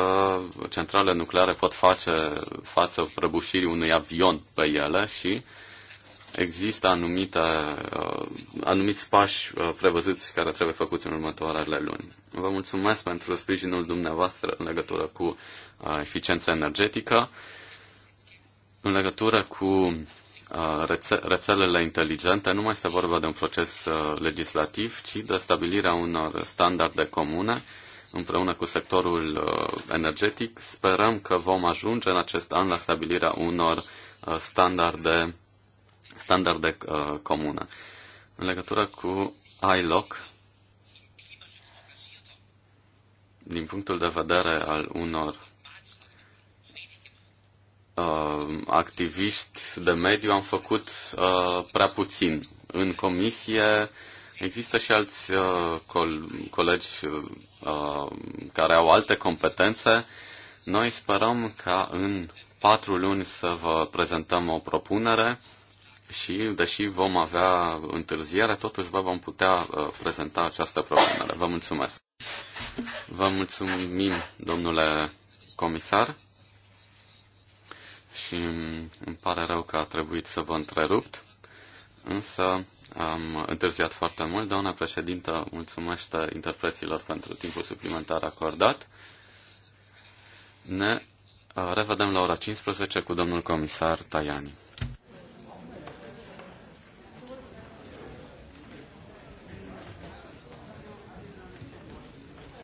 centrale nucleare pot face față prăbușirii unui avion pe ele și uh, există anumite, uh, anumiți pași uh, prevăzuți care trebuie făcuți în următoarele luni. Vă mulțumesc pentru sprijinul dumneavoastră în legătură cu uh, eficiența energetică, în legătură cu uh, rețe- rețelele inteligente. Nu mai este vorba de un proces uh, legislativ, ci de stabilirea unor standarde comune împreună cu sectorul uh, energetic. Sperăm că vom ajunge în acest an la stabilirea unor uh, standarde standarde uh, comună În legătură cu ILOC, din punctul de vedere al unor uh, activiști de mediu, am făcut uh, prea puțin. În comisie există și alți uh, col- colegi uh, care au alte competențe. Noi sperăm ca în patru luni să vă prezentăm o propunere și, deși vom avea întârziere, totuși vă vom putea uh, prezenta această propunere. Vă mulțumesc! Vă mulțumim, domnule comisar, și îmi pare rău că a trebuit să vă întrerupt, însă am întârziat foarte mult. Doamna președintă, mulțumește interpreților pentru timpul suplimentar acordat. Ne uh, revedem la ora 15 cu domnul comisar Tajani.